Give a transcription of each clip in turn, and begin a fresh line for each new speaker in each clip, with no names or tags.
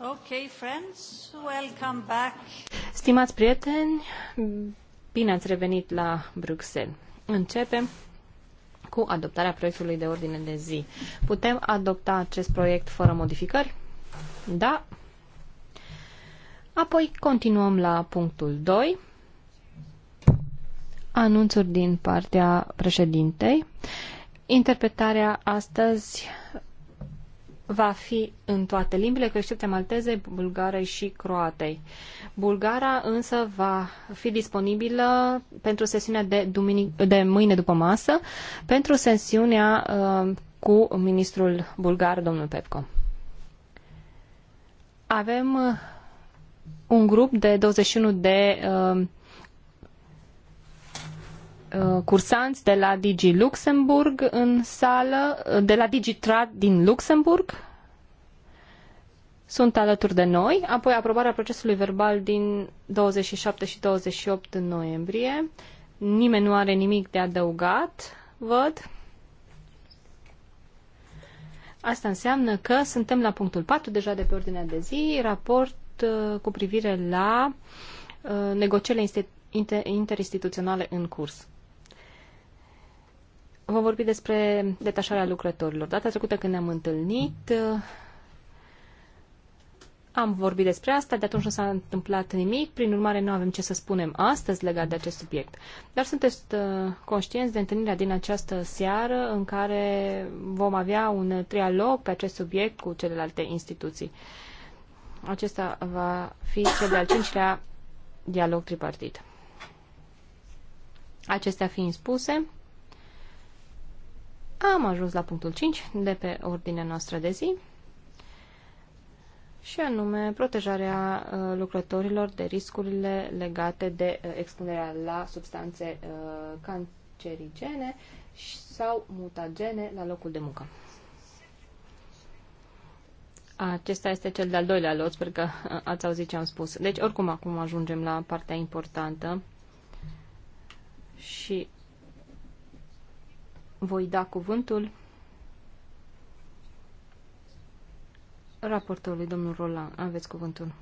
Okay, friends, welcome back.
Stimați prieteni, bine ați revenit la Bruxelles. Începem cu adoptarea proiectului de ordine de zi. Putem adopta acest proiect fără modificări? Da. Apoi continuăm la punctul 2. Anunțuri din partea președintei. Interpretarea astăzi va fi în toate limbile, cu excepția maltezei, bulgarei și croatei. Bulgara însă va fi disponibilă pentru sesiunea de, duminic, de mâine după masă, pentru sesiunea uh, cu ministrul bulgar, domnul Pepco. Avem uh, un grup de 21 de uh, Uh, cursanți de la Digi Luxemburg în sală, uh, de la Digitrad din Luxemburg. Sunt alături de noi. Apoi aprobarea procesului verbal din 27 și 28 noiembrie. Nimeni nu are nimic de adăugat, văd. Asta înseamnă că suntem la punctul 4 deja de pe ordinea de zi, raport uh, cu privire la negocierile interinstituționale în curs vom vorbi despre detașarea lucrătorilor. Data trecută când ne-am întâlnit, uh, am vorbit despre asta, de atunci nu s-a întâmplat nimic, prin urmare nu avem ce să spunem astăzi legat de acest subiect. Dar sunteți uh, conștienți de întâlnirea din această seară în care vom avea un trialog pe acest subiect cu celelalte instituții. Acesta va fi cel de-al cincilea dialog tripartit. Acestea fiind spuse, am ajuns la punctul 5 de pe ordinea noastră de zi și anume protejarea uh, lucrătorilor de riscurile legate de uh, expunerea la substanțe uh, cancerigene sau mutagene la locul de muncă. Acesta este cel de-al doilea lot, sper că ați auzit ce am spus. Deci, oricum, acum ajungem la partea importantă și voi da cuvântul raportorului, domnul Roland. Aveți cuvântul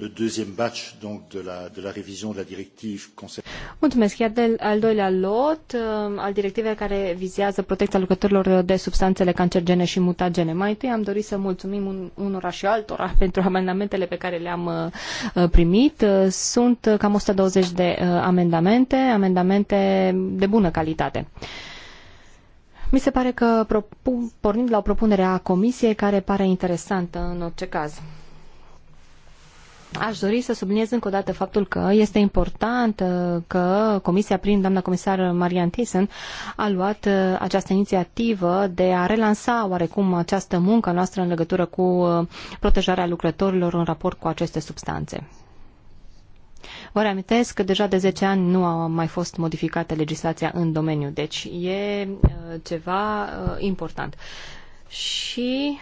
le deuxième batch donc, de, la, de
la révision de la directive concernant.
Mulțumesc. Iar de, al doilea lot um, al directivei care vizează protecția lucrătorilor de substanțele cancergene și mutagene. Mai întâi am dorit să mulțumim un, unora și altora pentru amendamentele pe care le-am uh, uh, primit. Uh, sunt cam 120 de amendamente, amendamente de bună calitate. Mi se pare că pornim la o propunere a Comisiei care pare interesantă în orice caz. Aș dori să subliniez încă o dată faptul că este important uh, că Comisia, prin doamna comisar Marian Thyssen, a luat uh, această inițiativă de a relansa oarecum această muncă noastră în legătură cu uh, protejarea lucrătorilor în raport cu aceste substanțe. Vă reamintesc că deja de 10 ani nu a mai fost modificată legislația în domeniu, deci e ceva important. Și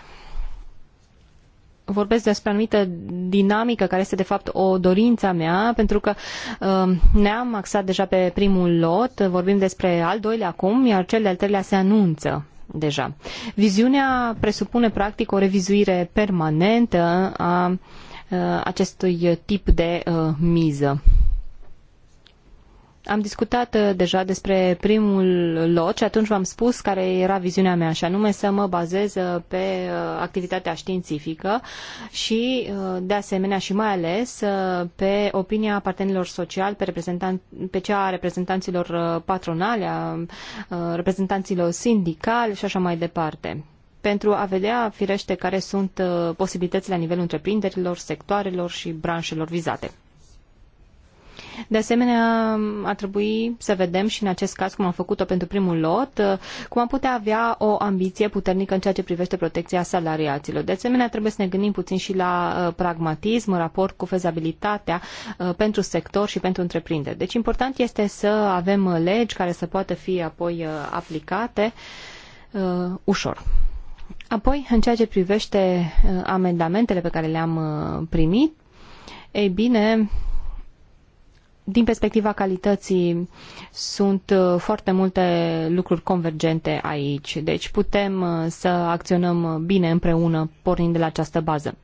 vorbesc despre anumită dinamică care este de fapt o dorință a mea, pentru că uh, ne-am axat deja pe primul lot, vorbim despre al doilea acum, iar cel de-al treilea se anunță deja. Viziunea presupune practic o revizuire permanentă a uh, acestui tip de uh, miză. Am discutat uh, deja despre primul lot și atunci v-am spus care era viziunea mea, și anume să mă bazez uh, pe uh, activitatea științifică și, de asemenea, și mai ales pe opinia partenerilor sociali, pe, pe cea a reprezentanților patronale, a reprezentanților sindicali și așa mai departe pentru a vedea, firește, care sunt posibilitățile la nivelul întreprinderilor, sectoarelor și branșelor vizate. De asemenea, ar trebui să vedem și în acest caz, cum am făcut-o pentru primul lot, cum am putea avea o ambiție puternică în ceea ce privește protecția salariaților. De asemenea, trebuie să ne gândim puțin și la uh, pragmatism în raport cu fezabilitatea uh, pentru sector și pentru întreprinderi. Deci, important este să avem legi care să poată fi apoi uh, aplicate ușor. Apoi, în ceea ce privește amendamentele pe care le-am primit, ei bine, din perspectiva calității sunt uh, foarte multe lucruri convergente aici, deci putem uh, să acționăm bine împreună pornind de la această bază.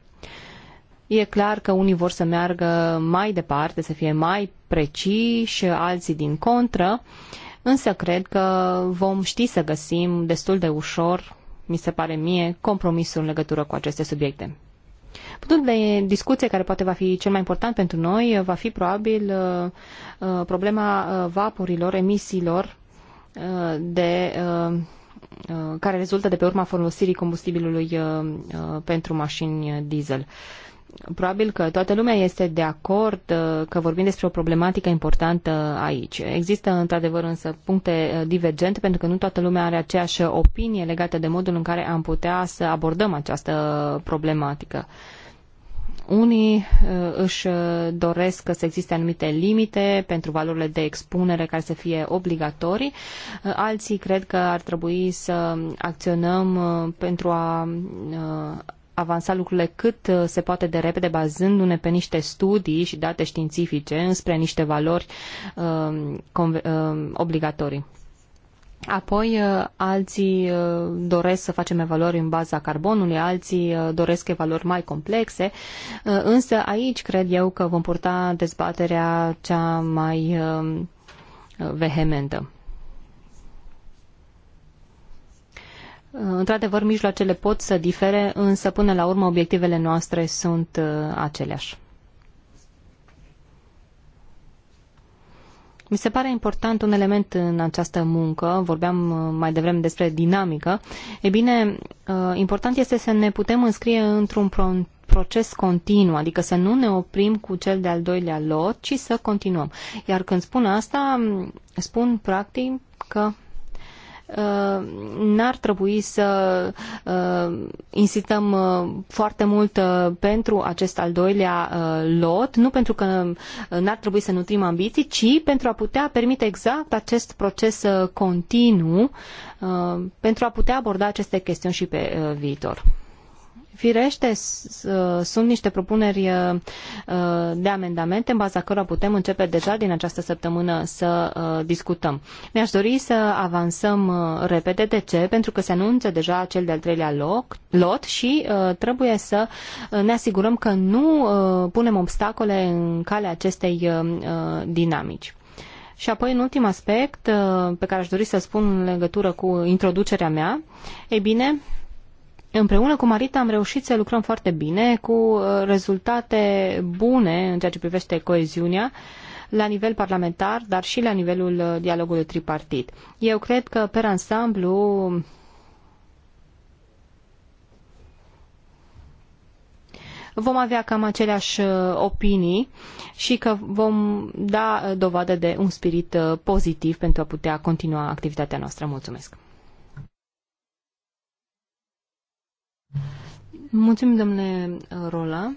E clar că unii vor să meargă mai departe, să fie mai preciși, alții din contră, însă cred că vom ști să găsim destul de ușor, mi se pare mie, compromisul în legătură cu aceste subiecte. Punctul de discuție care poate va fi cel mai important pentru noi uh, va fi probabil uh, uh, problema vaporilor, emisiilor de care rezultă de pe urma folosirii combustibilului pentru mașini diesel. Probabil că toată lumea este de acord uh, că vorbim despre o problematică importantă aici. Există într-adevăr însă puncte uh, divergente pentru că nu toată lumea are aceeași opinie legată de modul în care am putea să abordăm această problematică. Unii uh, își doresc să existe anumite limite pentru valorile de expunere care să fie obligatorii, alții cred că ar trebui să acționăm pentru a avansa lucrurile cât uh, se poate de repede, bazându-ne pe niște studii și date științifice, înspre niște valori um, um, obligatorii. Apoi, uh, alții uh, doresc să facem evaluări în baza carbonului, alții doresc evaluări mai complexe, însă aici cred eu că vom purta dezbaterea cea mai um, vehementă. Uh, într-adevăr, mijloacele pot să difere, însă până la urmă obiectivele noastre sunt uh, aceleași. Mi se pare important un element în această muncă, vorbeam uh, mai devreme despre dinamică. E bine, important este să ne putem înscrie într-un proces continuu, adică să nu ne oprim cu cel de-al doilea lot, ci să continuăm. Iar când spun asta, spun practic că Uh, n-ar trebui să uh, insistăm uh, foarte mult pentru acest al doilea lot, nu pentru că n-ar trebui să nutrim ambiții, ci pentru a putea permite exact acest proces continuu, pentru a putea aborda aceste chestiuni și pe viitor. Firește, sunt niște propuneri uh, uh, de amendamente în baza cărora putem începe deja din această săptămână să uh, discutăm. Mi-aș dori să avansăm repede. De ce? Pentru că se anunță deja cel de-al treilea loc, lot și trebuie să ne asigurăm că nu punem obstacole în calea acestei dinamici. Și apoi, un ultim aspect pe care aș dori să-l spun în legătură cu introducerea mea, e bine, Împreună cu Marita am reușit să lucrăm foarte bine, cu uh, rezultate bune în ceea ce privește coeziunea la nivel parlamentar, dar și la nivelul uh, dialogului tripartit. Eu cred că, per ansamblu, vom avea cam aceleași uh, opinii și că vom da dovadă de un spirit pozitiv pentru a putea continua activitatea noastră. Mulțumesc! Mulțumim, domnule uh, Rola.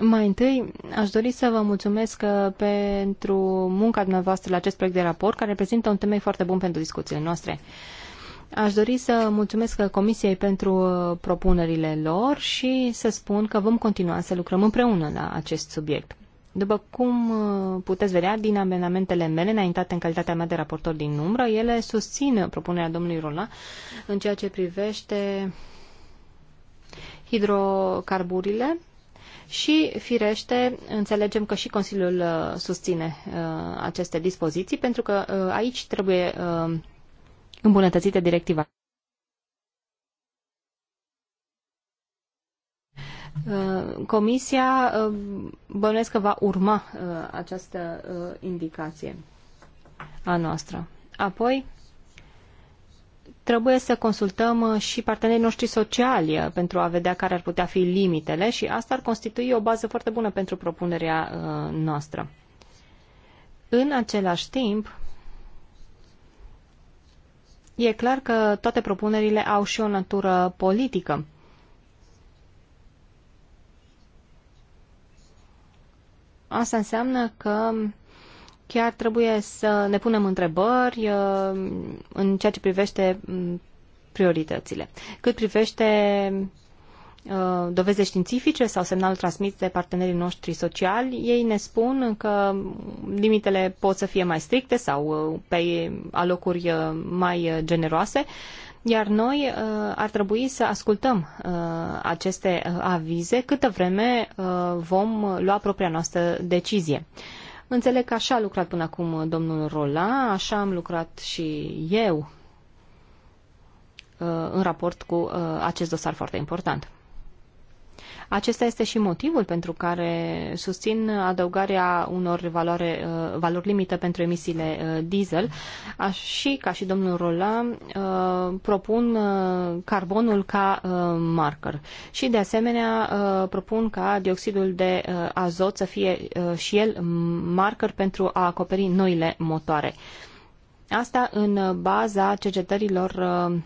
Mai întâi, aș dori să vă mulțumesc uh, pentru munca dumneavoastră la acest proiect de raport, care reprezintă un temei foarte bun pentru discuțiile noastre. Aș dori să mulțumesc uh, Comisiei pentru propunerile lor și să spun că vom continua să lucrăm împreună la acest subiect. După cum puteți vedea din amendamentele mele înaintate în calitatea mea de raportor din umbră, ele susțin propunerea domnului Rola în ceea ce privește hidrocarburile și, firește, înțelegem că și Consiliul uh, susține uh, aceste dispoziții, pentru că uh, aici trebuie îmbunătățită directiva. Comisia bănuiesc că va urma această indicație a noastră. Apoi, trebuie să consultăm uh, și partenerii noștri sociali uh, pentru a vedea care ar putea fi limitele și asta ar constitui o bază foarte bună pentru propunerea uh, noastră. În același timp, e clar că toate propunerile au și o natură politică. Asta înseamnă că Chiar trebuie să ne punem întrebări uh, în ceea ce privește mm, prioritățile. Cât privește uh, doveze științifice sau semnal transmis de partenerii noștri sociali, ei ne spun că limitele pot să fie mai stricte sau uh, pe alocuri mai generoase, iar noi ar trebui să ascultăm aceste avize câtă vreme vom lua propria noastră decizie. Înțeleg că așa a lucrat până acum domnul Rola, așa am lucrat și eu uh, în raport cu uh, acest dosar foarte important. Acesta este și motivul pentru care susțin adăugarea unor valoare, uh, valori limită pentru emisiile uh, diesel și, ca și domnul Rola, uh, propun carbonul ca marker. Și, de asemenea, propun ca dioxidul de azot să fie și el marker pentru a acoperi noile motoare. Asta în baza cercetărilor uh,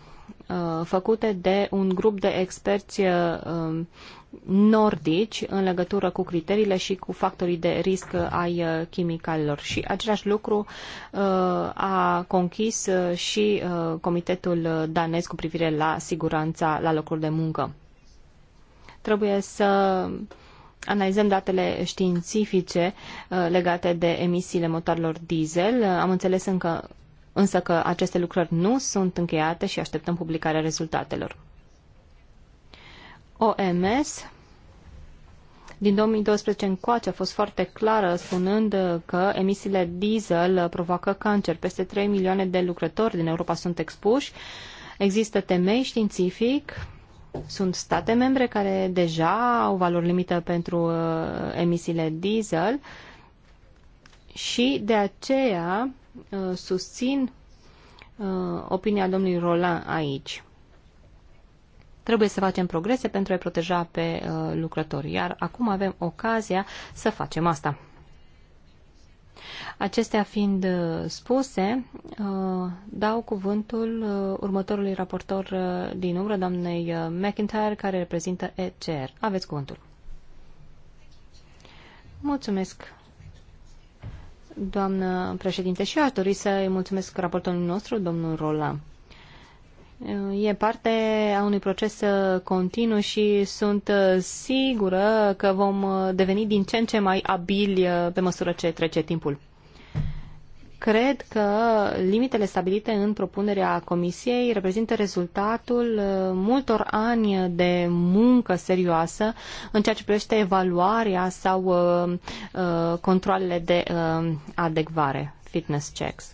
Uh, făcute de un grup de experți uh, nordici în legătură cu criteriile și cu factorii de risc ai uh, chimicalilor. Și același lucru a conchis și Comitetul danez cu privire la siguranța la locuri de muncă. Trebuie să analizăm datele științifice legate de emisiile motorilor diesel. Am înțeles încă însă că aceste lucrări nu sunt încheiate și așteptăm publicarea rezultatelor. OMS din 2012 încoace a fost foarte clară spunând că emisiile diesel provoacă cancer. Peste 3 milioane de lucrători din Europa sunt expuși. Există temei științific, sunt state membre care deja au valori limită pentru uh, emisiile diesel și de aceea Uh, susțin uh, opinia domnului Roland aici. Trebuie să facem progrese pentru a proteja pe uh, lucrători, iar acum avem ocazia să facem asta. Acestea fiind spuse, dau cuvântul următorului raportor din umbră, doamnei McIntyre, care reprezintă ECR. Aveți cuvântul. Mulțumesc, Doamnă președinte, și eu aș dori să îi mulțumesc raportorului nostru, domnul Rola. E parte a unui proces continuu și sunt sigură că vom deveni din ce în ce mai abili pe măsură ce trece timpul. Cred că limitele stabilite în propunerea Comisiei reprezintă rezultatul uh, multor ani de muncă serioasă în ceea ce privește evaluarea sau uh, uh, controlele de adecvare, fitness checks.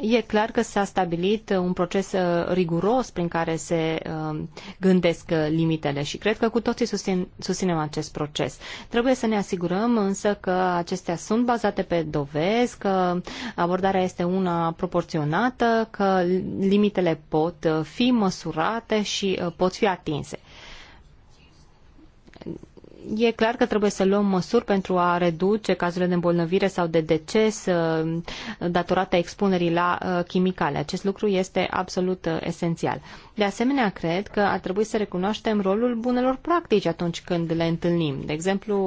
E clar că s-a stabilit uh, un proces uh, riguros prin care se uh, gândesc limitele și cred că cu toții susțin, susținem acest proces. Trebuie să ne asigurăm însă că acestea sunt bazate pe dovezi, că abordarea este una proporționată, că limitele pot fi măsurate și pot fi atinse. E clar că trebuie să luăm măsuri pentru a reduce cazurile de îmbolnăvire sau de deces uh, datorate expunerii la uh, chimicale. Acest lucru este absolut uh, esențial. De asemenea, cred că ar trebui să recunoaștem rolul bunelor practici atunci când le întâlnim. De exemplu,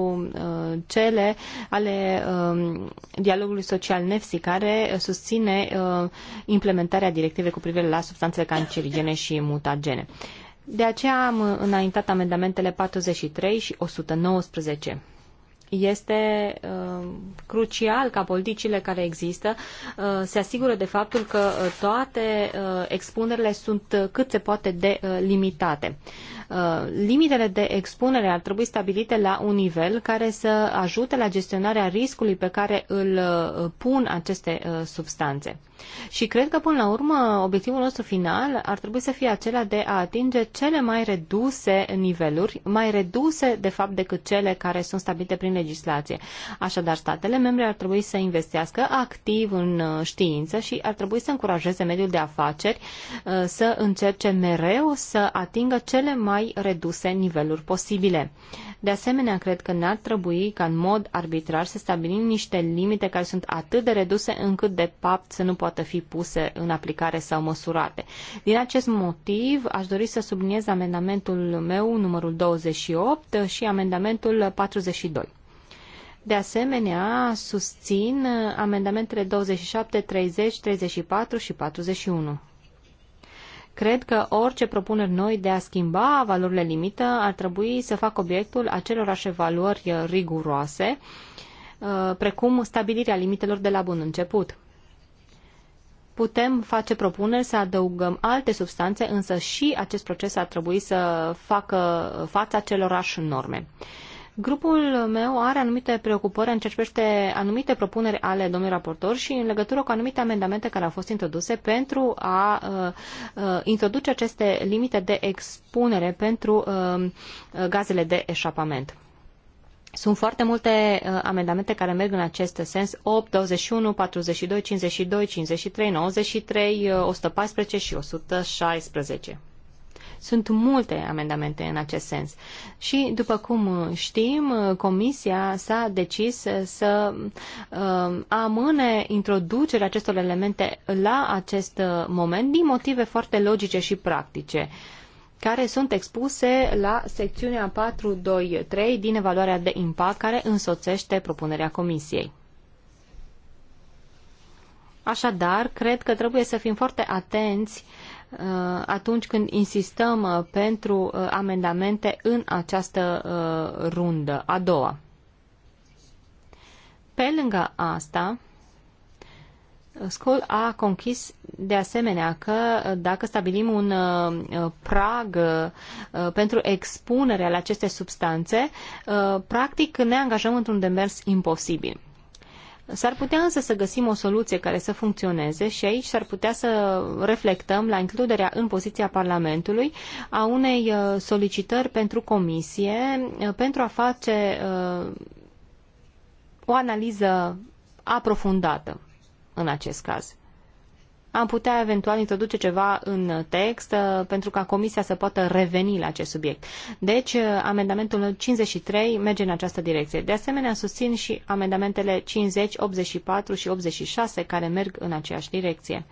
cele ale um, dialogului social NEFSI, care susține implementarea directivei cu privire la substanțele cancerigene și mutagene. De aceea am înaintat amendamentele 43 și 119 este uh, crucial ca politicile care există uh, se asigură de faptul că uh, toate uh, expunerile sunt cât se poate de uh, limitate. Uh, limitele de expunere ar trebui stabilite la un nivel care să ajute la gestionarea riscului pe care îl uh, pun aceste uh, substanțe. Și cred că, până la urmă, obiectivul nostru final ar trebui să fie acela de a atinge cele mai reduse niveluri, mai reduse, de fapt, decât cele care sunt stabilite prin legislație. Așadar, statele membre ar trebui să investească activ în știință și ar trebui să încurajeze mediul de afaceri să încerce mereu să atingă cele mai mai reduse niveluri posibile. De asemenea, cred că n-ar trebui ca în mod arbitrar să stabilim niște limite care sunt atât de reduse încât de fapt să nu poată fi puse în aplicare sau măsurate. Din acest motiv, aș dori să subliniez amendamentul meu numărul 28 și amendamentul 42. De asemenea, susțin amendamentele 27, 30, 34 și 41. Cred că orice propuneri noi de a schimba valorile limită ar trebui să facă obiectul acelorași evaluări riguroase, uh, precum stabilirea limitelor de la bun început. Putem face propuneri să adăugăm alte substanțe, însă și acest proces ar trebui să facă fața acelorași norme. Grupul meu are anumite preocupări în ceea ce privește anumite propuneri ale domnului raportor și în legătură cu anumite amendamente care au fost introduse pentru a uh, uh introduce aceste limite de expunere pentru uh, uh, gazele de eșapament. Sunt foarte multe uh, amendamente care merg în acest sens, 8, 21, 42, 52, 53, 93, 114 și 116. Sunt multe amendamente în acest sens. Și, după cum știm, Comisia s-a decis să uh, amâne introducerea acestor elemente la acest moment din motive foarte logice și practice care sunt expuse la secțiunea 4.2.3 din evaluarea de impact care însoțește propunerea Comisiei. Așadar, cred că trebuie să fim foarte atenți Uh, atunci când insistăm uh, pentru uh, amendamente în această rundă, a doua. Pe lângă asta, scol a conchis de asemenea că dacă stabilim un prag pentru expunerea la aceste substanțe, practic ne angajăm într-un demers imposibil. S-ar putea însă să găsim o soluție care să funcționeze și aici s-ar putea să reflectăm la includerea în poziția Parlamentului a unei uh, solicitări pentru comisie uh, pentru a face uh, o analiză aprofundată în acest caz am putea eventual introduce ceva în text uh, pentru ca Comisia să poată reveni la acest subiect. Deci, uh, amendamentul 53 merge în această direcție. De asemenea, susțin și amendamentele 50, 84 și 86 care merg în aceeași direcție.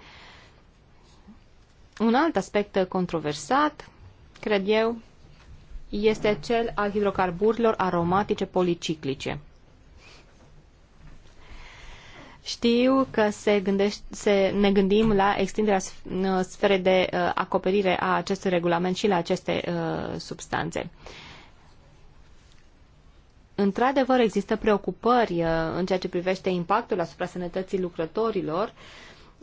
Un alt aspect controversat, cred eu, este cel al hidrocarburilor aromatice policiclice. Știu că se gândește, se, ne gândim la extinderea sferei de uh, acoperire a acestui regulament și la aceste uh, substanțe. Într-adevăr, există preocupări uh, în ceea ce privește impactul asupra sănătății lucrătorilor uh,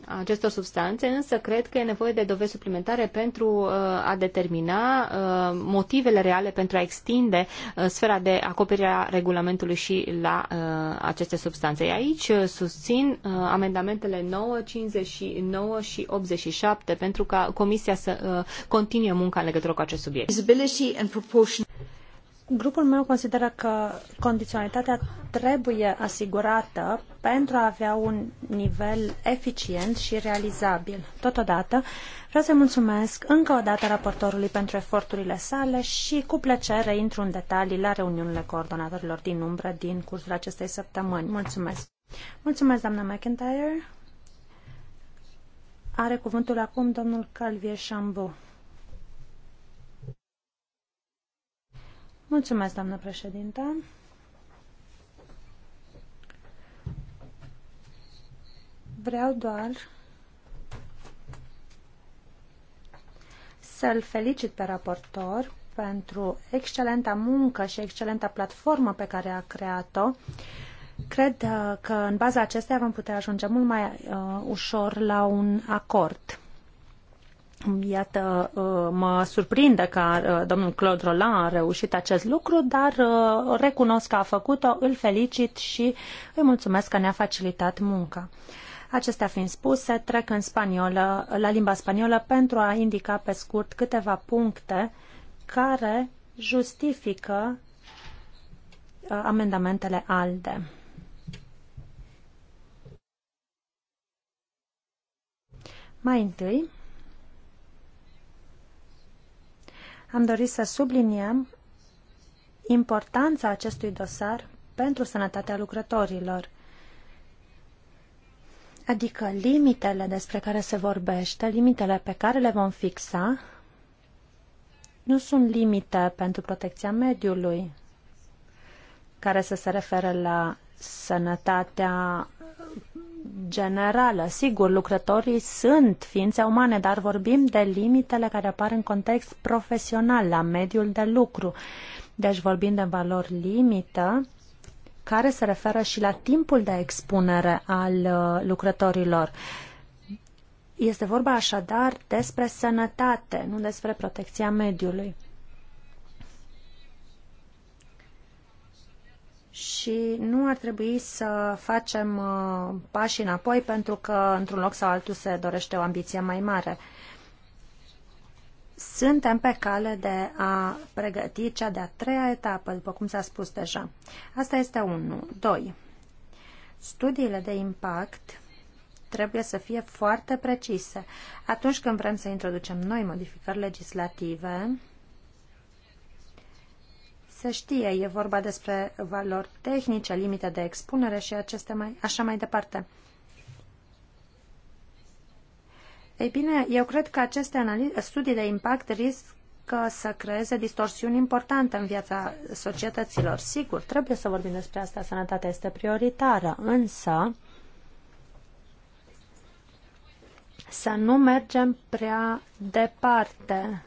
acestor substanțe, însă cred că e nevoie de dovezi suplimentare pentru uh, a determina uh, motivele reale pentru a extinde uh, sfera de acoperire a regulamentului și la aceste substanțe. Aici susțin amendamentele 9, 59 și 87 pentru ca Comisia să continue munca în legătură cu acest subiect.
Grupul meu consideră că condiționalitatea trebuie asigurată pentru a avea un nivel eficient și realizabil. Totodată, vreau să mulțumesc încă o dată raportorului pentru eforturile sale și cu plăcere intru în detalii la reuniunile coordonatorilor din umbră din cursul acestei săptămâni. Mulțumesc! Mulțumesc, doamna McIntyre! Are cuvântul acum domnul Calvier Chambou. Mulțumesc, doamnă președintă. Vreau doar să-l felicit pe raportor pentru excelenta muncă și excelenta platformă pe care a creat-o. Cred uh, că în baza acesteia vom putea ajunge mult mai uh, ușor la un acord. Iată, uh, mă surprinde că uh, domnul Claude Roland a reușit acest lucru, dar uh, recunosc că a făcut-o, îl felicit și îi mulțumesc că ne-a facilitat munca. Acestea fiind spuse, trec în spaniolă, la limba spaniolă pentru a indica pe scurt câteva puncte care justifică amendamentele ALDE. Mai întâi, am dorit să subliniem importanța acestui dosar pentru sănătatea lucrătorilor. Adică limitele despre care se vorbește, limitele pe care le vom fixa, nu sunt limite pentru protecția mediului, care să se referă la sănătatea generală. Sigur, lucrătorii sunt ființe umane, dar vorbim de limitele care apar în context profesional, la mediul de lucru. Deci vorbim de valori limită care se referă și la timpul de expunere al uh, lucrătorilor. Este vorba așadar despre sănătate, nu despre protecția mediului. și nu ar trebui să facem uh, pași înapoi pentru că într-un loc sau altul se dorește o ambiție mai mare. Suntem pe cale de a pregăti cea de-a treia etapă, după cum s-a spus deja. Asta este 1. 2. Studiile de impact trebuie să fie foarte precise. Atunci când vrem să introducem noi modificări legislative, se știe. E vorba despre valori tehnice, limite de expunere și aceste mai, așa mai departe. Ei bine, eu cred că aceste studii de impact riscă să creeze distorsiuni importante în viața societăților. Sigur, trebuie să vorbim despre asta, sănătatea este prioritară, însă să nu mergem prea departe.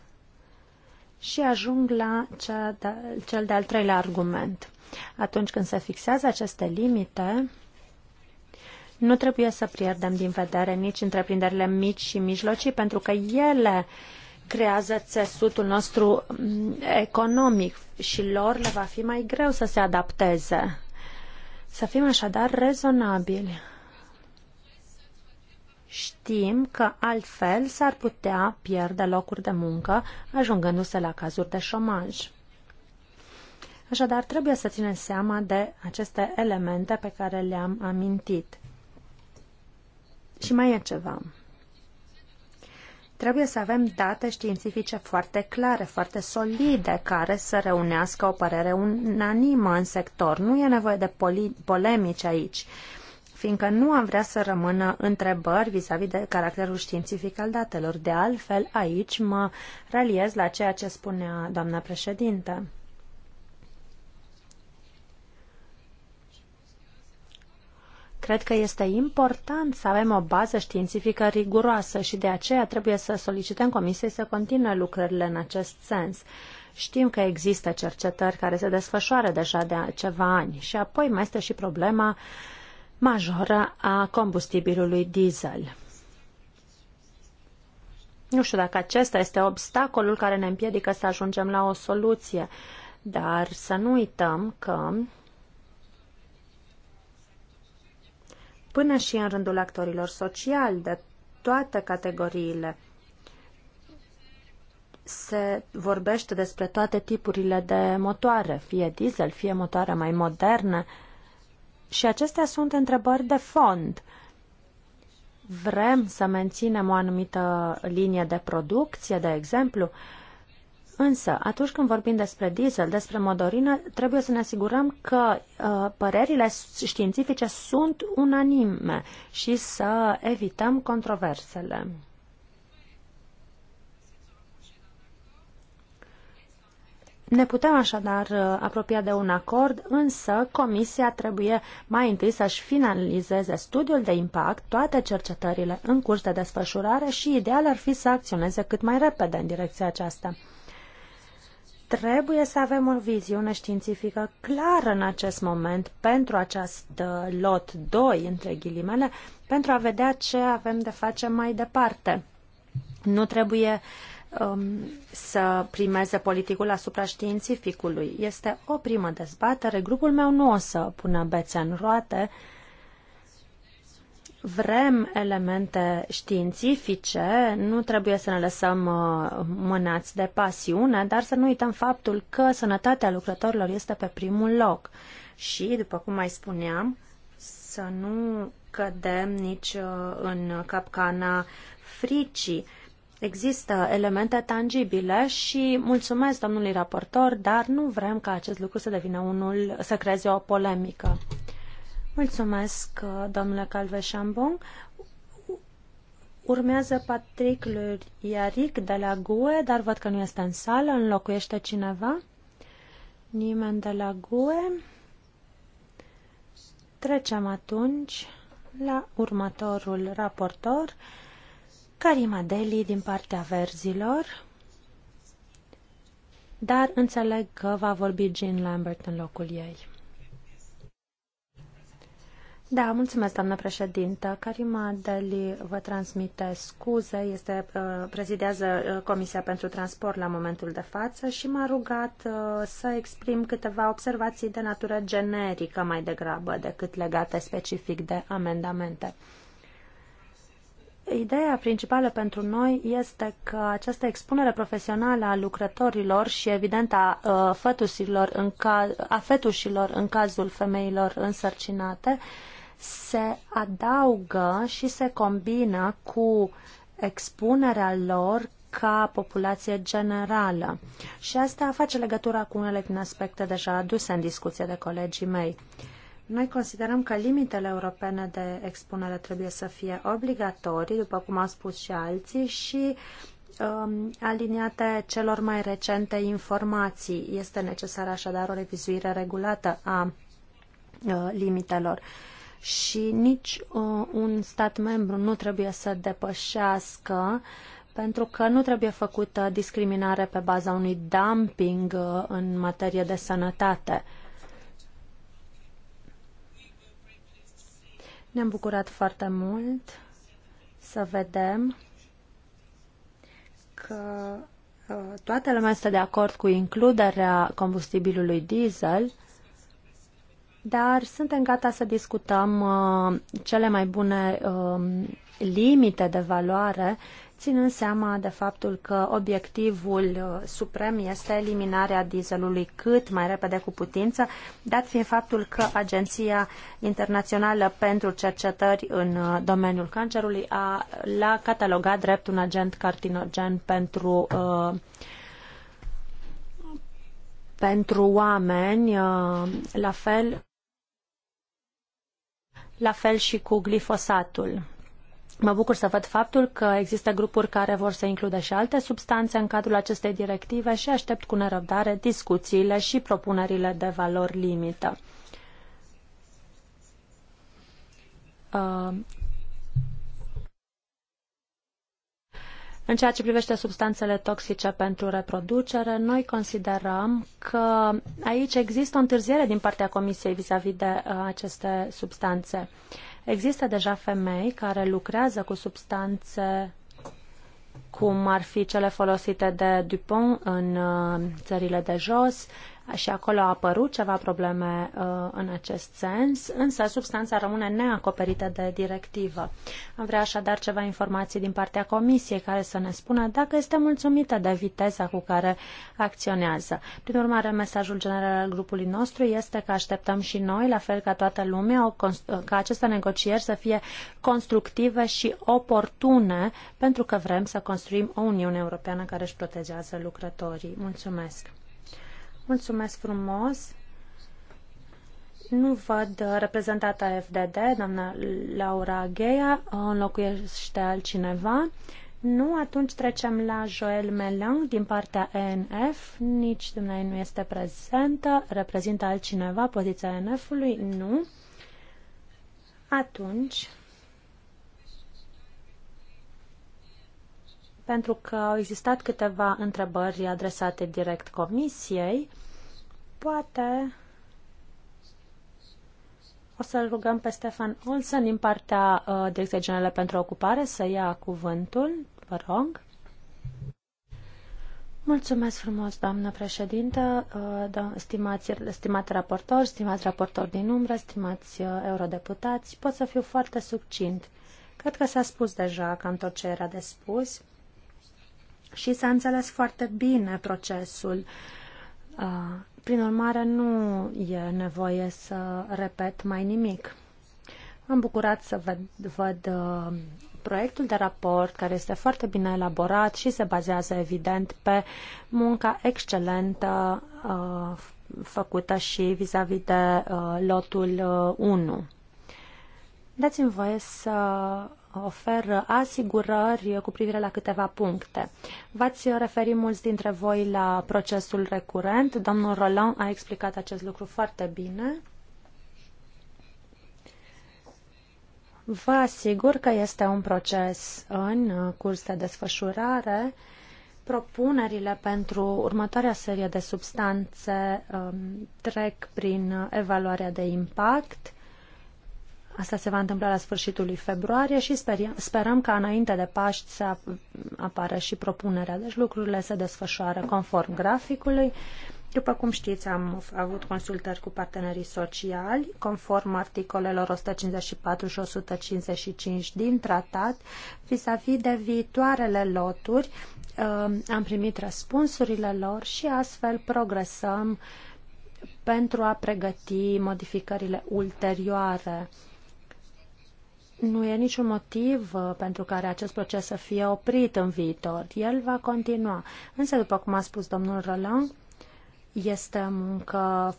Și ajung la cea de, cel de-al treilea argument. Atunci când se fixează aceste limite, nu trebuie să pierdem din vedere nici întreprinderile mici și mijlocii, pentru că ele creează țesutul nostru mm, economic și lor le va fi mai greu să se adapteze. Să fim așadar rezonabili. Știm că altfel s-ar putea pierde locuri de muncă, ajungându-se la cazuri de șomaj. Așadar, trebuie să ținem seama de aceste elemente pe care le-am amintit. Și mai e ceva. Trebuie să avem date științifice foarte clare, foarte solide, care să reunească o părere unanimă în sector. Nu e nevoie de polemici aici. Uh, fiindcă nu am vrea să rămână întrebări vis-a-vis -vis de caracterul științific al datelor. De altfel, aici mă raliez la ceea ce spunea doamna președinte. Cred că este important să avem o bază științifică riguroasă și de aceea trebuie să solicităm Comisiei să continue lucrările în acest sens. Știm că există cercetări care se desfășoară deja de ceva ani și apoi mai este și problema uh, majoră a combustibilului diesel. Nu știu dacă acesta este obstacolul care ne împiedică să ajungem la o soluție, dar să nu uităm că până și în rândul actorilor sociali de toate categoriile se vorbește despre toate tipurile de motoare, fie diesel, fie motoare mai moderne, uh, și acestea sunt întrebări de fond. Vrem să menținem o anumită linie de producție, de exemplu, Însă, atunci când vorbim despre diesel, despre modorină, trebuie să ne asigurăm că uh, părerile științifice sunt unanime și să evităm controversele. Ne putem așadar uh, apropia de un acord, însă Comisia trebuie mai întâi să-și finalizeze studiul de impact, toate cercetările în curs de desfășurare și ideal ar fi să acționeze cât mai repede în direcția aceasta. Trebuie să avem o viziune științifică clară în acest moment pentru acest uh, lot 2, între ghilimele, pentru a vedea ce avem de face mai departe. Nu trebuie uh, um, să primeze politicul asupra științificului. Este o primă dezbatere. Grupul meu nu o să pună bețe în roate. Vrem elemente științifice, nu trebuie să ne lăsăm uh, mânați de pasiune, dar să nu uităm faptul că sănătatea lucrătorilor este pe primul loc. Și, după cum mai spuneam, să nu cădem nici uh, în capcana fricii Există elemente tangibile și mulțumesc domnului raportor, dar nu vrem ca acest lucru să devină unul, să creeze o polemică. Mulțumesc, domnule Calveșambon. Urmează Patrick Iaric de la GUE, dar văd că nu este în sală. Înlocuiește cineva? Nimeni de la GUE. Trecem atunci la următorul raportor. Karima Deli din partea verzilor, dar înțeleg că va vorbi Jean Lambert în locul ei. Da, mulțumesc, doamnă președintă. Karima Deli vă transmite scuze, este, uh, prezidează uh, Comisia pentru Transport la momentul de față și m-a rugat uh, să exprim câteva observații de natură generică mai degrabă decât legate specific de amendamente. Ideea principală pentru noi este că această expunere profesională a lucrătorilor și evident a, uh, în ca, a fetușilor în cazul femeilor însărcinate se adaugă și se combină cu expunerea lor ca populație generală. Și asta face legătura cu unele din aspecte deja aduse în discuție de colegii mei. Uh, noi considerăm că limitele europene de expunere trebuie să fie obligatorii, după cum au spus și alții, și um, aliniate celor mai recente informații. Este necesară așadar o revizuire regulată a uh, limitelor și nici uh, un stat membru nu trebuie să depășească pentru că nu trebuie făcută discriminare pe baza unui dumping uh, în materie de sănătate. Uh, Ne-am bucurat foarte mult să vedem că uh, toată lumea este de acord cu includerea combustibilului diesel, dar suntem gata să discutăm uh, cele mai bune um, limite de valoare ținând seama de faptul că obiectivul uh, suprem este eliminarea dieselului cât mai repede cu putință, dat fiind faptul că Agenția Internațională pentru Cercetări în uh, domeniul cancerului a, l-a catalogat drept un agent cartinogen pentru uh, pentru oameni, uh, la fel la fel și cu glifosatul. Mă bucur să văd faptul că există grupuri care vor să includă și alte substanțe în cadrul acestei directive și aștept cu nerăbdare discuțiile și propunerile de valori limită. Uh, în ceea ce privește substanțele toxice pentru reproducere, noi considerăm că aici există o întârziere din partea Comisiei vis-a-vis -vis de uh, aceste substanțe. Uh, Există deja femei care lucrează cu substanțe cum ar fi cele folosite de Dupont în uh, țările de jos, și acolo au apărut ceva probleme uh, în acest sens, însă substanța rămâne neacoperită de directivă. Am vrea așadar ceva informații din partea Comisiei care să ne spună dacă este mulțumită de viteza cu care acționează. Prin urmare, mesajul general al grupului nostru este că așteptăm și noi, la fel ca toată lumea, o, ca aceste negocieri să fie constructive și oportune pentru că vrem să construim o Uniune Europeană care își protejează lucrătorii. Mulțumesc! Mulțumesc frumos. Nu văd reprezentata FDD, doamna Laura Gheia, înlocuiește altcineva. Nu, atunci trecem la Joel Melang din partea ENF. Nici dumneavoastră nu este prezentă. Reprezintă altcineva poziția ENF-ului? Nu. Atunci pentru că au existat câteva întrebări adresate direct Comisiei. Poate o să-l rugăm pe Stefan Olsen din partea uh, Direcției Generale pentru Ocupare să ia cuvântul. Vă rog. Mulțumesc frumos, doamnă președintă, uh, da, stimați, stimate raportori, stimați raportori din umbră, stimați uh, eurodeputați. Pot să fiu foarte succint. Cred că s-a spus deja cam tot ce era de spus și s-a înțeles foarte bine procesul. Uh, prin urmare, nu e nevoie să repet mai nimic. M-am bucurat să văd, văd uh, proiectul de raport, care este foarte bine elaborat și se bazează, evident, pe munca excelentă uh, făcută și vis-a-vis -vis de lotul 1. Dați-mi voie să oferă asigurări cu privire la câteva puncte. V-ați referit mulți dintre voi la procesul recurent. Domnul Roland a explicat acest lucru foarte bine. Vă asigur că este un proces în curs de desfășurare. Propunerile pentru următoarea serie de substanțe um, trec prin evaluarea de impact Asta se va întâmpla la sfârșitul lui februarie și speria, sperăm ca înainte de Paști să apară și propunerea. Deci lucrurile se desfășoară conform graficului. După cum știți, am avut consultări cu partenerii sociali, conform articolelor 154 și 155 din tratat, vis-a-vis -vis de viitoarele loturi. Ă, am primit răspunsurile lor și astfel progresăm pentru a pregăti modificările ulterioare. Nu e niciun motiv uh, pentru care acest proces să fie oprit în viitor. El va continua. Însă, după cum a spus domnul Roland, este muncă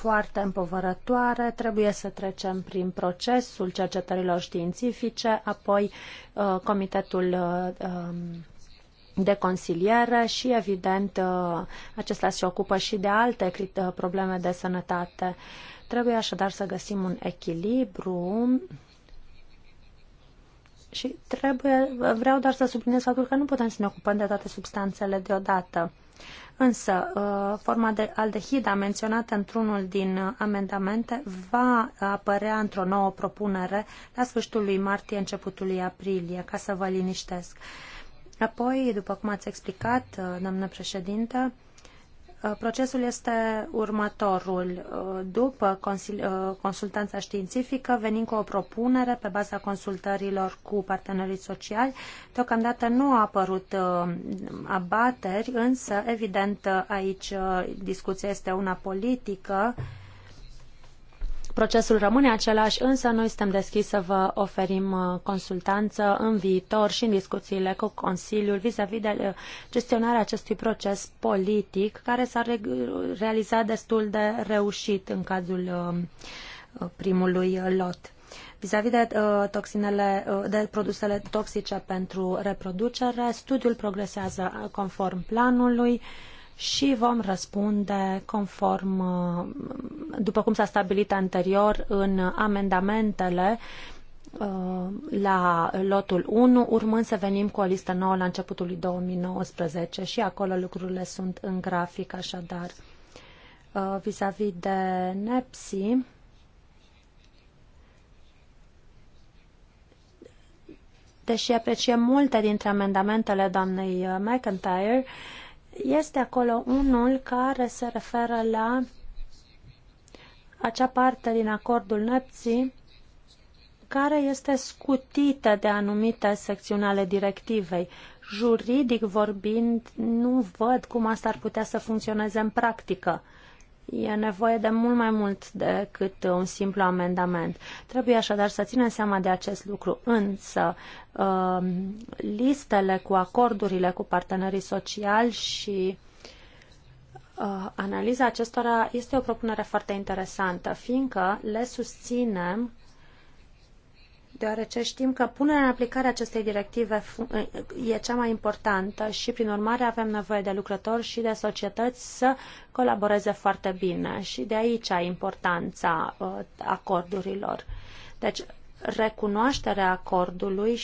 foarte împovărătoare, trebuie să trecem prin procesul cercetărilor științifice, apoi uh, comitetul uh, um, de consiliere și, evident, acesta se ocupă și de alte probleme de sănătate. Trebuie așadar să găsim un echilibru și trebuie, vreau doar să subliniez faptul că nu putem să ne ocupăm de toate substanțele deodată. Însă, uh, forma de aldehid menționată într-unul din amendamente va apărea într-o nouă propunere la sfârșitul lui martie, începutul lui aprilie, ca să vă liniștesc. Apoi, după cum ați explicat, uh, doamnă președintă, Uh, procesul este următorul. Uh, după uh, consultanța științifică, venim cu o propunere pe baza consultărilor cu partenerii sociali. Deocamdată nu au apărut abateri, însă, evident, aici discuția este una politică Procesul rămâne același, însă noi suntem deschiși să vă oferim uh, consultanță în viitor și în discuțiile cu Consiliul vis-a-vis de uh, gestionarea acestui proces politic care s-a realizat destul de reușit în cazul uh, primului lot. Vis-a-vis de, toxinele, de produsele toxice pentru reproducere, studiul progresează conform planului și vom răspunde conform, după cum s-a stabilit anterior, în amendamentele uh, la lotul 1, urmând să venim cu o listă nouă la începutul lui 2019 și acolo lucrurile sunt în grafic, așadar. Uh, vis-a-vis -vis de NEPSI, deși apreciem multe dintre amendamentele doamnei McIntyre, uh, este acolo unul care se referă la acea parte din acordul nepții care este scutită de anumite secțiuni ale directivei. Juridic vorbind, nu văd cum asta ar putea să funcționeze în practică. E nevoie de mult mai mult decât un simplu amendament. Trebuie așadar să ținem seama de acest lucru, însă um, listele cu acordurile cu partenerii sociali și uh, analiza acestora este o propunere foarte interesantă, fiindcă le susținem deoarece știm că punerea în aplicare acestei directive e cea mai importantă și, prin urmare, avem nevoie de lucrători și de societăți să colaboreze foarte bine și de aici importanța uh, acordurilor. Deci, recunoașterea acordului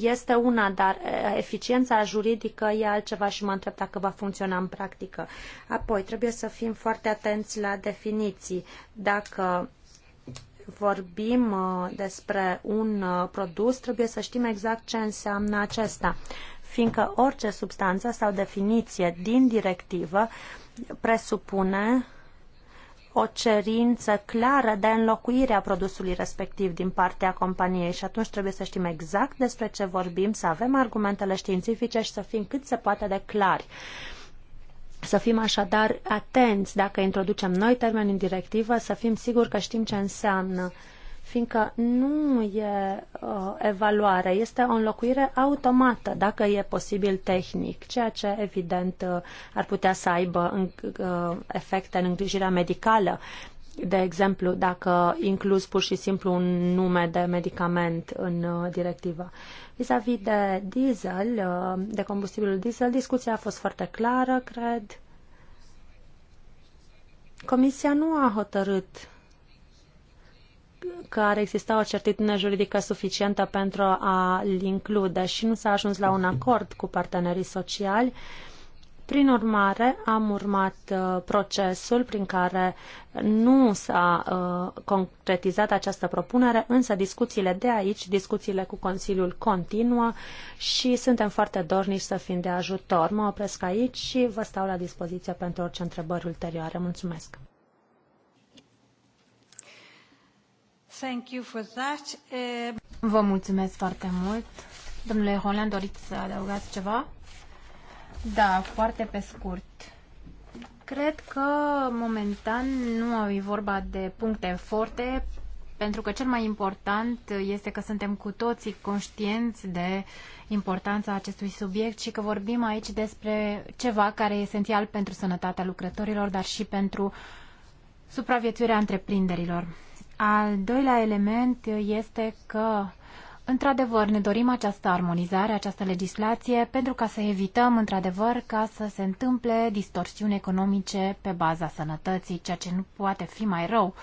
este una, dar uh, eficiența juridică e altceva și mă întreb dacă va funcționa în practică. Apoi, trebuie să fim foarte atenți la definiții. Dacă vorbim uh, despre un uh, produs, trebuie să știm exact ce înseamnă acesta, fiindcă orice substanță sau definiție din directivă presupune o cerință clară de înlocuire a produsului respectiv din partea companiei și atunci trebuie să știm exact despre ce vorbim, să avem argumentele științifice și să fim cât se poate de clari. Uh, să fim așadar atenți dacă introducem noi termeni în directivă, să fim siguri că știm ce înseamnă fiindcă nu e uh, evaluare, este o înlocuire automată, dacă e posibil tehnic, ceea ce evident uh, ar putea să aibă în, uh, efecte în îngrijirea medicală, de exemplu, dacă inclus pur și simplu un nume de medicament în uh, directivă. Vis-a-vis de diesel, uh, de combustibilul diesel, discuția a fost foarte clară, cred. Comisia nu a hotărât că ar exista o certitudine juridică suficientă pentru a-l include și nu s-a ajuns la un acord cu partenerii sociali. Uh, prin urmare, am urmat uh, procesul prin care nu s-a uh, concretizat această propunere, însă discuțiile de aici, discuțiile cu Consiliul continuă și suntem foarte dornici să fim de ajutor. Mă opresc aici și vă stau la dispoziție pentru orice întrebări ulterioare. Mulțumesc!
Thank you for that. Eh,
vă mulțumesc foarte mult. Domnule Holland, doriți să adăugați ceva? Da, foarte pe scurt. Cred că momentan nu e vorba de puncte forte, pentru că cel mai important este că suntem cu toții conștienți de importanța acestui subiect și că vorbim aici despre ceva care e esențial pentru sănătatea lucrătorilor, dar și pentru supraviețuirea întreprinderilor. Al doilea element este că Într-adevăr, ne dorim această armonizare, această legislație, pentru ca să evităm, într-adevăr, ca să se întâmple distorsiuni economice pe baza sănătății, ceea ce nu poate fi mai rău.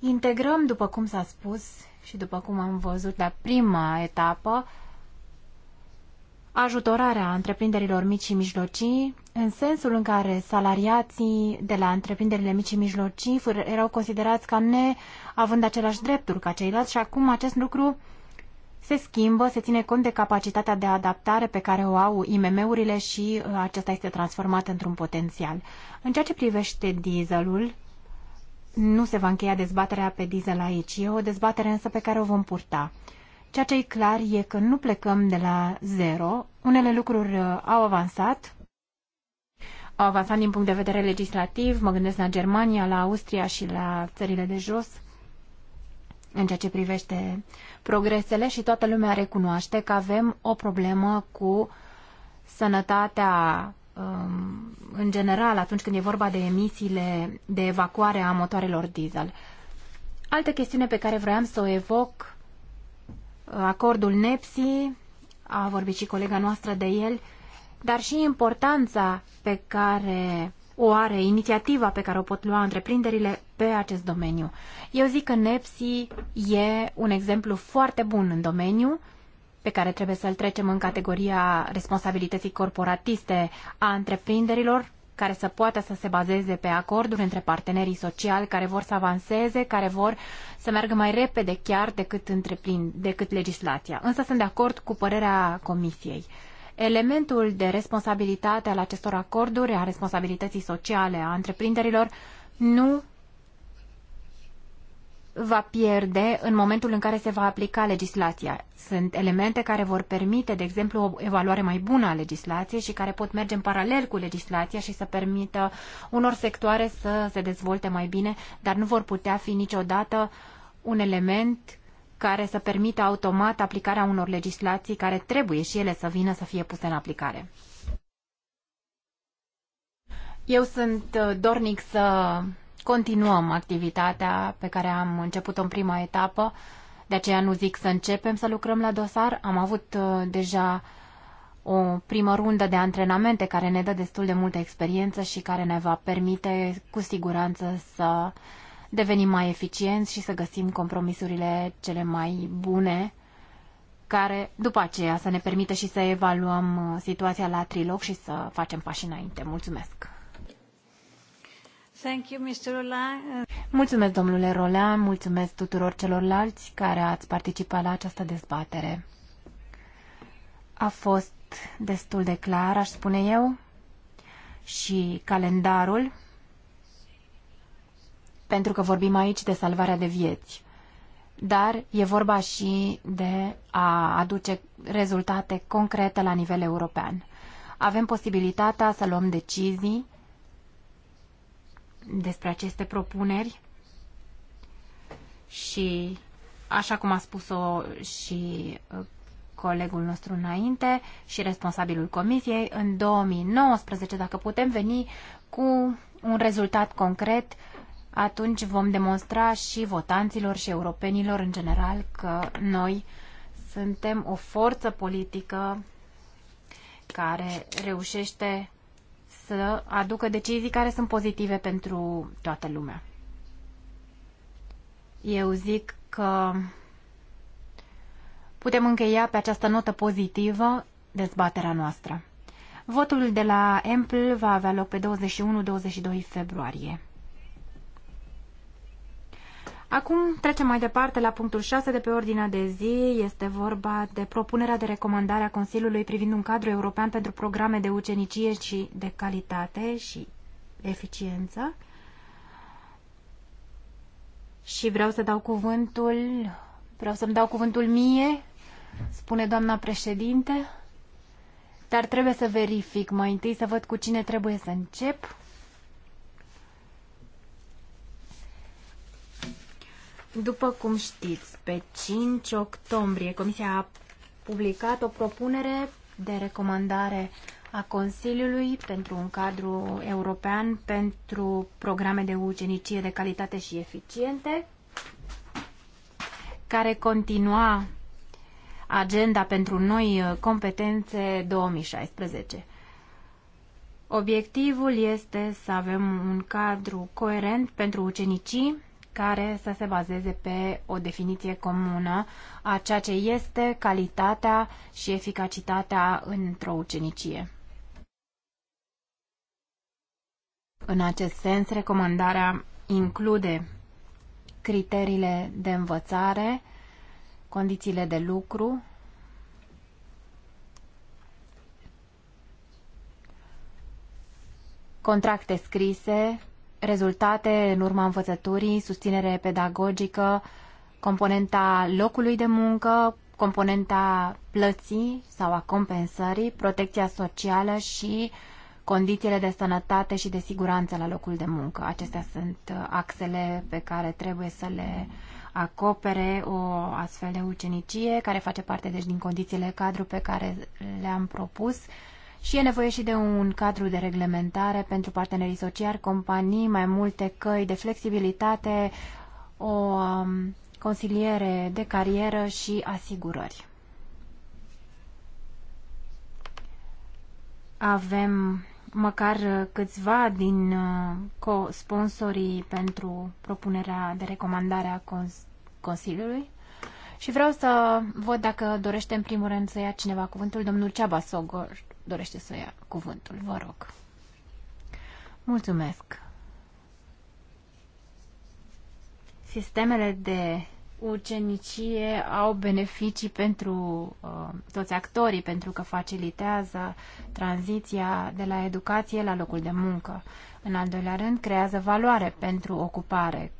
Integrăm, după cum s-a spus și după cum am văzut la prima etapă, ajutorarea întreprinderilor mici și mijlocii, în sensul în care salariații de la întreprinderile mici și mijlocii erau considerați ca ne având aceleași drepturi ca ceilalți și acum acest lucru se schimbă, se ține cont de capacitatea de adaptare pe care o au IMM-urile și uh, acesta este transformat într-un potențial. În ceea ce privește dieselul, nu se va încheia dezbaterea pe diesel aici, e o dezbatere însă pe care o vom purta. Ceea ce e clar e că nu plecăm de la zero, unele lucruri uh, au avansat, au avansat din punct de vedere legislativ, mă gândesc la Germania, la Austria și la țările de jos, în ceea ce privește progresele și toată lumea recunoaște că avem o problemă cu sănătatea um, în general atunci când e vorba de emisiile de evacuare a motoarelor diesel. Altă chestiune pe care vroiam să o evoc, acordul NEPSI, a vorbit și colega noastră de el, dar și importanța pe care oare inițiativa pe care o pot lua întreprinderile pe acest domeniu. Eu zic că NEPSI e un exemplu foarte bun în domeniu pe care trebuie să-l trecem în categoria responsabilității corporatiste a întreprinderilor, care să poată să se bazeze pe acorduri între partenerii sociali care vor să avanseze, care vor să meargă mai repede chiar decât, decât legislația. Însă sunt de acord cu părerea Comisiei elementul de responsabilitate al acestor acorduri, a responsabilității sociale a întreprinderilor, nu va pierde în momentul în care se va aplica legislația. Sunt elemente care vor permite, de exemplu, o evaluare mai bună a legislației și care pot merge în paralel cu legislația și să permită unor sectoare să se dezvolte mai bine, dar nu vor putea fi niciodată un element care să permită automat aplicarea unor legislații care trebuie și ele să vină să fie puse în aplicare. Eu sunt uh, dornic să continuăm activitatea pe care am început-o în prima etapă, de aceea nu zic să începem să lucrăm la dosar. Am avut uh, deja o primă rundă de antrenamente care ne dă destul de multă experiență și care ne va permite cu siguranță să uh, devenim mai eficienți și să găsim compromisurile cele mai bune care după aceea să ne permită și să evaluăm uh, situația la trilog și să facem pași înainte. Mulțumesc!
Thank you, Mr.
Mulțumesc, domnule Rola, mulțumesc tuturor celorlalți care ați participat la această dezbatere. A fost destul de clar, aș spune eu, și calendarul pentru că vorbim aici de salvarea de vieți. Dar e vorba și de a aduce rezultate concrete la nivel european. Avem posibilitatea să luăm decizii despre aceste propuneri și, așa cum a spus-o și uh, colegul nostru înainte și responsabilul comisiei, în 2019, dacă putem veni cu un rezultat concret atunci vom demonstra și votanților și europenilor în general că noi suntem o forță politică care reușește să aducă decizii care sunt pozitive pentru toată lumea. Eu zic că putem încheia pe această notă pozitivă dezbaterea noastră. Votul de la EMPL va avea loc pe 21-22 februarie. Acum trecem mai departe la punctul 6 de pe ordinea de zi. Este vorba de propunerea de recomandare a Consiliului privind un cadru european pentru programe de ucenicie și de calitate și eficiență. Și vreau să dau cuvântul, vreau să-mi dau cuvântul mie, spune doamna președinte, dar trebuie să verific mai întâi să văd cu cine trebuie să încep. După cum știți, pe 5 octombrie Comisia a publicat o propunere de recomandare a Consiliului pentru un cadru european pentru programe de ucenicie de calitate și eficiente, care continua agenda pentru noi uh, competențe 2016. Obiectivul este să avem un cadru coerent pentru ucenicii care să se bazeze pe o definiție comună a ceea ce este calitatea și eficacitatea într-o ucenicie. În acest sens, recomandarea include criteriile de învățare, condițiile de lucru, contracte scrise, rezultate în urma învățăturii, susținere pedagogică, componenta locului de muncă, componenta plății sau a compensării, protecția socială și condițiile de sănătate și de siguranță la locul de muncă. Acestea sunt uh, axele pe care trebuie să le acopere o astfel de ucenicie care face parte deci din condițiile cadru pe care le-am propus și e nevoie și de un cadru de reglementare pentru partenerii sociali, companii, mai multe căi de flexibilitate, o um, consiliere de carieră și asigurări. Avem măcar câțiva din uh, co-sponsorii pentru propunerea de recomandare a cons Consiliului. Și vreau să văd dacă dorește în primul rând să ia cineva cuvântul domnul Ceaba Sogor dorește să ia cuvântul. Vă rog. Mulțumesc. Sistemele de ucenicie au beneficii pentru uh, toți actorii, pentru că facilitează tranziția de la educație la locul de muncă. În al doilea rând, creează valoare pentru ocupare.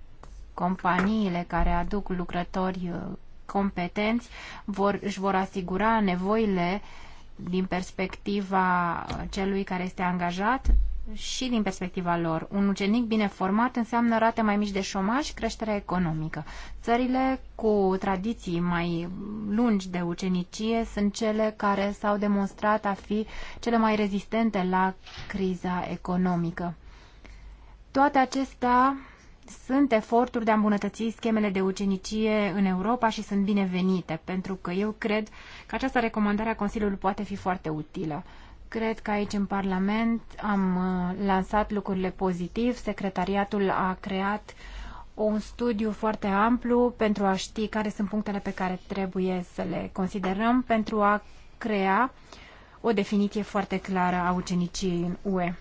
Companiile care aduc lucrători uh, competenți vor, își vor asigura nevoile uh, din perspectiva uh, celui care este angajat și din perspectiva lor. Un ucenic bine format înseamnă rate mai mici de șomaj, creștere economică. Țările cu tradiții mai lungi de ucenicie sunt cele care s-au demonstrat a fi cele mai rezistente la criza economică. Toate acestea sunt eforturi de a îmbunătăți schemele de ucenicie în Europa și sunt binevenite, pentru că eu cred că această recomandare a Consiliului poate fi foarte utilă. Cred că aici în Parlament am uh, lansat lucrurile pozitiv, secretariatul a creat un studiu foarte amplu pentru a ști care sunt punctele pe care trebuie să le considerăm pentru a crea o definiție foarte clară a uceniciei în UE.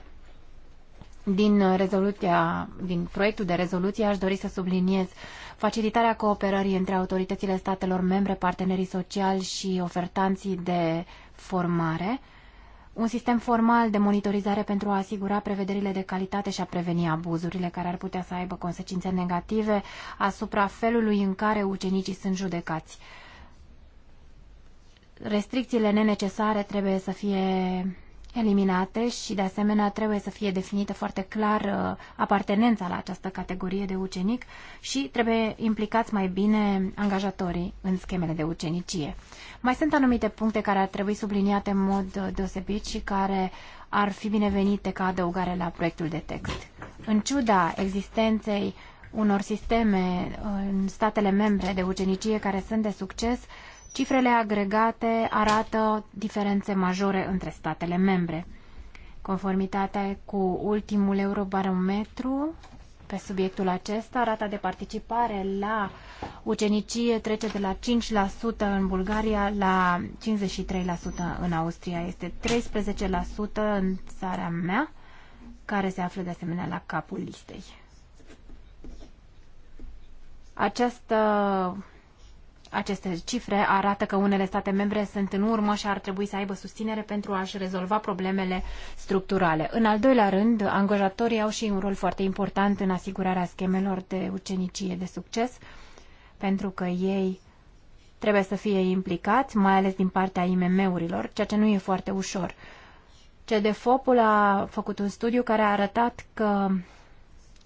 Din, rezoluția, din proiectul de rezoluție aș dori să subliniez facilitarea cooperării între autoritățile statelor membre, partenerii sociali și ofertanții de formare, un sistem formal de monitorizare pentru a asigura prevederile de calitate și a preveni abuzurile care ar putea să aibă consecințe negative asupra felului în care ucenicii sunt judecați. Restricțiile nenecesare trebuie să fie eliminate și, de asemenea, trebuie să fie definită foarte clar uh, apartenența la această categorie de ucenic și trebuie implicați mai bine angajatorii în schemele de ucenicie. Mai sunt anumite puncte care ar trebui subliniate în mod uh, deosebit și care ar fi binevenite ca adăugare la proiectul de text. În ciuda existenței unor sisteme uh, în statele membre de ucenicie care sunt de succes, Cifrele agregate arată diferențe majore între statele membre. Conformitatea cu ultimul eurobarometru pe subiectul acesta, rata de participare la ucenicie trece de la 5% în Bulgaria la 53% în Austria. Este 13% în țara mea, care se află de asemenea la capul listei. Această aceste cifre arată că unele state membre sunt în urmă și ar trebui să aibă susținere pentru a-și rezolva problemele structurale. În al doilea rând, angajatorii au și un rol foarte important în asigurarea schemelor de ucenicie de succes, pentru că ei trebuie să fie implicați, mai ales din partea IMM-urilor, ceea ce nu e foarte ușor. CDFOP-ul a făcut un studiu care a arătat că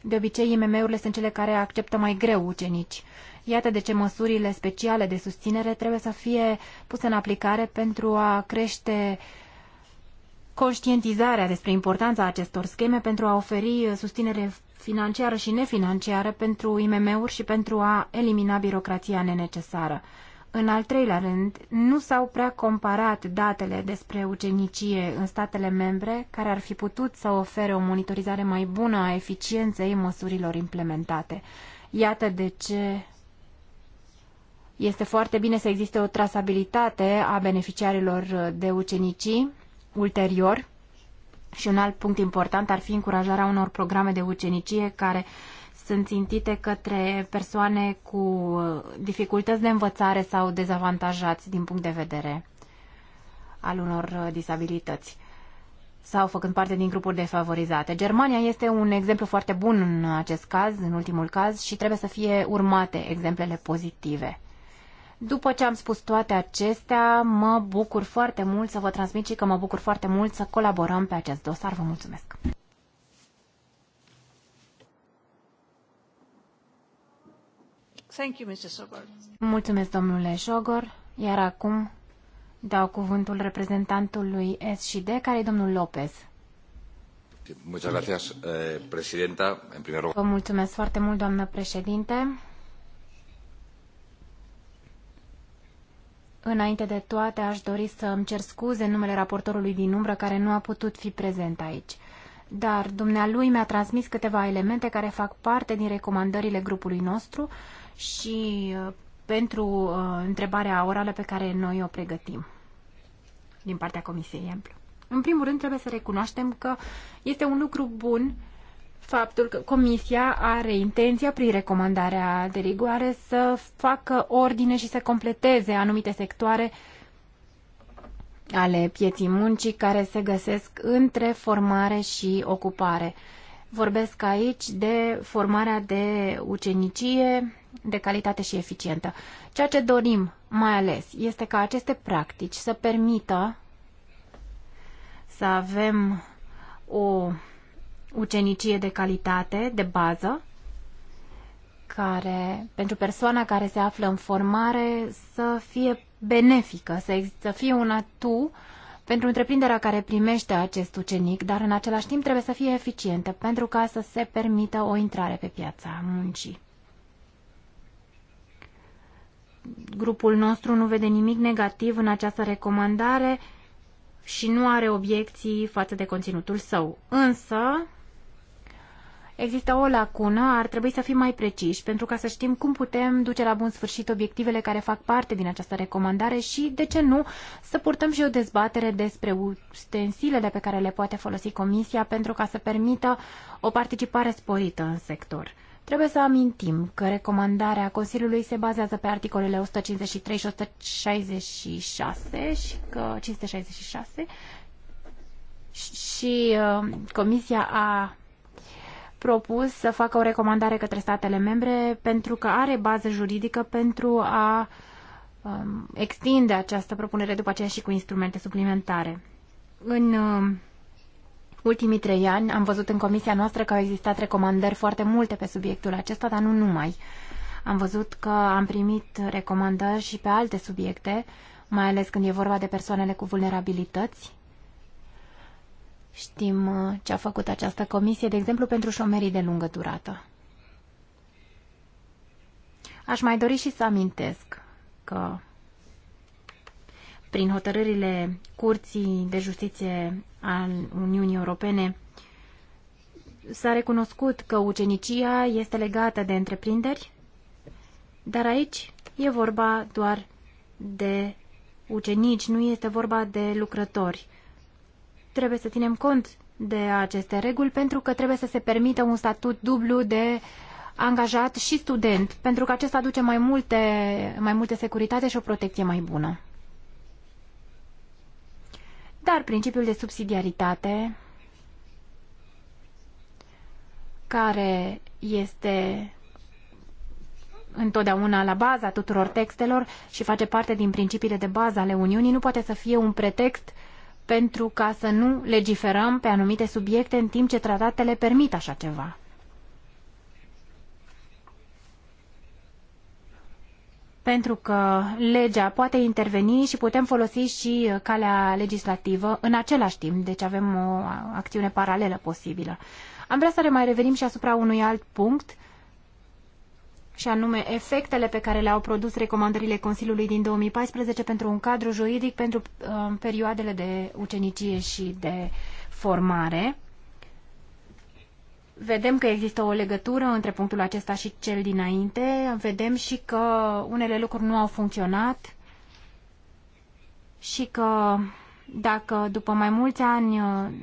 de obicei IMM-urile sunt cele care acceptă mai greu ucenici Iată de ce măsurile speciale de susținere trebuie să fie puse în aplicare pentru a crește conștientizarea despre importanța acestor scheme pentru a oferi susținere financiară și nefinanciară pentru IMM-uri și pentru a elimina birocrația nenecesară. În al treilea rând, nu s-au prea comparat datele despre ucenicie în statele membre care ar fi putut să ofere o monitorizare mai bună a eficienței măsurilor implementate. Iată de ce este foarte bine să existe o trasabilitate a beneficiarilor de ucenicii ulterior și un alt punct important ar fi încurajarea unor programe de ucenicie care sunt țintite către persoane cu dificultăți de învățare sau dezavantajați din punct de vedere al unor disabilități sau făcând parte din grupuri defavorizate. Germania este un exemplu foarte bun în acest caz, în ultimul caz, și trebuie să fie urmate exemplele pozitive. După ce am spus toate acestea, mă bucur foarte mult să vă transmit și că mă bucur foarte mult să colaborăm pe acest dosar. Vă mulțumesc!
Thank you, Mr. Sogor.
Mulțumesc, domnule Sogor. Iar acum dau cuvântul reprezentantului S și D, care e domnul Lopez.
În eh, primul Vă
mulțumesc foarte mult, doamnă președinte. Înainte de toate, aș dori să îmi cer scuze în numele raportorului din umbră care nu a putut fi prezent aici. Dar dumnealui mi-a transmis câteva elemente care fac parte din recomandările grupului nostru și uh, pentru uh, întrebarea orală pe care noi o pregătim din partea Comisiei Amplu. În primul rând, trebuie să recunoaștem că este un lucru bun uh, faptul că Comisia are intenția, prin recomandarea de rigoare, să facă ordine și să completeze anumite sectoare ale pieții muncii care se găsesc între formare și ocupare. Vorbesc aici de formarea de ucenicie de calitate și eficientă. Ceea ce dorim mai ales este ca aceste practici să permită să avem o ucenicie de calitate, de bază, care, pentru persoana care se află în formare, să fie benefică, să, să fie un atu pentru întreprinderea care primește acest ucenic, dar în același timp trebuie să fie eficientă pentru ca să se permită o intrare pe piața muncii. Grupul nostru nu vede nimic negativ în această recomandare și nu are obiecții față de conținutul său. Însă, Există o lacună, ar trebui să fim mai preciși pentru ca să știm cum putem duce la bun sfârșit obiectivele care fac parte din această recomandare și, de ce nu, să purtăm și o dezbatere despre ustensilele pe care le poate folosi Comisia pentru ca să permită o participare sporită în sector. Trebuie să amintim că recomandarea Consiliului se bazează pe articolele 153 și 166 și că 566 și uh, Comisia a propus să facă o recomandare către statele membre pentru că are bază juridică pentru a um, extinde această propunere după aceea și cu instrumente suplimentare. În um, ultimii trei ani am văzut în comisia noastră că au existat recomandări foarte multe pe subiectul acesta, dar nu numai. Am văzut că am primit recomandări și pe alte subiecte, mai ales când e vorba de persoanele cu vulnerabilități Știm uh, ce a făcut această comisie, de exemplu, pentru șomerii de lungă durată. Aș mai dori și să amintesc că prin hotărârile Curții de Justiție al Uniunii Europene s-a recunoscut că ucenicia este legată de întreprinderi, dar aici e vorba doar de ucenici, nu este vorba de lucrători. Trebuie să ținem cont de aceste reguli pentru că trebuie să se permită un statut dublu de angajat și student, pentru că acesta aduce mai multe, mai multe securitate și o protecție mai bună. Dar principiul de subsidiaritate, care este întotdeauna la baza tuturor textelor și face parte din principiile de bază ale Uniunii, nu poate să fie un pretext uh, pentru ca să nu legiferăm pe anumite subiecte în timp ce tratatele permit așa ceva. Pentru că legea poate interveni și putem folosi și calea legislativă în același timp, deci avem o acțiune paralelă posibilă. Am vrea să mai revenim și asupra unui alt punct, uh, și anume efectele pe care le-au produs recomandările Consiliului din 2014 pentru un cadru juridic pentru uh, perioadele de ucenicie și de formare. Vedem că există o legătură între punctul acesta și cel dinainte, vedem și că unele lucruri nu au funcționat și că dacă după mai mulți ani uh,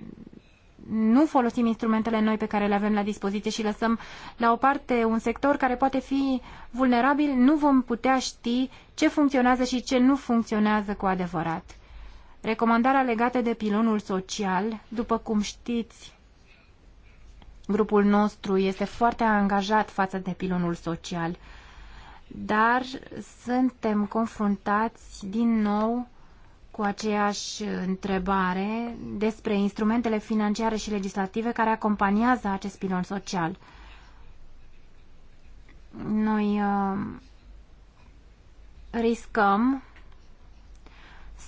nu folosim instrumentele noi pe care le avem la dispoziție și lăsăm la o parte un sector care poate fi vulnerabil, nu vom putea ști ce funcționează și ce nu funcționează cu adevărat. Recomandarea legată de pilonul social, după cum știți, grupul nostru este foarte angajat față de pilonul social, dar suntem confruntați din nou cu aceeași întrebare despre instrumentele financiare și legislative care acompaniază acest pilon social. Noi uh, riscăm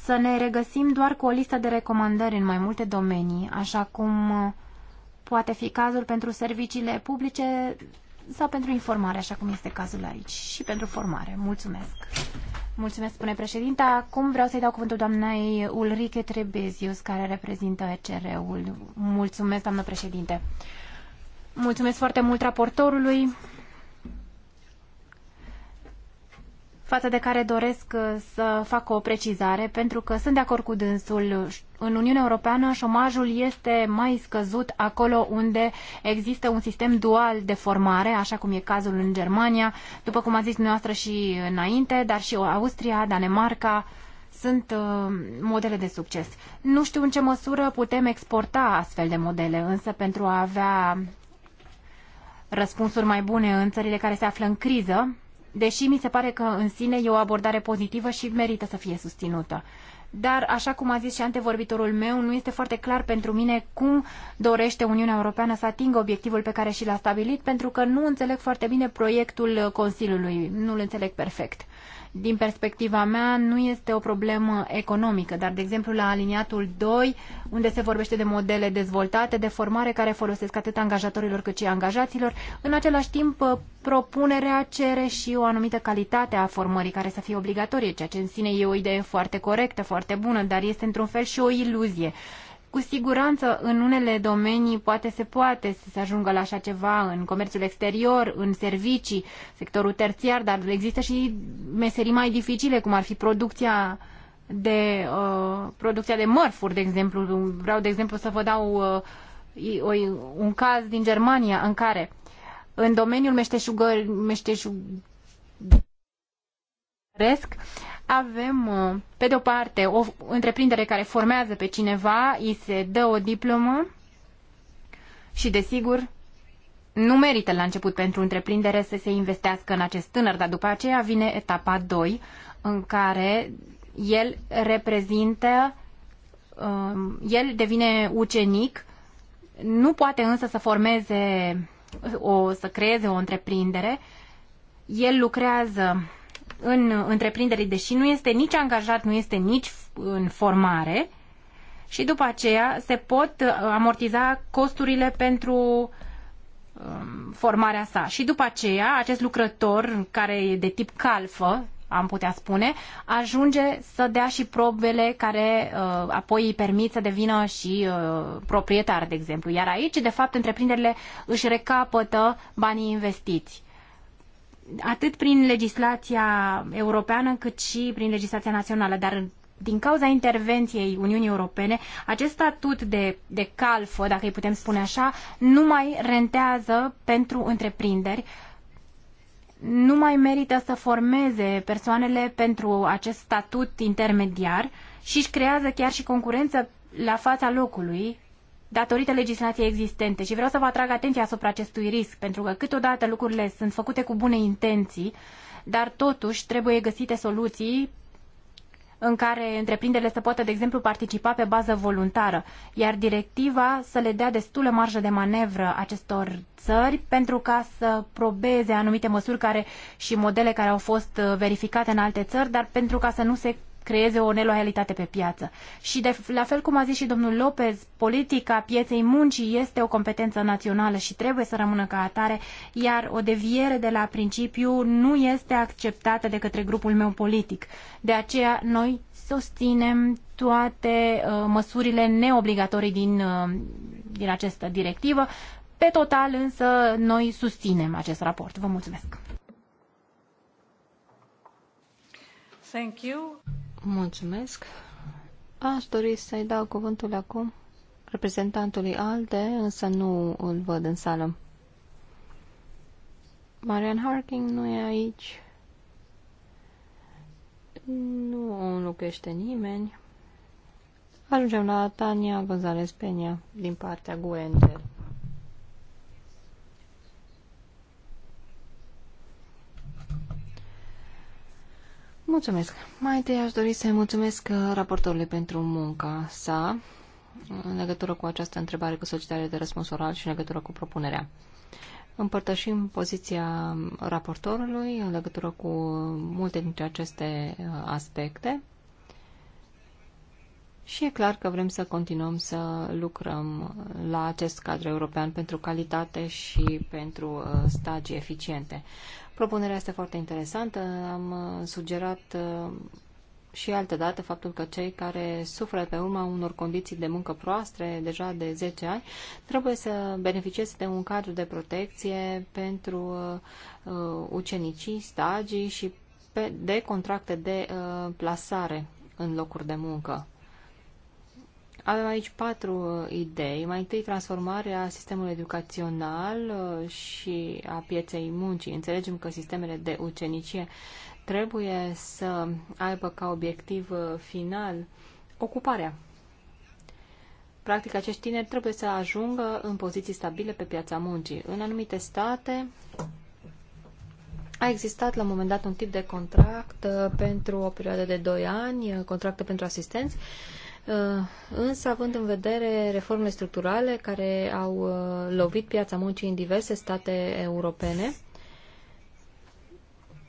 să ne regăsim doar cu o listă de recomandări în mai multe domenii, așa cum uh, poate fi cazul pentru serviciile publice sau pentru informare, așa cum este cazul aici, și pentru formare. Mulțumesc! Mulțumesc, spune președinta. Acum vreau să-i dau cuvântul doamnei Ulrike Trebezius, care reprezintă ECR-ul. Mulțumesc, doamnă președinte. Mulțumesc foarte mult raportorului față de care doresc uh, să fac o precizare, pentru că sunt de acord cu dânsul. În Uniunea Europeană șomajul este mai scăzut acolo unde există un sistem dual de formare, așa cum e cazul în Germania, după cum a zis dumneavoastră și înainte, dar și Austria, Danemarca, sunt uh, modele de succes. Nu știu în ce măsură putem exporta astfel de modele, însă pentru a avea răspunsuri mai bune în țările care se află în criză, deși mi se pare că în sine e o abordare pozitivă și merită să fie susținută. Dar, așa cum a zis și antevorbitorul meu, nu este foarte clar pentru mine cum dorește Uniunea Europeană să atingă obiectivul pe care și l-a stabilit, pentru că nu înțeleg foarte bine proiectul Consiliului, nu-l înțeleg perfect din perspectiva mea, nu este o problemă economică, dar, de exemplu, la aliniatul 2, unde se vorbește de modele dezvoltate, de formare care folosesc atât angajatorilor cât și angajaților, în același timp, uh, propunerea cere și o anumită calitate a formării care să fie obligatorie, ceea ce în sine e o idee foarte corectă, foarte bună, dar este într-un fel și o iluzie cu siguranță, în unele domenii poate se poate să se ajungă la așa ceva, în comerțul exterior, în servicii, sectorul terțiar, dar există și meserii mai dificile, cum ar fi producția de, uh, producția de mărfuri, de exemplu. Vreau, de exemplu, să vă dau uh, un caz din Germania în care în domeniul meșteșugăresc, avem, uh, pe de-o parte, o întreprindere care formează pe cineva, îi se dă o diplomă și, desigur, nu merită la început pentru întreprindere să se investească în acest tânăr, dar după aceea vine etapa 2, în care el reprezintă, um, el devine ucenic, nu poate însă să formeze, o, să creeze o întreprindere, el lucrează în întreprindere, deși nu este nici angajat, nu este nici în formare și după aceea se pot uh, amortiza costurile pentru um, formarea sa. Și după aceea, acest lucrător, care e de tip calfă, am putea spune, ajunge să dea și probele care uh, apoi îi permit să devină și uh, proprietar, de exemplu. Iar aici, de fapt, întreprinderile își recapătă banii investiți atât prin legislația europeană cât și prin legislația națională, dar din cauza intervenției Uniunii Europene, acest statut de, de calfă, dacă îi putem spune așa, nu mai rentează pentru întreprinderi, nu mai merită să formeze persoanele pentru acest statut intermediar și își creează chiar și concurență la fața locului datorită legislației existente. Și vreau să vă atrag atenția asupra acestui risc, pentru că câteodată lucrurile sunt făcute cu bune intenții, dar totuși trebuie găsite soluții în care întreprinderile să poată, de exemplu, participa pe bază voluntară, iar directiva să le dea destulă marjă de manevră acestor țări pentru ca să probeze anumite măsuri care și modele care au fost uh, verificate în alte țări, dar pentru ca să nu se creeze o neloialitate pe piață. Și de, la fel cum a zis și domnul Lopez, politica pieței muncii este o competență națională și trebuie să rămână ca atare, iar o deviere de la principiu nu este acceptată de către grupul meu politic. De aceea noi susținem toate uh, măsurile neobligatorii din, uh, din această directivă. Pe total însă noi susținem acest raport. Vă mulțumesc!
Thank you.
Mulțumesc. Aș dori
să-i dau cuvântul acum reprezentantului ALDE, însă nu îl văd în sală. Marian Harking nu e aici. Nu o înlocuiește nimeni. Ajungem la Tania González Peña din partea Guendel. Mulțumesc. Mai întâi aș dori să-i mulțumesc uh, raportorului pentru munca sa în legătură cu această întrebare cu solicitare de răspuns oral și în legătură cu propunerea. Împărtășim poziția raportorului în legătură cu multe dintre aceste uh, aspecte și e clar că vrem să continuăm să lucrăm la acest cadru european pentru calitate și pentru uh, stagii eficiente. Propunerea este foarte interesantă. Am uh, sugerat uh, și altă dată faptul că cei care suferă pe urma unor condiții de muncă proastre deja de 10 ani trebuie să beneficieze de un cadru de protecție pentru uh, uh, ucenicii, stagii și pe, de contracte de uh, plasare în locuri de muncă. Avem aici patru uh, idei. Mai întâi, transformarea sistemului educațional uh, și a pieței muncii. Înțelegem că sistemele de ucenicie trebuie să aibă ca obiectiv uh, final ocuparea. Practic, acești tineri trebuie să ajungă în poziții stabile pe piața muncii. În anumite state a existat la un moment dat un tip de contract pentru o perioadă de 2 ani, contracte pentru asistenți, Uh, însă, având în vedere reforme structurale care au uh, lovit piața muncii în diverse state europene,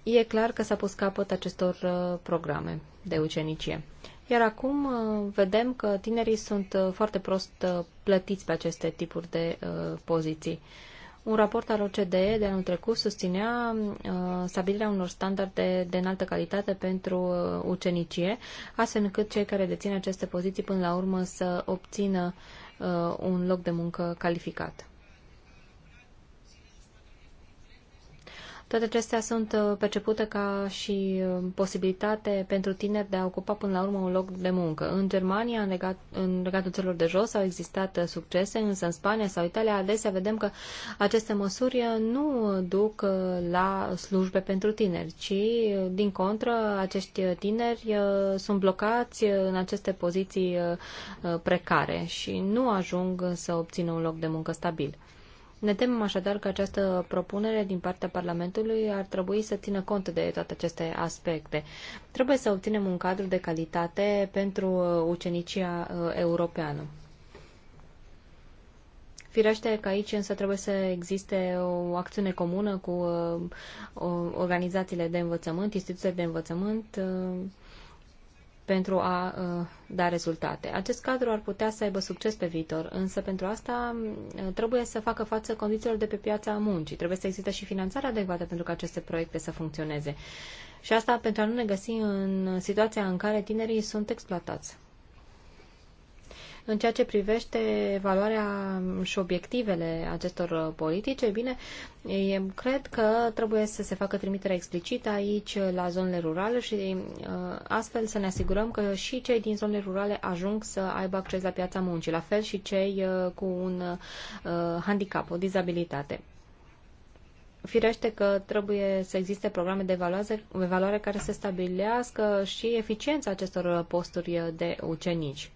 e clar că s-a pus capăt acestor uh, programe de ucenicie. Iar acum vedem că tinerii sunt foarte prost plătiți pe aceste tipuri de poziții. Un raport al OCDE de anul trecut susținea uh, stabilirea unor standarde de înaltă calitate pentru uh, ucenicie, astfel încât cei care dețin aceste poziții până la urmă să obțină uh, un loc de muncă calificat. Toate acestea sunt uh, percepute ca și uh, posibilitate pentru tineri de a ocupa până la urmă un loc de muncă. În Germania, în, legat, în regatul țărilor de jos, au existat uh, succese, însă în Spania sau Italia adesea vedem că aceste măsuri nu duc la slujbe pentru tineri, ci, din contră, acești tineri sunt blocați în aceste poziții precare și nu ajung să obțină un loc de muncă stabil. Ne temem așadar că această propunere din partea Parlamentului ar trebui să țină cont de toate aceste aspecte. Trebuie să obținem un cadru de calitate pentru uh, ucenicia uh, europeană. Firește că aici însă trebuie să existe o acțiune comună cu uh, organizațiile de învățământ, instituțiile de învățământ, pentru a uh, da rezultate. Acest cadru ar putea să aibă succes pe viitor, însă pentru asta uh, trebuie să facă față condițiilor de pe piața muncii. Trebuie să existe și finanțarea adecvată pentru ca aceste proiecte să funcționeze. Și asta pentru a nu ne găsi în situația în care tinerii sunt exploatați. În ceea ce privește valoarea și obiectivele acestor politici, bine, eu cred că trebuie să se facă trimiterea explicită aici la zonele rurale și astfel să ne asigurăm că și cei din zonele rurale ajung să aibă acces la piața muncii, la fel și cei cu un handicap, o dizabilitate. Firește că trebuie să existe programe de evaluare care să stabilească și eficiența acestor posturi de ucenici.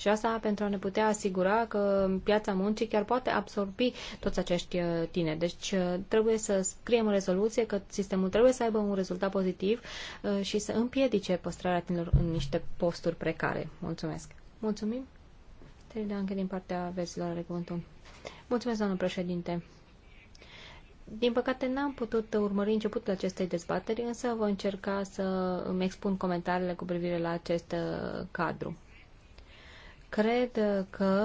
Și asta pentru a ne putea asigura că piața muncii chiar poate absorbi toți acești uh, tineri. Deci uh, trebuie să scriem o rezoluție că sistemul trebuie să aibă un rezultat pozitiv uh, și să împiedice păstrarea tinerilor în niște posturi precare. Mulțumesc. Mulțumim. Trebuie de anche din partea vezilor are cuvântul. Mulțumesc, doamnă președinte. Din păcate n-am putut urmări începutul acestei dezbateri, însă voi încerca să îmi expun comentariile cu privire la acest cadru. Cred că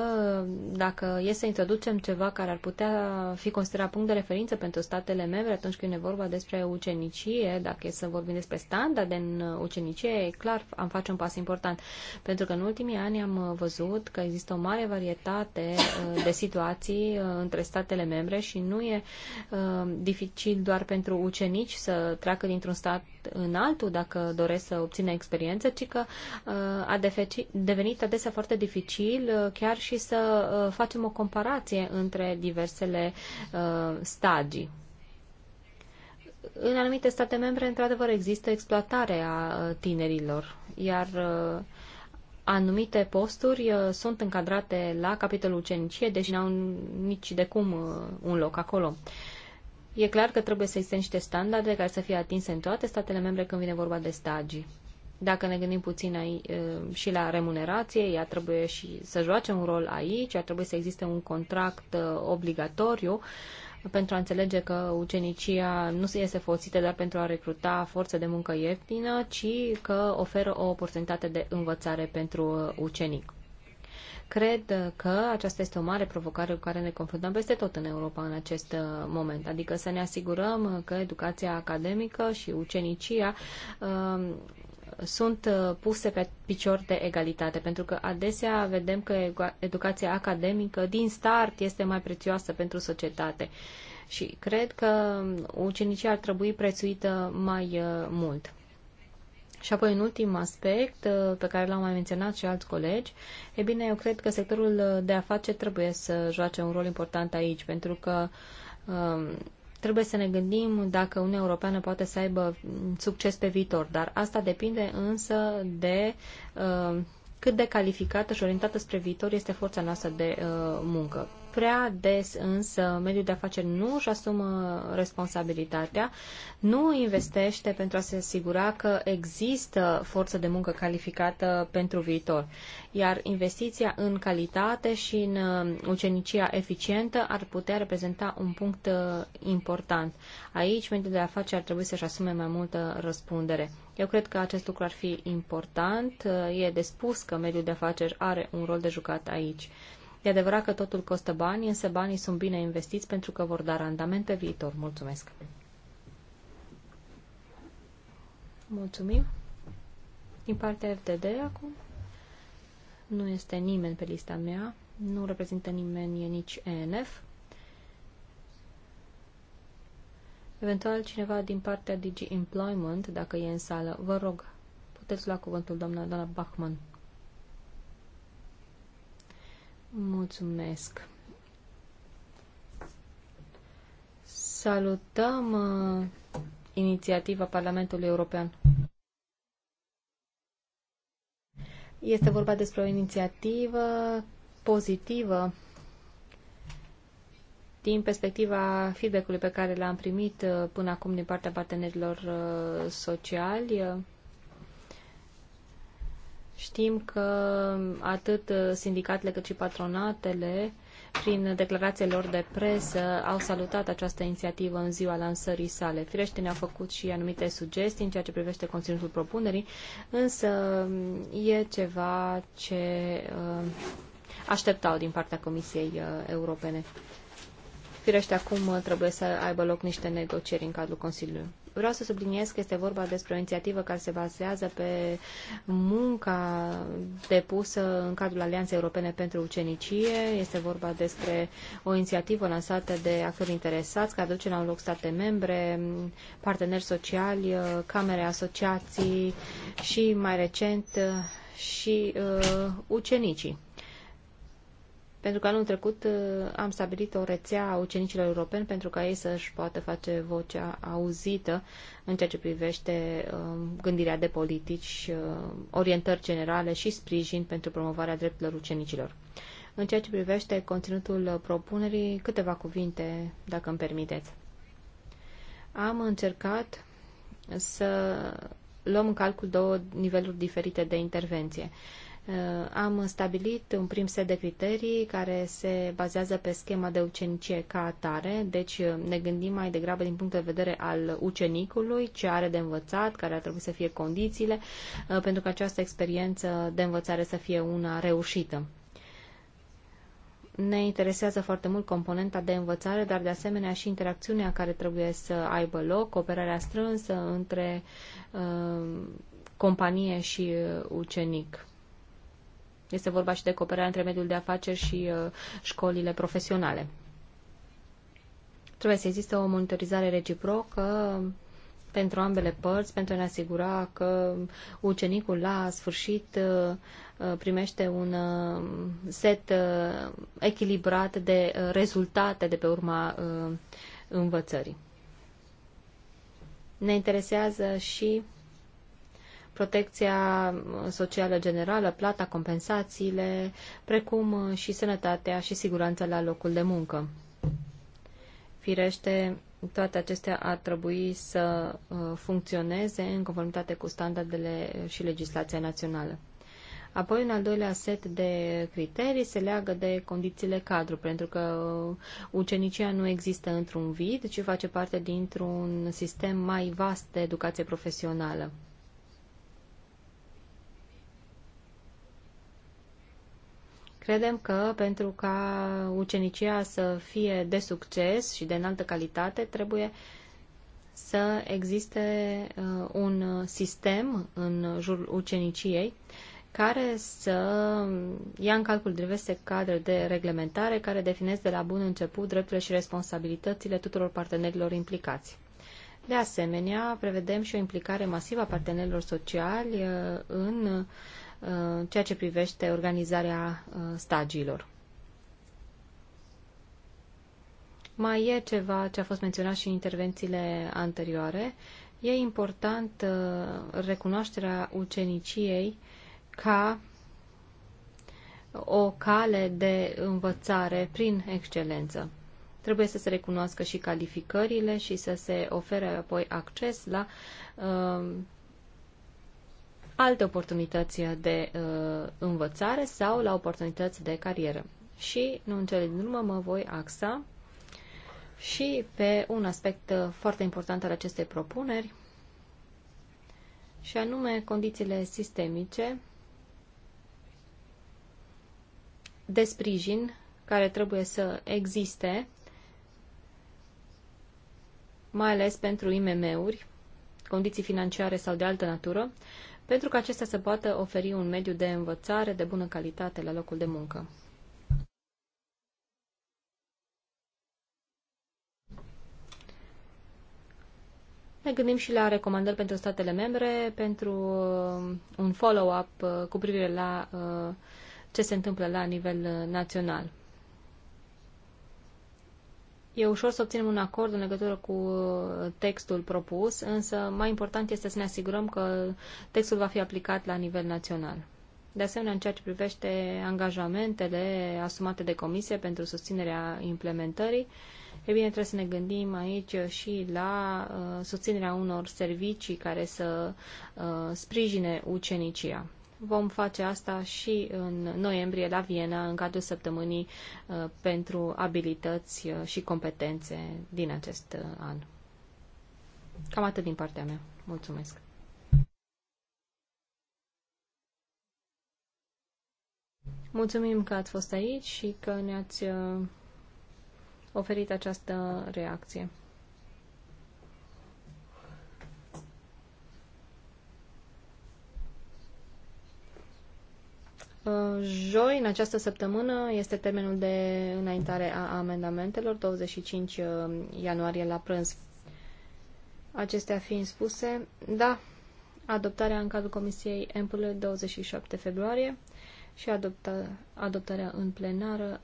dacă e să introducem ceva care ar putea fi considerat punct de referință pentru statele membre atunci când e vorba despre ucenicie, dacă e să vorbim despre standarde în ucenicie, e clar, am face un pas important. Pentru că în ultimii ani am văzut că există o mare varietate uh, de situații uh, între statele membre și nu e uh, dificil doar pentru ucenici să treacă dintr-un stat în altul dacă doresc să obțină experiență, ci că a devenit adesea foarte dificil dificil chiar și să uh, facem o comparație între diversele uh, stagii. În anumite state membre, într-adevăr, există exploatarea uh, tinerilor, iar anumite posturi sunt încadrate la capitolul ucenicie, deși n-au nici de cum un loc acolo. E clar că trebuie să existe niște standarde care să fie atinse în toate statele membre când vine vorba de stagii. Dacă ne gândim puțin aici, și la remunerație, ea trebuie și să joace un rol aici, ea trebuie să existe un contract obligatoriu pentru a înțelege că ucenicia nu se iese folosită doar pentru a recruta forță de muncă ieftină, ci că oferă o oportunitate de învățare pentru ucenic. Cred că aceasta este o mare provocare cu care ne confruntăm peste tot în Europa în acest moment, adică să ne asigurăm că educația academică și ucenicia sunt uh, puse pe picior de egalitate, pentru că adesea vedem că educația academică din start este mai prețioasă pentru societate și cred că ucenicii ar trebui prețuită mai uh, mult. Și apoi, un ultim aspect uh, pe care l-au mai menționat și alți colegi, e bine, eu cred că sectorul de afaceri trebuie să joace un rol important aici, pentru că um, Trebuie să ne gândim dacă Uniunea Europeană poate să aibă succes pe viitor, dar asta depinde însă de uh, cât de calificată și orientată spre viitor este forța noastră de uh, muncă. Prea des însă mediul de afaceri nu își asumă responsabilitatea, nu investește pentru a se asigura că există forță de muncă calificată pentru viitor. Iar investiția în calitate și în uh, ucenicia eficientă ar putea reprezenta un punct uh, important. Aici mediul de afaceri ar trebui să-și asume mai multă răspundere. Eu cred că acest lucru ar fi important. Uh, e de spus că mediul de afaceri are un rol de jucat aici. E adevărat că totul costă bani, însă banii sunt bine investiți pentru că vor da randament pe viitor. Mulțumesc! Mulțumim! Din partea FDD acum nu este nimeni pe lista mea, nu reprezintă nimeni nici ENF. Eventual cineva din partea Digi Employment, dacă e în sală, vă rog, puteți lua cuvântul doamna, doamna Bachmann. Mulțumesc. Salutăm uh, inițiativa Parlamentului European. Este vorba despre o inițiativă pozitivă din perspectiva feedback-ului pe care l-am primit uh, până acum din partea partenerilor uh, sociali Știm că atât uh, sindicatele cât și patronatele, prin declarațiile lor de presă, au salutat această inițiativă în ziua lansării sale. Firește ne-au făcut și anumite sugestii în ceea ce privește conținutul propunerii, însă mm, e ceva ce uh, așteptau din partea Comisiei uh, Europene. Firește, acum trebuie să aibă loc niște negocieri în cadrul Consiliului. Vreau să subliniez că este vorba despre o inițiativă care se bazează pe munca depusă în cadrul Alianței Europene pentru Ucenicie. Este vorba despre o inițiativă lansată de actori interesați care aduce la un loc state membre, parteneri sociali, uh, camere, asociații și mai recent uh, și uh, ucenicii pentru că anul trecut uh, am stabilit o rețea a ucenicilor europeni pentru ca ei să-și poată face vocea auzită în ceea ce privește um, gândirea de politici, uh, orientări generale și sprijin pentru promovarea drepturilor ucenicilor. În ceea ce privește conținutul propunerii, câteva cuvinte, dacă îmi permiteți. Am încercat să luăm în calcul două niveluri diferite de intervenție. Uh, Uh, am stabilit un prim set de criterii care se bazează pe schema de ucenicie ca atare, deci uh, ne gândim mai degrabă din punct de vedere al ucenicului, ce are de învățat, care ar trebui să fie condițiile, uh, pentru că această experiență de învățare să fie una reușită. Ne interesează foarte mult componenta de învățare, dar de asemenea și interacțiunea care trebuie să aibă loc, cooperarea strânsă între uh, companie și ucenic. Este vorba și de cooperarea între mediul de afaceri și uh, școlile profesionale. Trebuie să existe o monitorizare reciprocă uh, pentru ambele părți, pentru a ne asigura că ucenicul la sfârșit uh, primește un set echilibrat de rezultate de pe urma învățării. Ne interesează și protecția socială generală, plata, compensațiile, precum uh, și sănătatea și siguranța la locul de muncă. Firește, toate acestea ar trebui să uh, funcționeze în conformitate cu standardele și legislația națională. Apoi, un al doilea set de criterii se leagă de condițiile cadru, pentru că uh, ucenicia nu există într-un vid, ci face parte dintr-un sistem mai vast de educație profesională. Credem că pentru ca ucenicia să fie de succes și de înaltă calitate, trebuie să existe uh, un sistem în jurul uceniciei care să ia în calcul diverse cadre de reglementare care definez de la bun început drepturile și responsabilitățile tuturor partenerilor implicați. De asemenea, prevedem și o implicare masivă a partenerilor sociali uh, în Uh, ceea ce privește organizarea uh, stagiilor. Mai e ceva ce a fost menționat și în intervențiile anterioare. E important uh, recunoașterea uceniciei ca o cale de învățare prin excelență. Trebuie să se recunoască și calificările și să se ofere apoi acces la uh, alte oportunități de uh, învățare sau la oportunități de carieră. Și, nu în cele din urmă, mă voi axa și pe un aspect uh, foarte important al acestei propuneri, și anume condițiile sistemice de sprijin care trebuie să existe, mai ales pentru IMM-uri, condiții financiare sau de altă natură, pentru ca acestea să poată oferi un mediu de învățare de bună calitate la locul de muncă. Ne gândim și la recomandări pentru statele membre, pentru uh, un follow-up uh, cu privire la uh, ce se întâmplă la nivel național. E ușor să obținem un acord în legătură cu uh, textul propus, însă mai important este să ne asigurăm că textul va fi aplicat la nivel național. De asemenea, în ceea ce privește angajamentele asumate de comisie pentru susținerea implementării, e bine, trebuie să ne gândim aici și la uh, susținerea unor servicii care să uh, sprijine ucenicia. Vom face asta și în noiembrie la Viena, în cadrul săptămânii uh, pentru abilități uh, și competențe din acest uh, an. Cam atât din partea mea. Mulțumesc. Mulțumim că ați fost aici și că ne-ați oferit această reacție. Uh, joi, în această săptămână, este termenul de înaintare a amendamentelor, 25 uh, ianuarie la prânz. Acestea fiind spuse, da, adoptarea în cadrul Comisiei Empul 27 februarie și adopta, adoptarea în plenară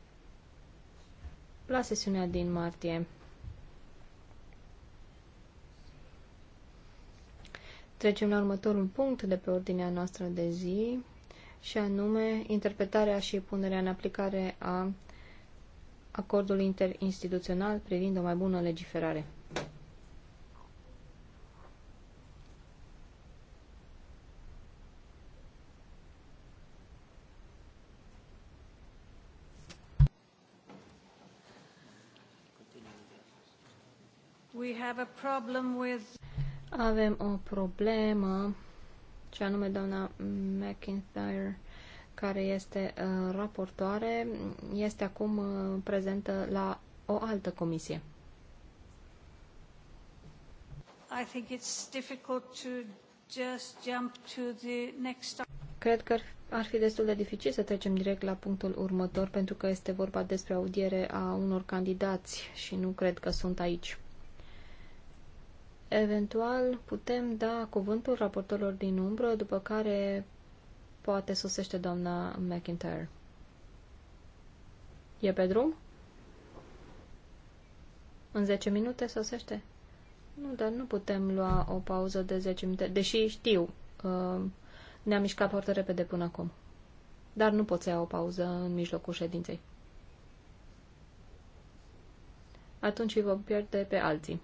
la sesiunea din martie. Trecem la următorul punct de pe ordinea noastră de zi și anume interpretarea și punerea în aplicare a acordului interinstituțional privind o mai bună legiferare.
Avem o
problemă ce anume doamna McIntyre, care este uh, raportoare, este acum uh, prezentă la o altă comisie.
I think it's difficult to just jump to the next...
Cred că ar fi destul de dificil să trecem direct la punctul următor, pentru că este vorba despre audiere a unor candidați și nu cred că sunt aici. Eventual putem da cuvântul raportorilor din umbră, după care poate sosește doamna McIntyre. E pe drum? În 10 minute sosește? Nu, dar nu putem lua o pauză de 10 minute, deși știu, uh, ne-am mișcat foarte repede până acum. Dar nu pot să o pauză în mijlocul ședinței. Atunci îi vom pierde pe alții.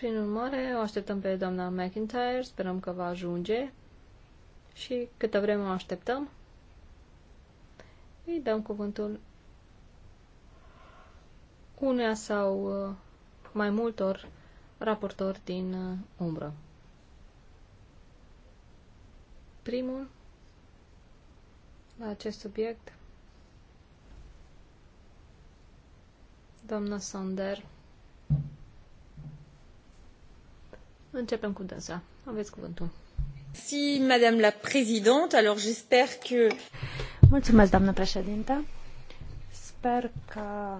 Prin urmare, o așteptăm pe doamna McIntyre, sperăm că va ajunge și câtă vreme o așteptăm, îi dăm cuvântul unea sau uh, mai multor raportori din uh, umbră. Primul la acest subiect, doamna Sander. Începem cu dânsa.
Aveți cuvântul. Si, madame la présidente, alors j'espère que... Mulțumesc, doamnă președinte. Sper că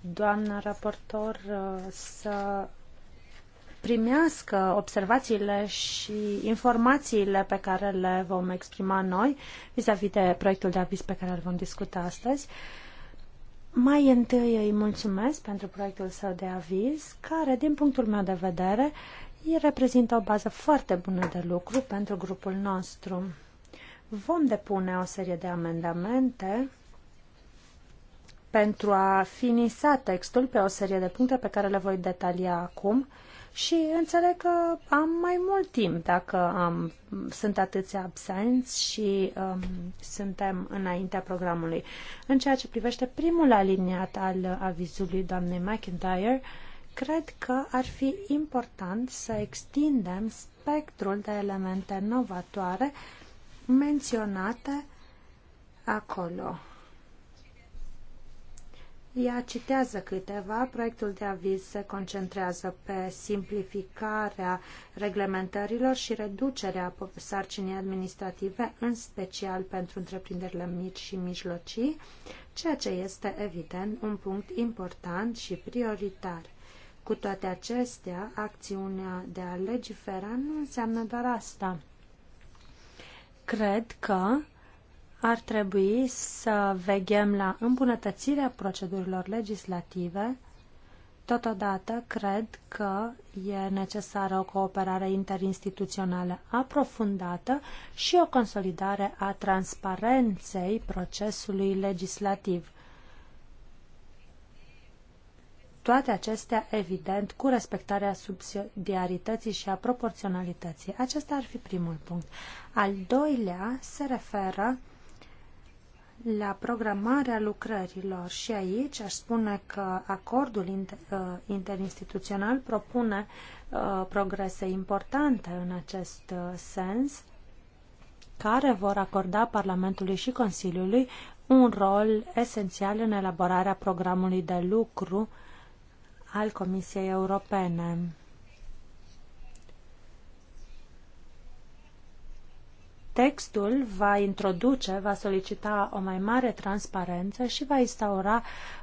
doamna raportor uh, să primească observațiile și informațiile pe care le vom exprima noi vis-a-vis -vis de proiectul de avis pe care îl vom discuta astăzi. Uh, mai întâi îi mulțumesc pentru proiectul său de aviz, care, din punctul meu de vedere, îi reprezintă o bază foarte bună de lucru pentru grupul nostru. Vom depune o serie de amendamente pentru a finisa textul pe o serie de puncte pe care le voi detalia acum și înțeleg că am mai mult timp dacă am, sunt atâția absenți și um, suntem înaintea programului. În ceea ce privește primul aliniat al avizului doamnei McIntyre, cred că ar fi important să extindem spectrul de elemente novatoare menționate acolo. Ea citează câteva. Proiectul de aviz se concentrează pe simplificarea reglementărilor și reducerea sarcinii administrative, în special pentru întreprinderile mici și mijlocii, ceea ce este evident un punct important și prioritar. Cu toate acestea, acțiunea de a legifera nu înseamnă doar asta. Cred că ar trebui să veghem la îmbunătățirea procedurilor legislative. Totodată, cred că e necesară o cooperare interinstituțională aprofundată și o consolidare a transparenței procesului legislativ. Toate acestea, evident, cu respectarea subsidiarității și a proporționalității. Acesta ar fi primul punct. Al doilea se referă la programarea lucrărilor și aici aș spune că acordul uh, interinstituțional propune uh, progrese importante în acest uh, sens care vor acorda Parlamentului și Consiliului un rol esențial în elaborarea programului de lucru al Comisiei Europene. Textul va introduce, va solicita o mai mare transparență și va instaura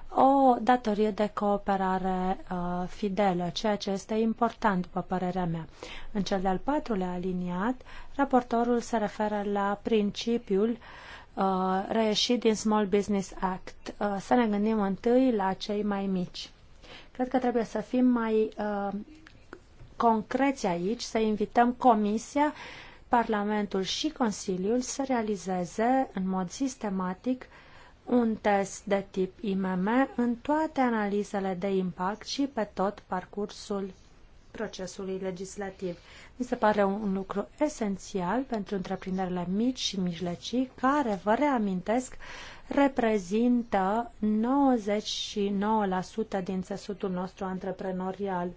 o datorie de cooperare uh, fidelă, ceea ce este important, după părerea mea. În cel de-al patrulea aliniat, raportorul se referă la principiul uh, reieșit din Small Business Act. Uh, să ne gândim întâi la cei mai mici. Cred că trebuie să fim mai uh, concreți aici, să invităm Comisia Parlamentul și Consiliul să realizeze în mod sistematic un test de tip IMM în toate analizele de impact și pe tot parcursul procesului legislativ. Mi se pare un lucru esențial pentru întreprinderile mici și mijlocii, care, vă reamintesc, reprezintă 99% din țesutul nostru antreprenorial.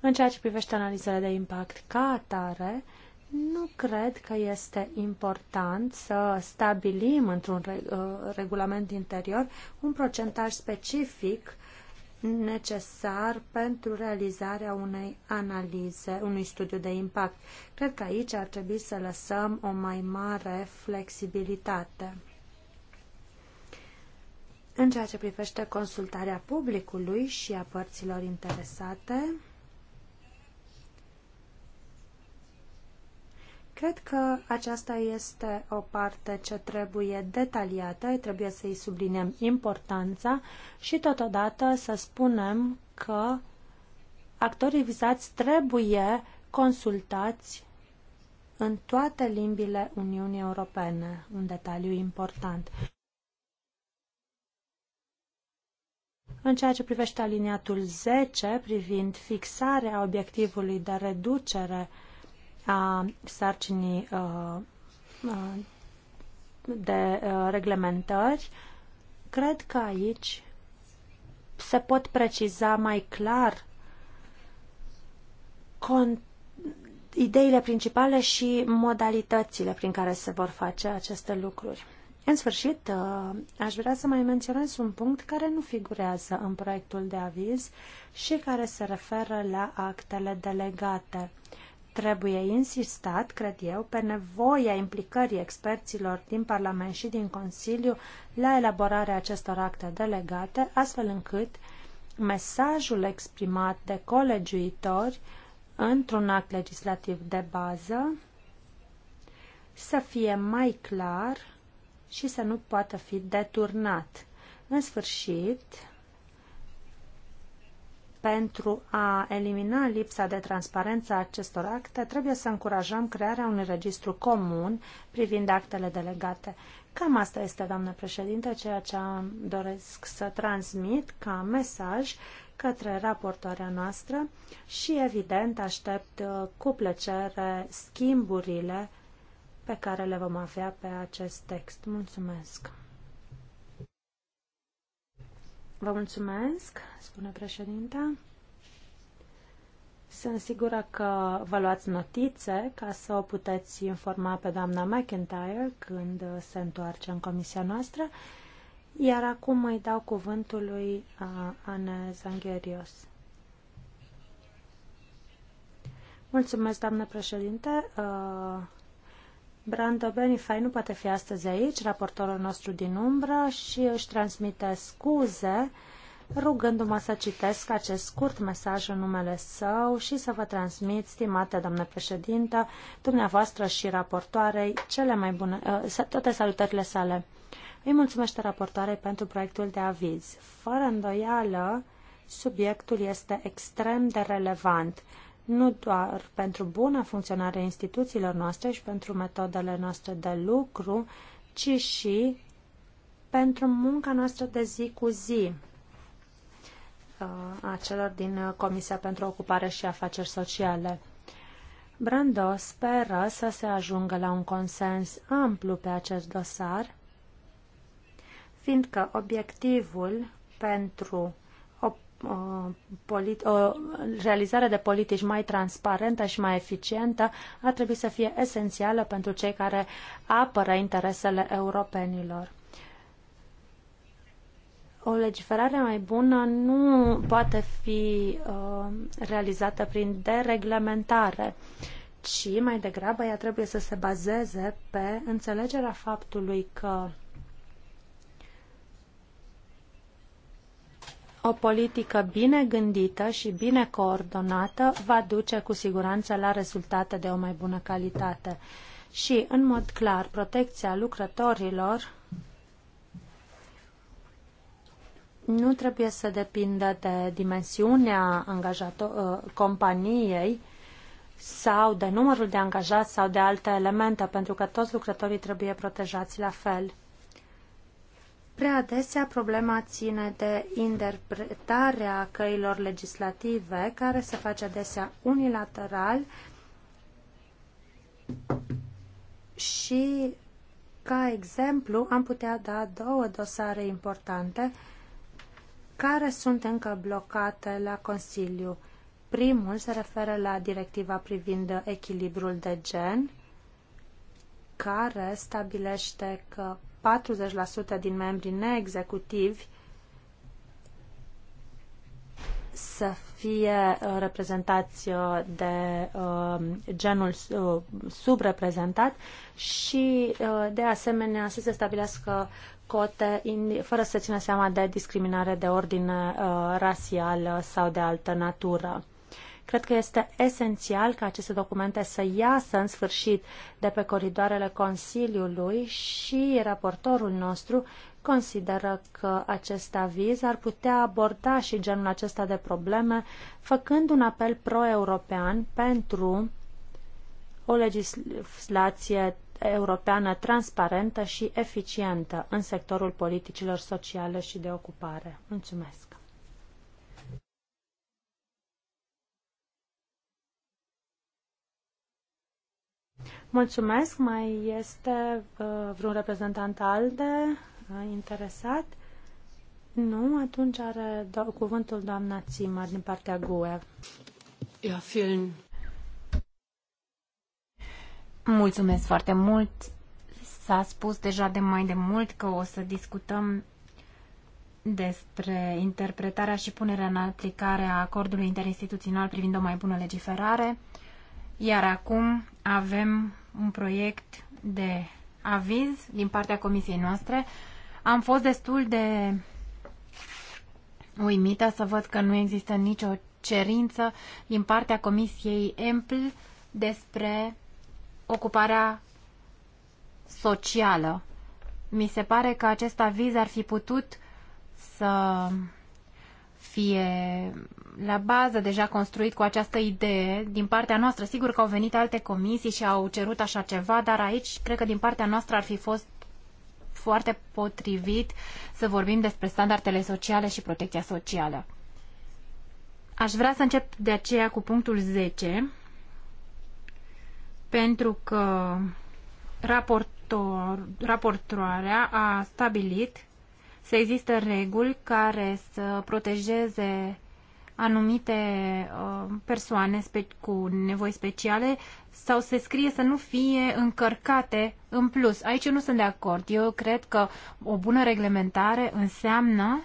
În ceea ce privește analizele de impact ca atare, nu cred că este important să stabilim într-un uh, regulament interior un procentaj specific necesar pentru realizarea unei analize, unui studiu de impact. Cred că aici ar trebui să lăsăm o mai mare flexibilitate. În ceea ce privește consultarea publicului și a părților interesate, Cred că aceasta este o parte ce trebuie detaliată, trebuie să-i subliniem importanța și totodată să spunem că actorii vizați trebuie consultați în toate limbile Uniunii Europene, un detaliu important. În ceea ce privește aliniatul 10, privind fixarea obiectivului de reducere a sarcinii uh, uh, de uh, reglementări, cred că aici se pot preciza mai clar ideile principale și modalitățile prin care se vor face aceste lucruri. În sfârșit, aș vrea să mai menționez un punct care nu figurează în proiectul de aviz și care se referă la actele delegate trebuie insistat, cred eu, pe nevoia implicării experților din Parlament și din Consiliu la elaborarea acestor acte delegate, astfel încât mesajul exprimat de colegiuitori într-un act legislativ de bază să fie mai clar și să nu poată fi deturnat. În sfârșit, pentru a elimina lipsa de transparență a acestor acte, trebuie să încurajăm crearea unui registru comun privind actele delegate. Cam asta este, doamnă președinte, ceea ce doresc să transmit ca mesaj către raportoarea noastră și, evident, aștept uh, cu plăcere schimburile pe care le vom avea pe acest text. Mulțumesc! Vă mulțumesc, spune președinta. Sunt sigură că vă luați notițe ca să o puteți informa pe doamna McIntyre când se întoarce în comisia noastră. Iar acum îi dau cuvântul lui Anne Zangherios. Mulțumesc, doamnă președinte. Brando Benifai nu poate fi astăzi aici, raportorul nostru din umbră, și își transmite scuze rugându-mă să citesc acest scurt mesaj în numele său și să vă transmit, stimate doamnă președintă, dumneavoastră și raportoarei, cele mai bune, ă, toate salutările sale. Îi mulțumește raportoarei pentru proiectul de aviz. Fără îndoială, subiectul este extrem de relevant nu doar pentru buna funcționare a instituțiilor noastre și pentru metodele noastre de lucru, ci și pentru munca noastră de zi cu zi uh, a celor din Comisia pentru Ocupare și Afaceri Sociale. Brando speră să se ajungă la un consens amplu pe acest dosar, fiindcă obiectivul pentru Uh, o uh, realizare de politici mai transparentă și mai eficientă ar trebui să fie esențială pentru cei care apără interesele europenilor. O legiferare mai bună nu poate fi uh, realizată prin dereglementare, ci mai degrabă ea trebuie să se bazeze pe înțelegerea faptului că o politică bine gândită și bine coordonată va duce cu siguranță la rezultate de o mai bună calitate. Și, în mod clar, protecția lucrătorilor nu trebuie să depindă de dimensiunea ă, companiei sau de numărul de angajați sau de alte elemente, pentru că toți lucrătorii trebuie protejați la fel. Prea adesea problema ține de interpretarea căilor legislative, care se face adesea unilateral și, ca exemplu, am putea da două dosare importante care sunt încă blocate la Consiliu. Primul se referă la directiva privind echilibrul de gen, care stabilește că 40% din membrii neexecutivi să fie uh, reprezentați uh, de uh, genul subreprezentat și, de asemenea, să se stabilească cote fără să țină seama de discriminare de ordine rasială sau de altă natură. Cred că este esențial ca aceste documente să iasă în sfârșit de pe coridoarele Consiliului și raportorul nostru consideră că acest aviz ar putea aborda și genul acesta de probleme, făcând un apel pro-european pentru o legislație europeană transparentă și eficientă în sectorul politicilor sociale și de ocupare. Mulțumesc! Mulțumesc. Mai este uh, vreun reprezentant ALDE uh, interesat? Nu, atunci are do- cuvântul doamna Țimar din partea GUE. Ja, vielen.
Mulțumesc foarte mult. S-a spus deja de mai de mult că o să discutăm despre interpretarea și punerea în aplicare a acordului interinstituțional privind o mai bună legiferare. Iar acum avem un proiect de aviz din partea comisiei noastre. Am fost destul de uimită să văd că nu există nicio cerință din partea comisiei EMPL despre ocuparea socială. Mi se pare că acest aviz ar fi putut să fie la bază deja construit cu această idee. Din partea noastră, sigur că au venit alte comisii și au cerut așa ceva, dar aici cred că din partea noastră ar fi fost foarte potrivit să vorbim despre standardele sociale și protecția socială. Aș vrea să încep de aceea cu punctul 10, pentru că raportor, raportoarea a stabilit să existe reguli care să protejeze anumite uh, persoane cu nevoi speciale sau se scrie să nu fie încărcate în plus. Aici eu nu sunt de acord. Eu cred că o bună reglementare înseamnă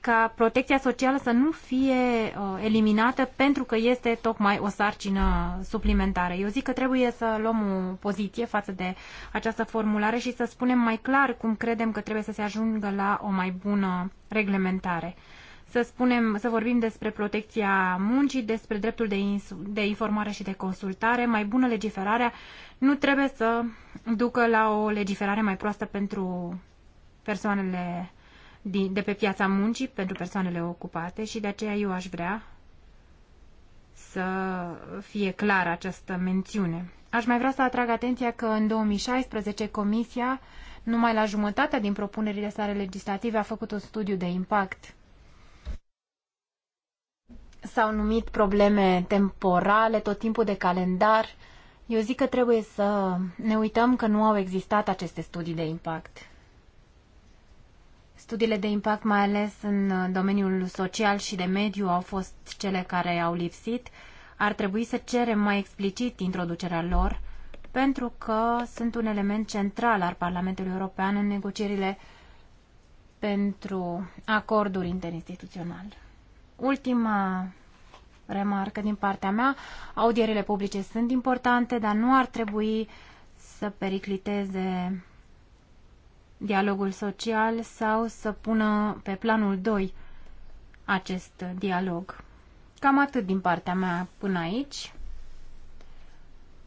ca protecția socială să nu fie uh, eliminată pentru că este tocmai o sarcină suplimentară. Eu zic că trebuie să luăm o poziție față de această formulare și să spunem mai clar cum credem că trebuie să se ajungă la o mai bună reglementare. Să spunem, să vorbim despre protecția muncii, despre dreptul de, de informare și de consultare, mai bună legiferarea, nu trebuie să ducă la o legiferare mai proastă pentru persoanele de pe piața muncii pentru persoanele ocupate și de aceea eu aș vrea să fie clară această mențiune. Aș mai vrea să atrag atenția că în 2016 Comisia, numai la jumătatea din propunerile sale legislative, a făcut un studiu de impact. S-au numit probleme temporale, tot timpul de calendar. Eu zic că trebuie să ne uităm că nu au existat aceste studii de impact. Studiile de impact, mai ales în uh, domeniul social și de mediu, au fost cele care au lipsit. Ar trebui să cerem mai explicit introducerea lor, pentru că sunt un element central al Parlamentului European în negocierile pentru acorduri interinstituționale. Ultima remarcă din partea mea, audierile publice sunt importante, dar nu ar trebui să pericliteze dialogul social sau să pună pe planul 2 acest dialog. Cam atât din partea mea până aici.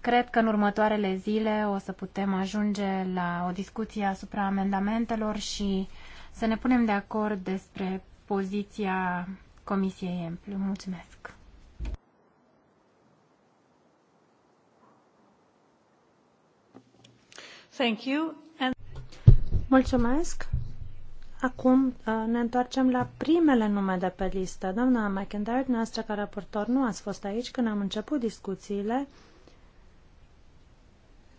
Cred că în următoarele zile o să putem ajunge la o discuție asupra amendamentelor și să ne punem de acord despre poziția Comisiei Emplu. Mulțumesc!
Thank you. Mulțumesc. Acum uh, ne întoarcem la primele nume de pe listă. Doamna McIntyre, noastră ca raportor, nu ați fost aici când am început discuțiile.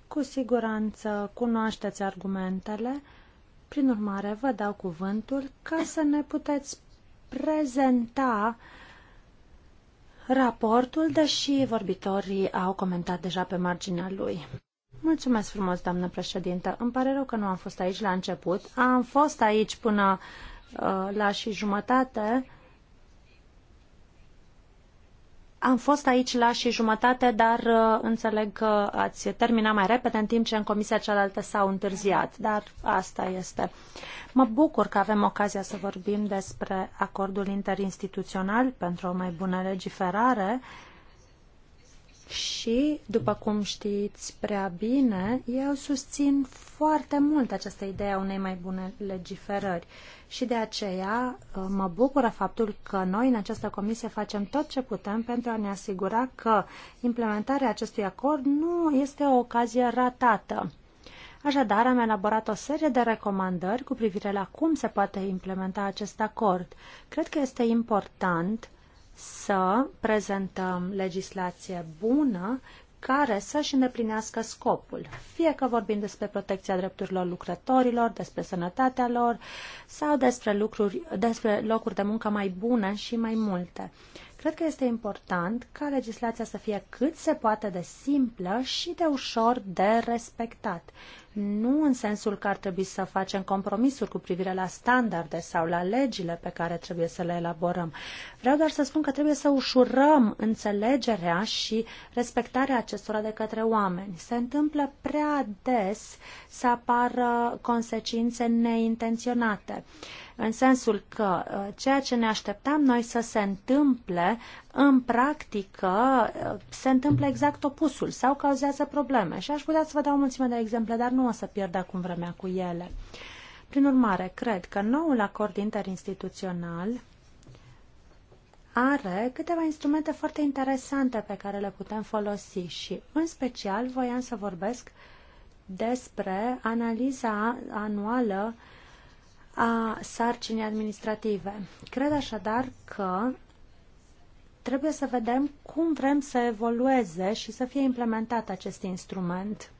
Cu siguranță cunoașteți argumentele. Prin urmare, vă dau cuvântul ca să ne puteți prezenta raportul, deși vorbitorii au comentat deja pe marginea lui. Mulțumesc frumos, doamnă președintă. Îmi pare rău că nu am fost aici la început. Am fost aici până uh, la și jumătate. Am fost aici la și jumătate, dar uh, înțeleg că ați terminat mai repede, în timp ce în comisia cealaltă s-au întârziat. Dar asta este. Mă bucur că avem ocazia să vorbim despre acordul interinstituțional pentru o mai bună legiferare. Uh, și, după cum știți prea bine, eu susțin foarte mult această idee a unei mai bune legiferări și de aceea uh, mă bucură faptul că noi în această comisie facem tot ce putem pentru a ne asigura că implementarea acestui acord nu este o ocazie ratată. Așadar, am elaborat o serie de recomandări cu privire la cum se poate implementa acest acord. Cred că este important să prezentăm legislație bună care să-și îndeplinească scopul, fie că vorbim despre protecția drepturilor lucrătorilor, despre sănătatea lor sau despre, lucruri, despre locuri de muncă mai bune și mai multe. Cred că este important ca legislația să fie cât se poate de simplă și de ușor de respectat. Nu în sensul că ar trebui să facem compromisuri cu privire la standarde sau la legile pe care trebuie să le elaborăm. Vreau doar să spun că trebuie să ușurăm înțelegerea și respectarea acestora de către oameni. Se întâmplă prea des să apară consecințe neintenționate. Uh, în sensul că uh, ceea ce ne așteptam noi să se întâmple, în practică, uh, se întâmplă exact opusul sau cauzează probleme. Și aș putea să vă dau o mulțime de exemple, dar nu o să pierd acum vremea cu ele. Prin urmare, cred că noul acord interinstituțional are câteva instrumente foarte interesante pe care le putem folosi și, în special, voiam să vorbesc despre analiza anuală uh, a sarcinii administrative. Cred așadar că trebuie să vedem cum vrem să evolueze și să fie implementat acest instrument.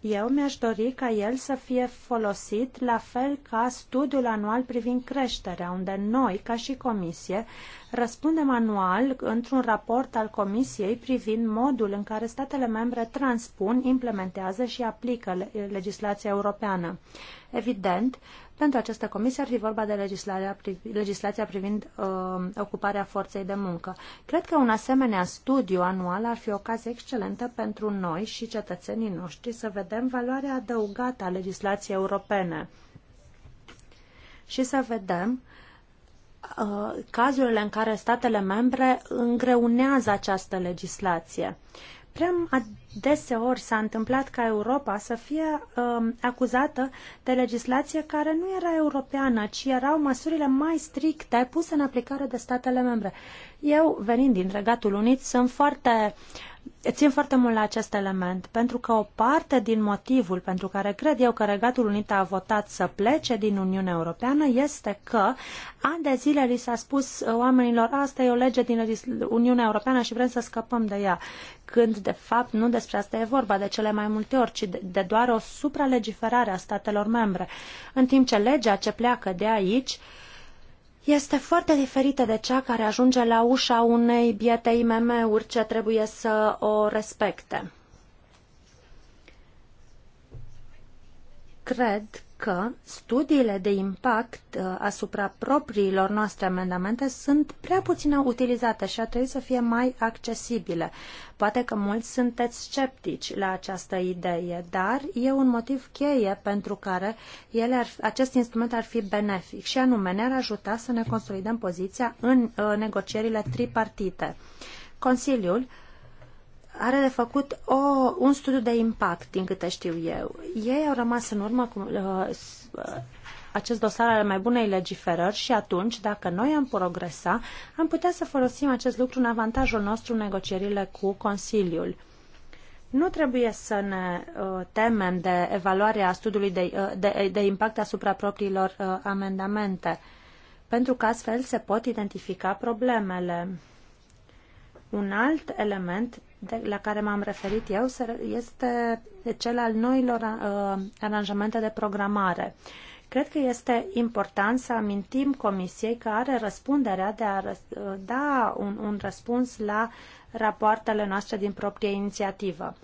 Eu mi-aș dori ca el să fie folosit la fel ca studiul anual privind creșterea, unde noi, ca și Comisie, răspundem anual într-un raport al Comisiei privind modul în care statele membre transpun, implementează și aplică legislația europeană. Evident, pentru această comisie ar fi vorba de legislația, legislația privind uh, ocuparea forței de muncă. Cred că un asemenea studiu anual ar fi o ocazie excelentă pentru noi și cetățenii noștri să vedem valoarea adăugată a legislației europene și să vedem uh, Uh, cazurile în care statele membre îngreunează această legislație. Uh, Prea deseori s-a întâmplat ca Europa să fie um, acuzată de legislație care nu era europeană, ci erau măsurile mai stricte puse în aplicare de statele membre. Eu, venind din Regatul Unit, sunt foarte Țin foarte mult la acest element, pentru că o parte din motivul pentru care cred eu că Regatul Unit a votat să plece din Uniunea Europeană este că ani de zile li s-a spus uh, oamenilor asta e o lege din Uniunea Europeană și vrem să scăpăm de ea când de fapt nu despre asta e vorba de cele mai multe ori, ci de doar o supralegiferare a statelor membre, în timp ce legea ce pleacă de aici este foarte diferită de cea care ajunge la ușa unei biete IMM-uri ce trebuie să o respecte. cred că studiile de impact uh, asupra propriilor noastre amendamente sunt prea puțin utilizate și ar trebui să fie mai accesibile. Poate că mulți sunteți sceptici la această idee, dar e un motiv cheie pentru care ele ar, acest instrument ar fi benefic și anume ne-ar ajuta să ne consolidăm poziția în uh, negocierile tripartite. Consiliul uh, are de făcut o, un studiu de impact, din câte știu eu. Ei au rămas în urmă cu uh, uh, acest dosar al mai bunei legiferări și atunci, dacă noi am progresa, am putea să folosim acest lucru în avantajul nostru în negocierile cu Consiliul. Nu trebuie să ne uh, temem de evaluarea studiului de, uh, de, de impact asupra propriilor uh, amendamente, pentru că astfel se pot identifica problemele. Un alt element de, la care m-am referit eu este cel al noilor uh, aranjamente de programare. Cred că este important să amintim Comisiei că are răspunderea de a uh, da un, un răspuns la rapoartele noastre din proprie inițiativă.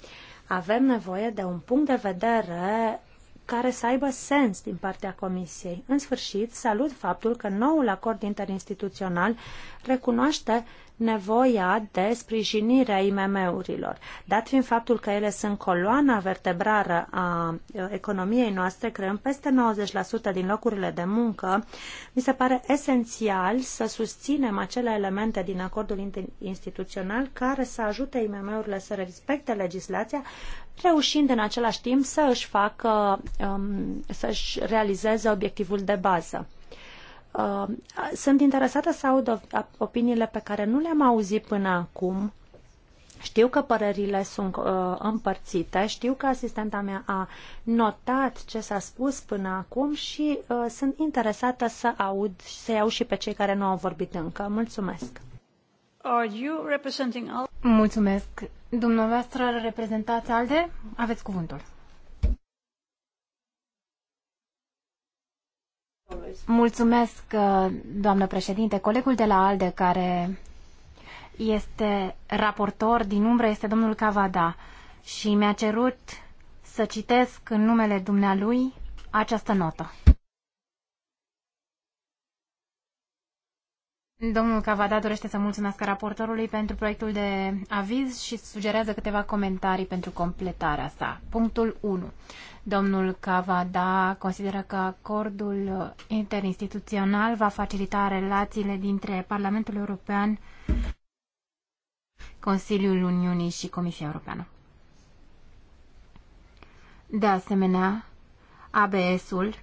Avem nevoie de un punct de vedere care să aibă sens din partea Comisiei. În sfârșit, salut faptul că noul acord interinstituțional recunoaște nevoia de sprijinirea IMM-urilor. Dat fiind faptul că ele sunt coloana vertebrară a uh, economiei noastre, creând peste 90% din locurile de muncă, mi se pare esențial să susținem acele elemente din acordul instituțional care să ajute IMM-urile să respecte legislația, reușind în același timp să își facă, um, să își realizeze obiectivul de bază. Uh, sunt interesată să aud opiniile pe care nu le-am auzit până acum. Știu că părerile sunt uh, împărțite, știu că asistenta mea a notat ce s-a spus până acum și uh, sunt interesată să aud și să iau și pe cei care nu au vorbit încă. Mulțumesc!
Are you representing
Mulțumesc!
Dumneavoastră reprezentați ALDE? Aveți cuvântul. Mulțumesc, uh, doamnă președinte. Colegul de la ALDE care este raportor din umbră este domnul Cavada și mi-a cerut să citesc în numele dumnealui această notă. Domnul Cavada dorește să mulțumesc raportorului pentru proiectul de aviz și sugerează câteva comentarii pentru completarea sa. Punctul 1. Domnul Cavada consideră că acordul interinstituțional va facilita relațiile dintre Parlamentul European, Consiliul Uniunii și Comisia Europeană. De asemenea, ABS-ul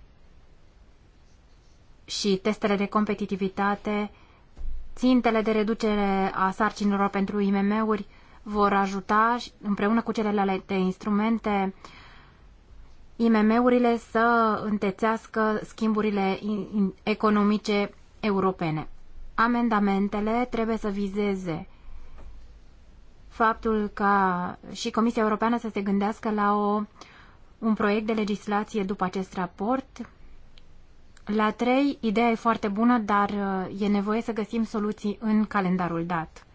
și testele de competitivitate, țintele de reducere a sarcinilor pentru IMM-uri vor ajuta împreună cu celelalte instrumente IMM-urile să întețească schimburile economice europene. Amendamentele trebuie să vizeze faptul ca și Comisia Europeană să se gândească la o, un proiect de legislație după acest raport. La trei ideea e foarte bună, dar e nevoie să găsim soluții în calendarul dat.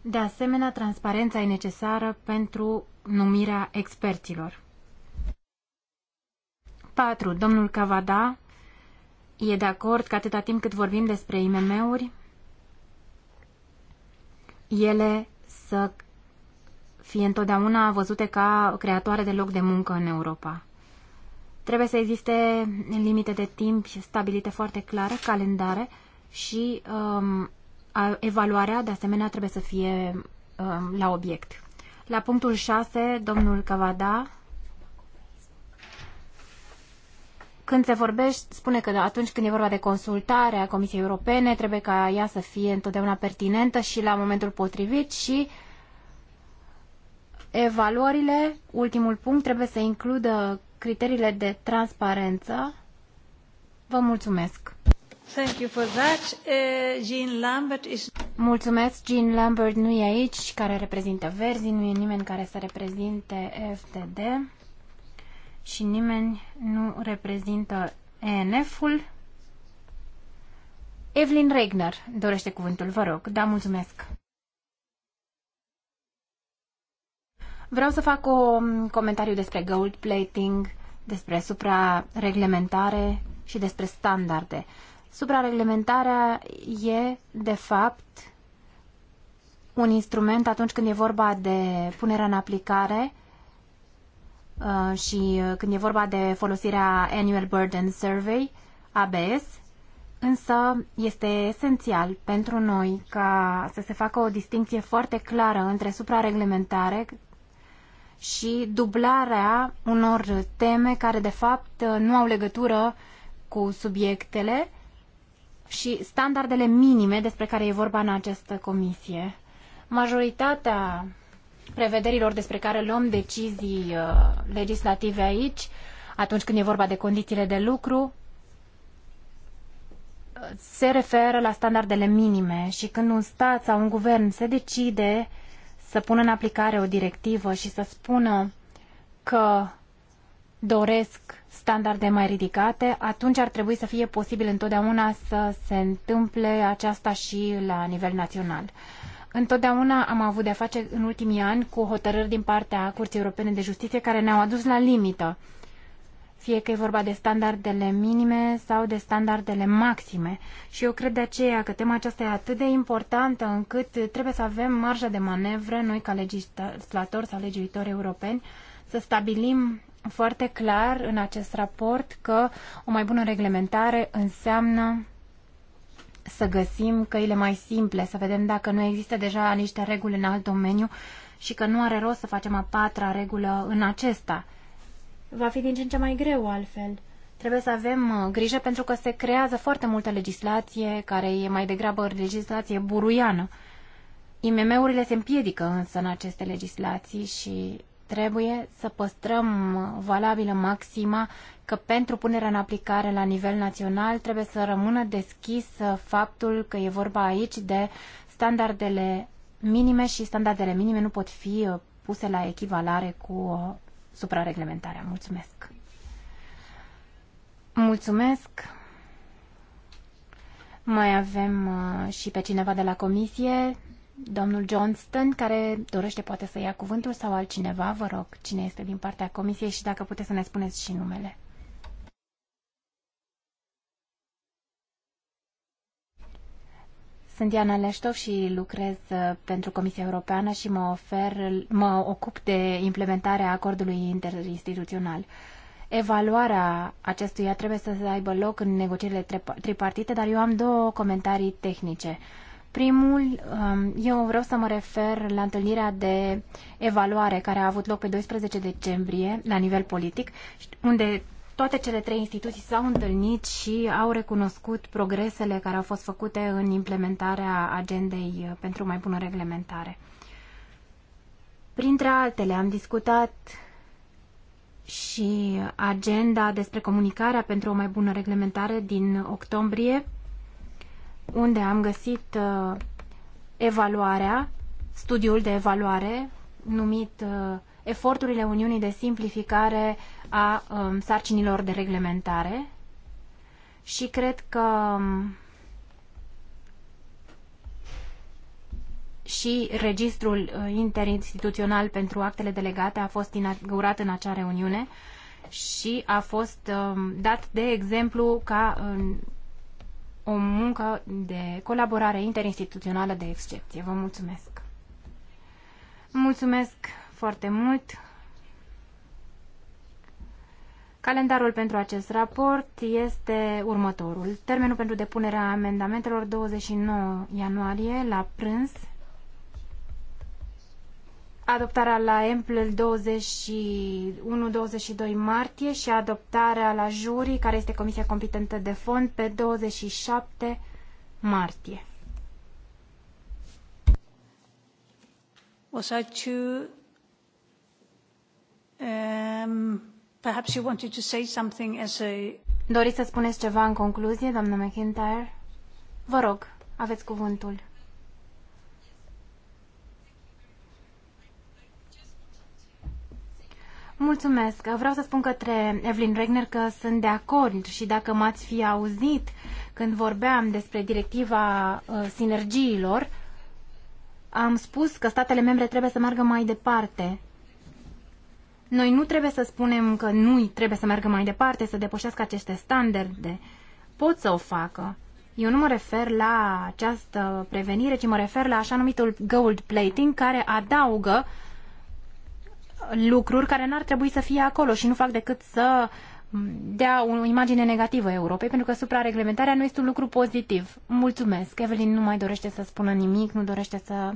De asemenea, transparența e necesară pentru numirea experților. 4. Domnul Cavada e de acord că atâta timp cât vorbim despre IMM-uri, ele să fie întotdeauna văzute ca creatoare de loc de muncă în Europa. Trebuie să existe limite de timp stabilite foarte clare, calendare și um, a, evaluarea, de asemenea, trebuie să fie um, la obiect. La punctul 6, domnul Cavada Când se vorbește, spune că atunci când e vorba de consultare a Comisiei Europene, trebuie ca ea să fie întotdeauna pertinentă și la momentul potrivit și evaluările, ultimul punct, trebuie să includă criteriile de transparență. Vă mulțumesc!
Thank you for that. Uh, Jean Lambert is...
Mulțumesc, Jean Lambert nu e aici, care reprezintă Verzi, nu e nimeni care să reprezinte FTD și nimeni nu reprezintă ENF-ul. Evelyn Regner dorește cuvântul, vă rog. Da, mulțumesc. Vreau să fac un comentariu despre gold plating, despre suprareglementare și despre standarde. Suprareglementarea e, de fapt, un instrument atunci când e vorba de punerea în aplicare Uh, și uh, când e vorba de folosirea Annual Burden Survey, ABS, însă este esențial pentru noi ca să se facă o distinție foarte clară între suprareglementare și dublarea unor teme care de fapt uh, nu au legătură cu subiectele și standardele minime despre care e vorba în această comisie. Majoritatea prevederilor despre care luăm decizii uh, legislative aici, atunci când e vorba de condițiile de lucru, uh, se referă la standardele minime și când un stat sau un guvern se decide să pună în aplicare o directivă și să spună că doresc standarde mai ridicate, atunci ar trebui să fie posibil întotdeauna să se întâmple aceasta și la nivel național. Întotdeauna am avut de-a face în ultimii ani cu hotărâri din partea Curții Europene de Justiție care ne-au adus la limită, fie că e vorba de standardele minime sau de standardele maxime. Și eu cred de aceea că tema aceasta e atât de importantă încât trebuie să avem marja de manevră, noi ca legislatori sau legiuitori europeni, să stabilim foarte clar în acest raport că o mai bună reglementare înseamnă să găsim căile mai simple, să vedem dacă nu există deja niște reguli în alt domeniu și că nu are rost să facem a patra regulă în acesta. Va fi din ce în ce mai greu altfel. Trebuie să avem uh, grijă pentru că se creează foarte multă legislație care e mai degrabă legislație buruiană. IMM-urile se împiedică însă în aceste legislații și Trebuie să păstrăm valabilă maxima că pentru punerea în aplicare la nivel național trebuie să rămână deschis faptul că e vorba aici de standardele minime și standardele minime nu pot fi puse la echivalare cu uh, suprareglementarea. Mulțumesc! Mulțumesc! Mai avem uh, și pe cineva de la comisie. Domnul Johnston, care dorește poate să ia cuvântul sau altcineva, vă rog, cine este din partea comisiei și dacă puteți să ne spuneți și numele. Sunt Diana Leștov și lucrez uh, pentru Comisia Europeană și mă, ofer, mă ocup de implementarea acordului interinstituțional. Evaluarea acestuia trebuie să aibă loc în negocierile tripartite, dar eu am două comentarii tehnice. Uh, Primul, um, eu vreau să mă refer la întâlnirea de evaluare care a avut loc pe 12 decembrie la nivel politic, unde toate cele trei instituții s-au întâlnit și au recunoscut progresele care au fost făcute în implementarea agendei uh, pentru mai bună reglementare. Printre altele, am discutat și agenda despre comunicarea pentru o mai bună reglementare din octombrie unde am găsit uh, evaluarea, studiul de evaluare numit uh, Eforturile Uniunii de simplificare a um, sarcinilor de reglementare și cred că um, și registrul uh, interinstituțional pentru actele delegate a fost inaugurat în acea reuniune și a fost um, dat de exemplu ca um, o muncă de colaborare interinstituțională de excepție. Vă mulțumesc! Mulțumesc foarte mult! Calendarul pentru acest raport este următorul. Termenul pentru depunerea amendamentelor 29 ianuarie la prânz adoptarea la Ample 21-22 martie și adoptarea la juri, care este Comisia Competentă de Fond, pe 27 martie. Was I too...
Um, perhaps you wanted to say something
as a... Doriți să spuneți ceva în concluzie, doamnă McIntyre? Vă rog, aveți cuvântul. Mulțumesc. Vreau să spun către Evelyn Regner că sunt de acord și dacă m-ați fi auzit când vorbeam despre directiva uh, sinergiilor, am spus că statele membre trebuie să meargă mai departe. Noi nu trebuie să spunem că nu trebuie să meargă mai departe, să depășească aceste standarde. Pot să o facă. Eu nu mă refer la această prevenire, ci mă refer la așa numitul gold plating, care adaugă uh, lucruri care n-ar trebui să fie acolo și nu fac decât să dea o imagine negativă Europei, pentru că suprareglementarea nu este un lucru pozitiv. Mulțumesc. Evelyn nu mai dorește să spună nimic, nu dorește să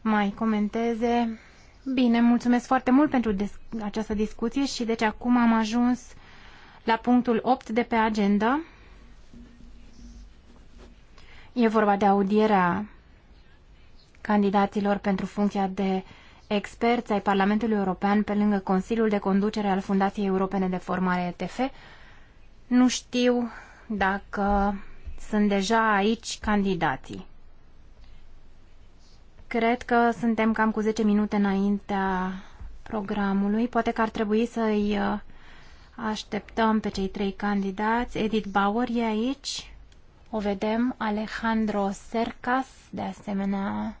mai comenteze. Bine, mulțumesc foarte mult pentru această discuție și deci acum am ajuns la punctul 8 de pe agenda. E vorba de audierea candidaților pentru funcția de experți ai Parlamentului European pe lângă Consiliul de Conducere al Fundației Europene de Formare ETF. Nu știu dacă sunt deja aici candidații. Cred că suntem cam cu 10 minute înaintea programului. Poate că ar trebui să-i uh, așteptăm pe cei trei candidați. Edith Bauer e aici. O vedem. Alejandro Sercas, de asemenea,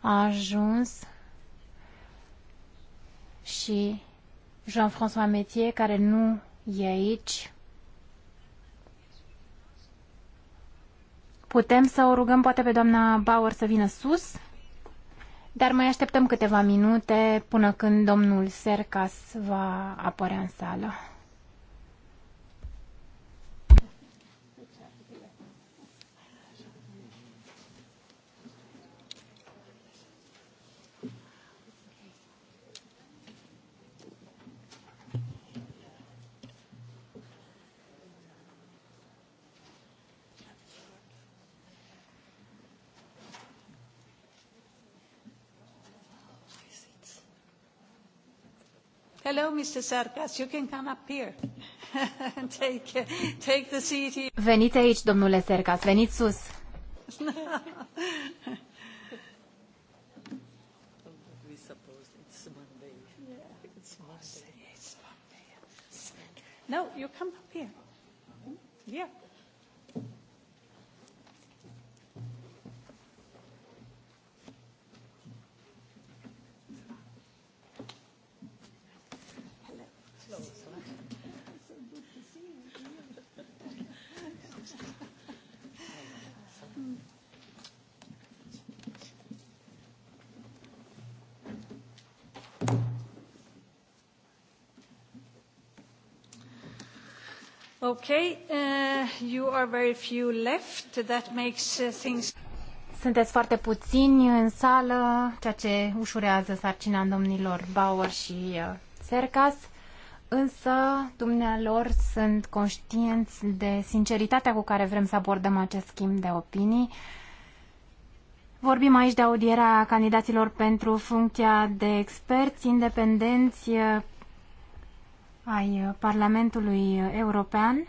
a ajuns și Jean-François Metier, care nu e aici. Putem să o rugăm poate pe doamna Bauer să vină sus, dar mai așteptăm câteva minute până când domnul Sercas va apărea în sală.
Veniți
aici, domnule Sercas. Veniți sus.
No, you come up here. Hmm? Yeah. Okay, uh, you are very few left. That makes uh, things...
Sunteți foarte puțini în sală, ceea ce ușurează sarcina domnilor Bauer și cercas. Uh, însă dumnealor sunt conștienți de sinceritatea cu care vrem să abordăm acest schimb de opinii. Vorbim aici de audierea candidaților pentru funcția de experți independenți ai Parlamentului European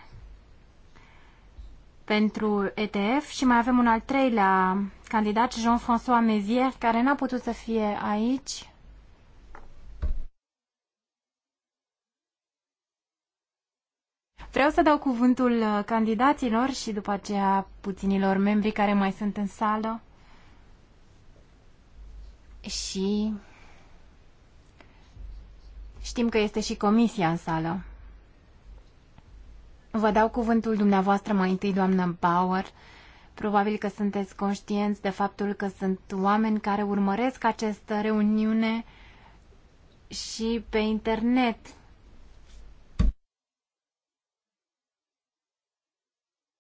pentru ETF și mai avem un al treilea candidat, Jean-François Mezier, care n-a putut să fie aici. Vreau să dau cuvântul candidaților și după aceea puținilor membri care mai sunt în sală și Știm că este și comisia în sală. Vă dau cuvântul dumneavoastră mai întâi, doamnă Bauer. Probabil că sunteți conștienți de faptul că sunt oameni care urmăresc această reuniune și pe internet.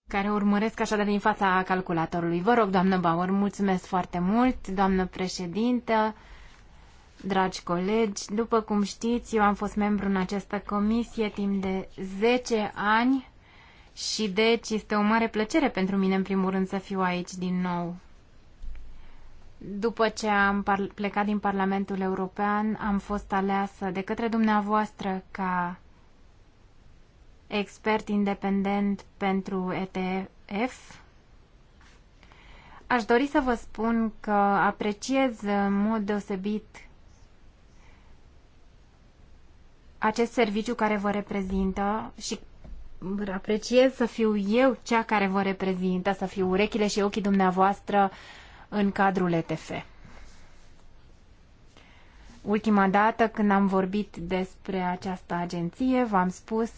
care urmăresc de din fața calculatorului. Vă rog, doamnă Bauer, mulțumesc foarte mult, doamnă președintă, dragi colegi. După cum știți, eu am fost membru în această comisie timp de 10 ani și deci este o mare plăcere pentru mine, în primul rând, să fiu aici din nou. După ce am plecat din Parlamentul European, am fost aleasă de către dumneavoastră ca expert independent pentru ETF. Aș dori să vă spun că apreciez în mod deosebit acest serviciu care vă reprezintă și apreciez să fiu eu cea care vă reprezintă, să fiu urechile și ochii dumneavoastră în cadrul ETF. Ultima dată când am vorbit despre această agenție, v-am spus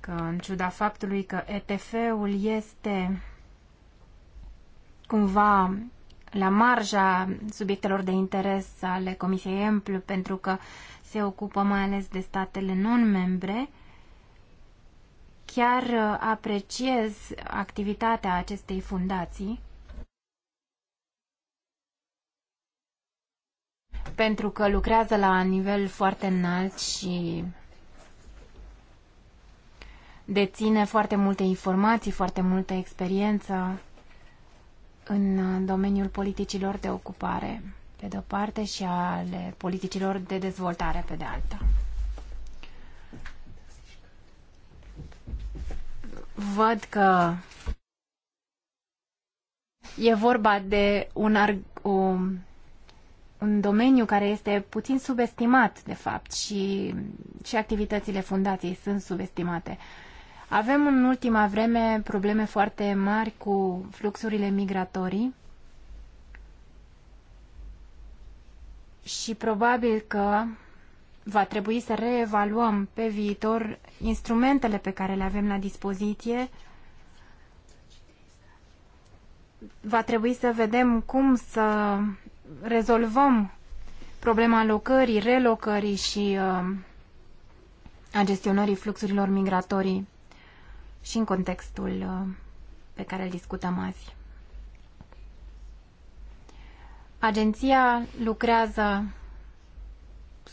că în ciuda faptului că ETF-ul este cumva la marja subiectelor de interes ale Comisiei Emplu, pentru că se ocupă mai ales de statele non-membre, chiar uh, apreciez activitatea acestei fundații, pentru că lucrează la nivel foarte înalt și deține foarte multe informații, foarte multă experiență în domeniul politicilor de ocupare, pe de-o parte, și ale politicilor de dezvoltare, pe de alta. Văd că e vorba de un, un, un domeniu care este puțin subestimat, de fapt, și, și activitățile fundației sunt subestimate. Uh, avem în ultima vreme probleme foarte mari cu fluxurile migratorii și probabil că va trebui să reevaluăm pe viitor instrumentele pe care le avem la dispoziție. Va trebui să vedem cum să rezolvăm problema locării, relocării și uh, a gestionării fluxurilor migratorii și în contextul uh, pe care îl discutăm azi. Agenția lucrează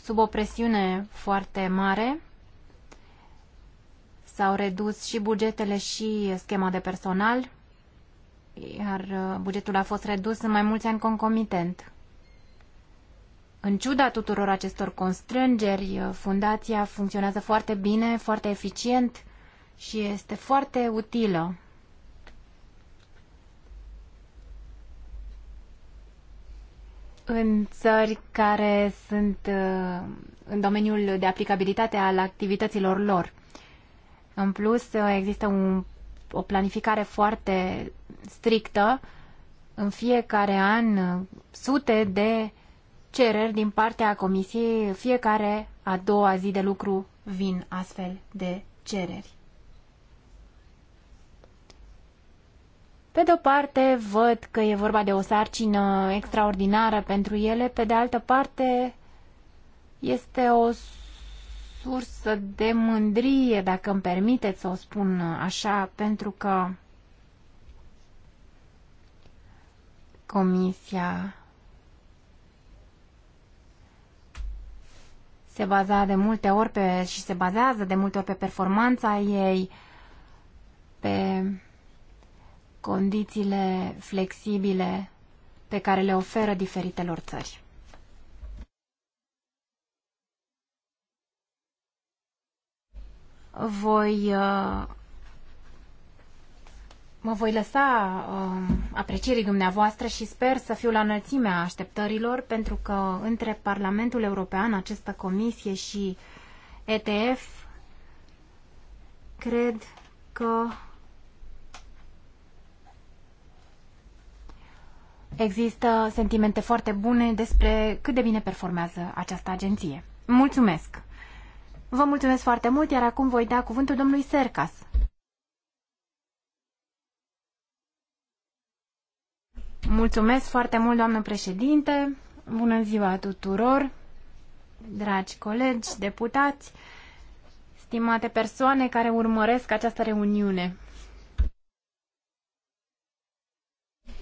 sub o presiune foarte mare. S-au redus și bugetele și schema de personal, iar uh, bugetul a fost redus în mai mulți ani concomitent. În ciuda tuturor acestor constrângeri, uh, fundația funcționează foarte bine, foarte eficient și este foarte utilă. În țări care sunt uh, în domeniul de aplicabilitate al activităților lor. În plus, uh, există un, o planificare foarte strictă. În fiecare an, uh, sute de cereri din partea comisiei, fiecare a doua zi de lucru vin astfel de cereri. Pe de o parte, văd că e vorba de o sarcină extraordinară pentru ele, pe de altă parte, este o sursă de mândrie, dacă îmi permiteți să o spun așa, pentru că comisia se baza de multe ori pe, și se bazează de multe ori pe performanța ei, pe condițiile flexibile pe care le oferă diferitelor țări. Voi uh, mă voi lăsa uh, aprecierii dumneavoastră și sper să fiu la înălțimea așteptărilor, pentru că între Parlamentul European, această comisie și ETF, cred că Există sentimente foarte bune despre cât de bine performează această agenție. Mulțumesc! Vă mulțumesc foarte mult, iar acum voi da cuvântul domnului Sercas. Mulțumesc foarte mult, doamnă președinte! Bună ziua tuturor, dragi colegi, deputați, stimate persoane care urmăresc această reuniune.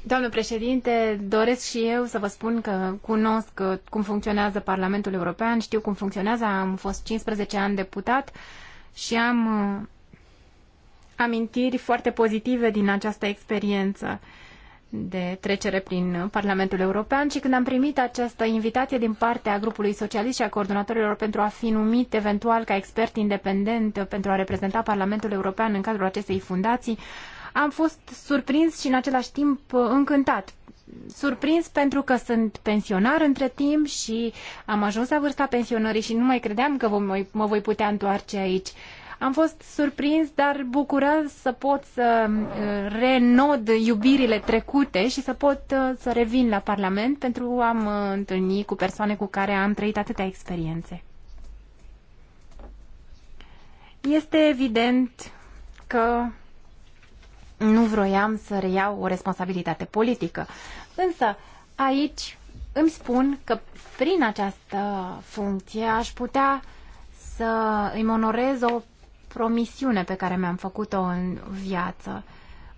Doamnă președinte, doresc și eu să vă spun că cunosc cum funcționează Parlamentul European, știu cum funcționează, am fost 15 ani deputat și am uh, amintiri foarte pozitive din această experiență de trecere prin Parlamentul European și când am primit această invitație din partea grupului socialist și a coordonatorilor pentru a fi numit eventual ca expert independent pentru a reprezenta Parlamentul European în cadrul acestei fundații, am fost surprins și în același timp uh, încântat. Surprins pentru că sunt pensionar între timp și am ajuns la vârsta pensionării și nu mai credeam că mă voi putea întoarce aici. Am fost surprins, dar bucurat să pot să uh, renod iubirile trecute și să pot uh, să revin la Parlament pentru a mă întâlni cu persoane cu care am trăit atâtea experiențe. Este evident că nu vroiam să reiau o responsabilitate politică. Însă, aici îmi spun că prin această funcție aș putea să îmi onorez o promisiune pe care mi-am făcut-o în viață.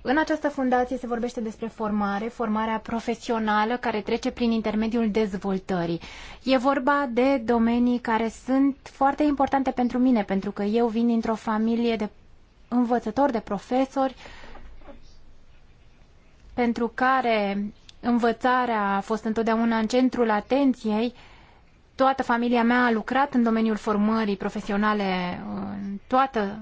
În această fundație se vorbește despre formare, formarea profesională care trece prin intermediul dezvoltării. E vorba de domenii care sunt foarte importante pentru mine, pentru că eu vin dintr-o familie de învățători, de profesori, uh, pentru care învățarea a fost întotdeauna în centrul atenției. Toată familia mea a lucrat în domeniul formării profesionale în toată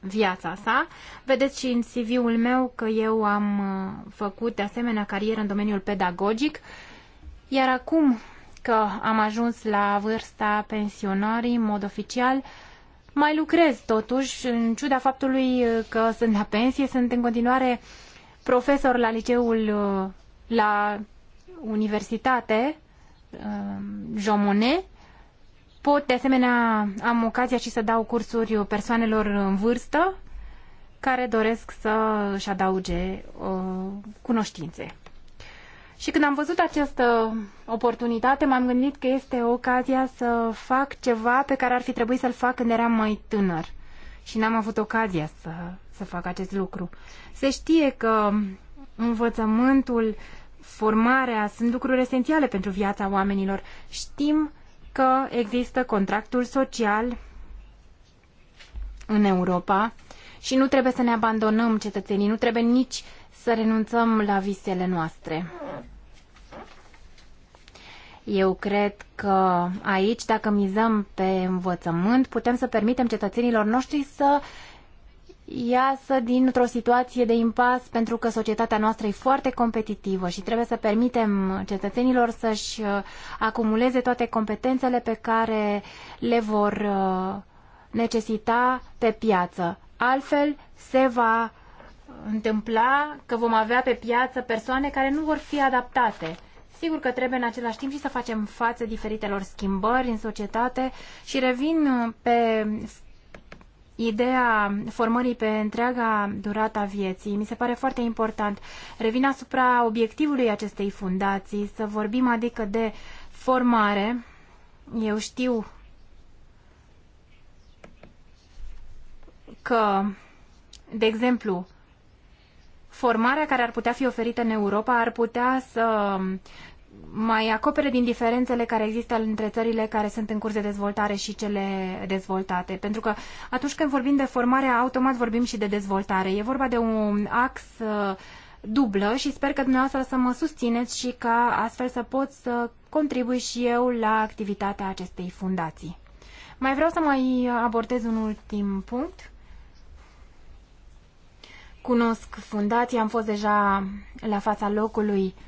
viața sa. Vedeți și în CV-ul meu că eu am uh, făcut de asemenea carieră în domeniul pedagogic, iar acum că am ajuns la vârsta pensionării în mod oficial, mai lucrez totuși, în ciuda faptului uh, că sunt la pensie, sunt în continuare uh, profesor la liceul, uh, la universitate, um, Jomone. Pot, de asemenea, am ocazia și să dau cursuri persoanelor în vârstă care doresc să și adauge uh, cunoștințe. Și când am văzut această oportunitate, m-am gândit că este ocazia să fac ceva pe care ar fi trebuit să-l fac când eram mai tânăr. Și n-am avut ocazia să să facă acest lucru. Se știe că învățământul, formarea sunt lucruri esențiale pentru viața oamenilor. Știm că există contractul social în Europa și nu trebuie să ne abandonăm cetățenii, nu trebuie nici să renunțăm la visele noastre. Eu cred că aici, dacă mizăm pe învățământ, putem să permitem cetățenilor noștri să iasă dintr-o situație de impas pentru că societatea noastră e foarte competitivă și trebuie să permitem cetățenilor să-și uh, acumuleze toate competențele pe care le vor uh, necesita pe piață. Altfel se va întâmpla că vom avea pe piață persoane care nu vor fi adaptate. Sigur că trebuie în același timp și să facem față diferitelor schimbări în societate și revin uh, pe ideea formării pe întreaga durata vieții mi se pare foarte important. Revin asupra obiectivului acestei fundații, să vorbim adică de formare. Eu știu că, de exemplu, formarea care ar putea fi oferită în Europa ar putea să mai acopere din diferențele care există între țările care sunt în curs de dezvoltare și cele dezvoltate. Pentru că atunci când vorbim de formare, automat vorbim și de dezvoltare. E vorba de un ax uh, dublă și sper că dumneavoastră să mă susțineți și ca astfel să pot să contribui și eu la activitatea acestei fundații. Mai vreau să mai abordez un ultim punct. Cunosc fundația, am fost deja la fața locului uh,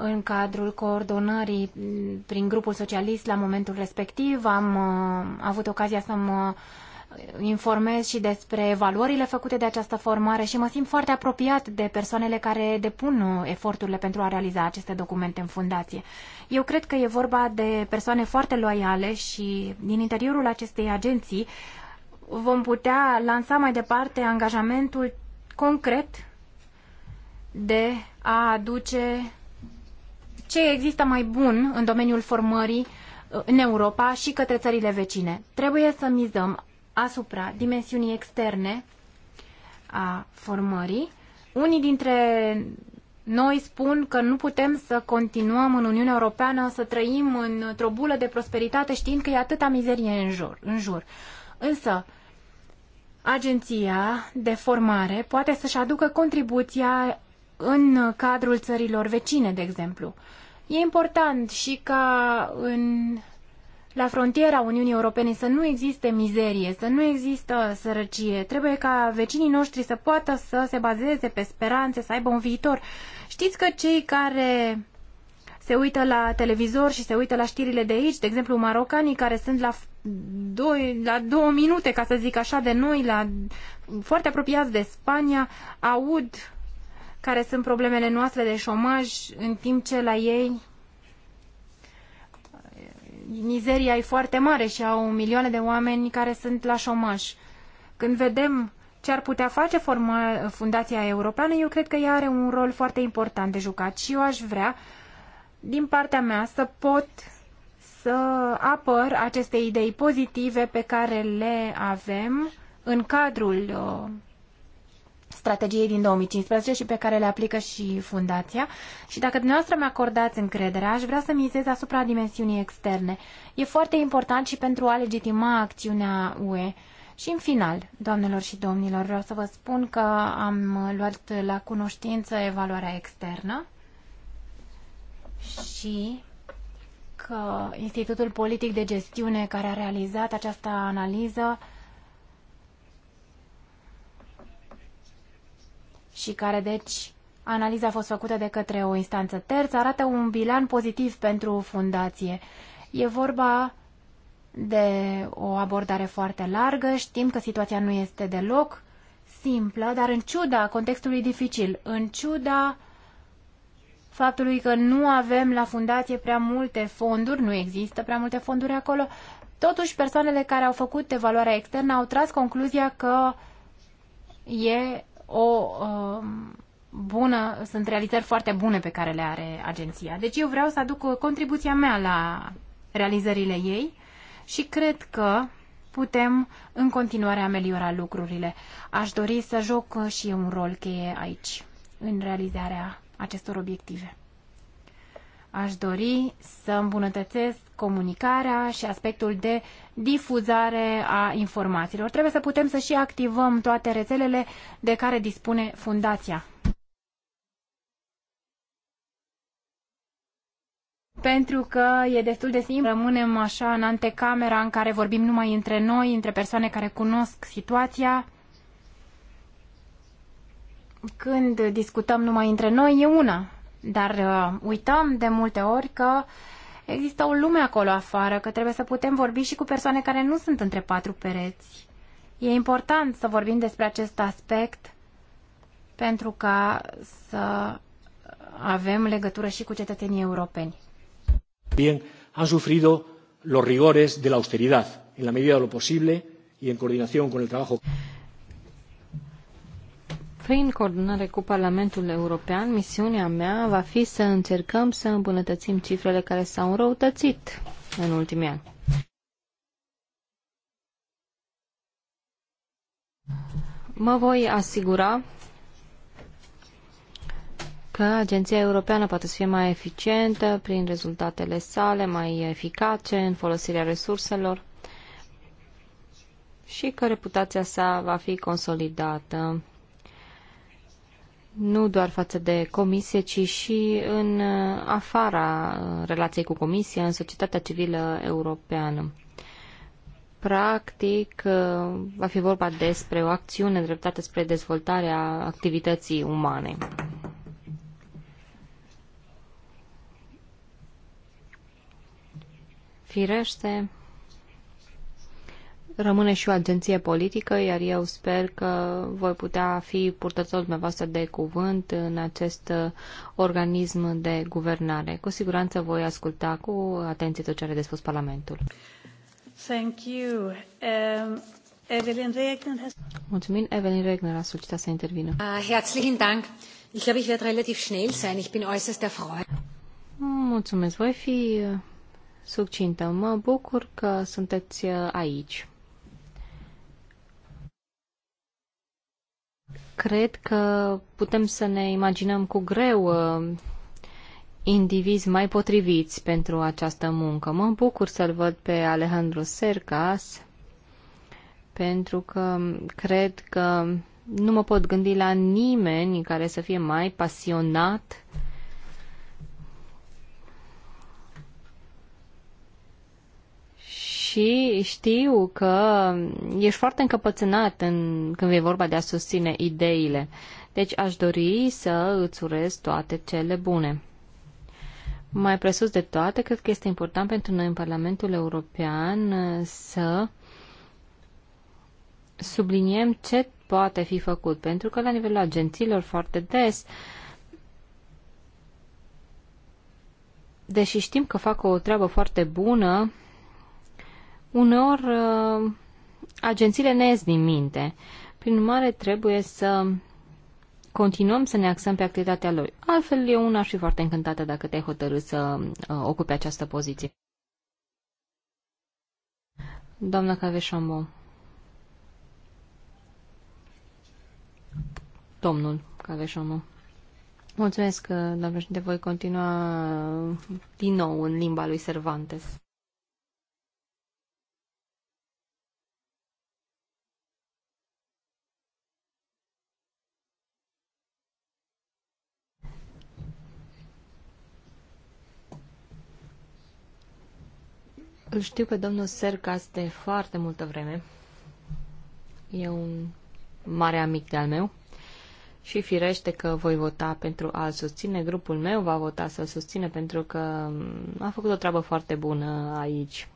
în cadrul coordonării prin grupul socialist la momentul respectiv. Am uh, avut ocazia să mă informez și despre evaluările făcute de această formare și mă simt foarte apropiat de persoanele care depun uh, eforturile pentru a realiza aceste documente în fundație. Eu cred că e vorba de persoane foarte loiale și din interiorul acestei agenții vom putea lansa mai departe angajamentul concret de a aduce ce există mai bun în domeniul formării uh, în Europa și către țările vecine. Trebuie să mizăm asupra dimensiunii externe a formării. Unii dintre noi spun că nu putem să continuăm în Uniunea Europeană să trăim într-o bulă de prosperitate știind că e atâta mizerie în jur. În jur. Însă, agenția de formare poate să-și aducă contribuția în cadrul țărilor vecine, de exemplu. E important și ca în, la frontiera Uniunii Europene să nu existe mizerie, să nu există sărăcie. Trebuie ca vecinii noștri să poată să se bazeze pe speranțe, să aibă un viitor. Știți că cei care se uită la televizor și se uită la știrile de aici, de exemplu marocanii care sunt la, doi, la două minute, ca să zic așa, de noi, la, foarte apropiați de Spania, aud care sunt problemele noastre de șomaj, în timp ce la ei mizeria e foarte mare și au milioane de oameni care sunt la șomaj. Când vedem ce ar putea face forma, Fundația Europeană, eu cred că ea are un rol foarte important de jucat și eu aș vrea, din partea mea, să pot să apăr aceste idei pozitive pe care le avem în cadrul uh, strategiei din 2015 și pe care le aplică și fundația. Și dacă dumneavoastră mi acordați încrederea, aș vrea să mizez asupra dimensiunii externe. E foarte important și pentru a legitima acțiunea UE. Și în final, doamnelor și domnilor, vreau să vă spun că am luat la cunoștință evaluarea externă și că Institutul Politic de Gestiune care a realizat această analiză și care deci analiza a fost făcută de către o instanță terță, arată un bilan pozitiv pentru fundație. E vorba de o abordare foarte largă, știm că situația nu este deloc simplă, dar în ciuda contextului dificil, în ciuda faptului că nu avem la fundație prea multe fonduri, nu există prea multe fonduri acolo, totuși persoanele care au făcut evaluarea externă au tras concluzia că e o uh, bună, sunt realizări foarte bune pe care le are agenția. Deci eu vreau să aduc contribuția mea la realizările ei și cred că putem în continuare ameliora lucrurile. Aș dori să joc și eu un rol cheie aici, în realizarea acestor obiective. Aș dori să îmbunătățesc comunicarea și aspectul de difuzare a informațiilor. Trebuie să putem să și activăm toate rețelele de care dispune fundația. pentru că e destul de simplu. Rămânem așa în antecamera în care vorbim numai între noi, între persoane care cunosc situația. Când discutăm numai între noi, e una. Dar uh, uităm de multe ori că există o lume acolo afară, că trebuie să putem vorbi și cu persoane care nu sunt între patru pereți. E important să vorbim despre acest aspect pentru ca să avem legătură și cu cetățenii europeni.
Bien, han sufrido los rigores de la austeridad, en la medida de lo posible y en coordinación con el trabajo
prin coordonare cu Parlamentul European, misiunea mea va fi să încercăm să îmbunătățim cifrele care s-au înrăutățit în ultimii ani. Mă voi asigura că Agenția Europeană poate să fie mai eficientă prin rezultatele sale, mai eficace în folosirea resurselor și că reputația sa va fi consolidată nu doar față de comisie, ci și în uh, afara uh, relației cu comisia, în societatea civilă europeană. Practic, uh, va fi vorba despre o acțiune dreptată spre dezvoltarea activității umane. Firește, rămâne și o agenție politică, iar eu sper că voi putea fi purtătorul dumneavoastră de cuvânt în acest uh, organism de guvernare. Cu siguranță voi asculta cu atenție tot ce are de spus Parlamentul.
Thank you. Um... Evelyn Regner
Mulțumim, Evelyn Regner a solicitat să intervină.
Uh, herzlichen Dank. Ich glaube, ich werde relativ schnell sein. Ich bin äußerst erfreut.
Mulțumesc. Voi fi uh, succintă. Mă bucur că sunteți uh, aici. cred că putem să ne imaginăm cu greu uh, indivizi mai potriviți pentru această muncă. Mă bucur să-l văd pe Alejandro Sercas, pentru că cred că nu mă pot gândi la nimeni care să fie mai pasionat uh, și știu că ești foarte încăpățânat în, când e vorba de a susține ideile. Deci aș dori să îți urez toate cele bune. Mai presus de toate, cred că este important pentru noi în Parlamentul European să subliniem ce poate fi făcut, pentru că la nivelul agențiilor foarte des, deși știm că fac o treabă foarte bună, Uneori, uh, agențiile ne ies din minte. Prin urmare, trebuie să continuăm să ne axăm pe activitatea lor. Altfel, eu una și foarte încântată dacă te-ai hotărât să uh, ocupe această poziție. Doamna Caveșambo. Domnul Caveșambo. Mulțumesc, uh, doamnă președinte. Voi continua din nou în limba lui Cervantes. Îl știu pe domnul Sercas de foarte multă vreme. E un mare amic de-al meu și firește că voi vota pentru a-l susține. Grupul meu va vota să-l susține pentru că mm, a făcut o treabă foarte bună aici.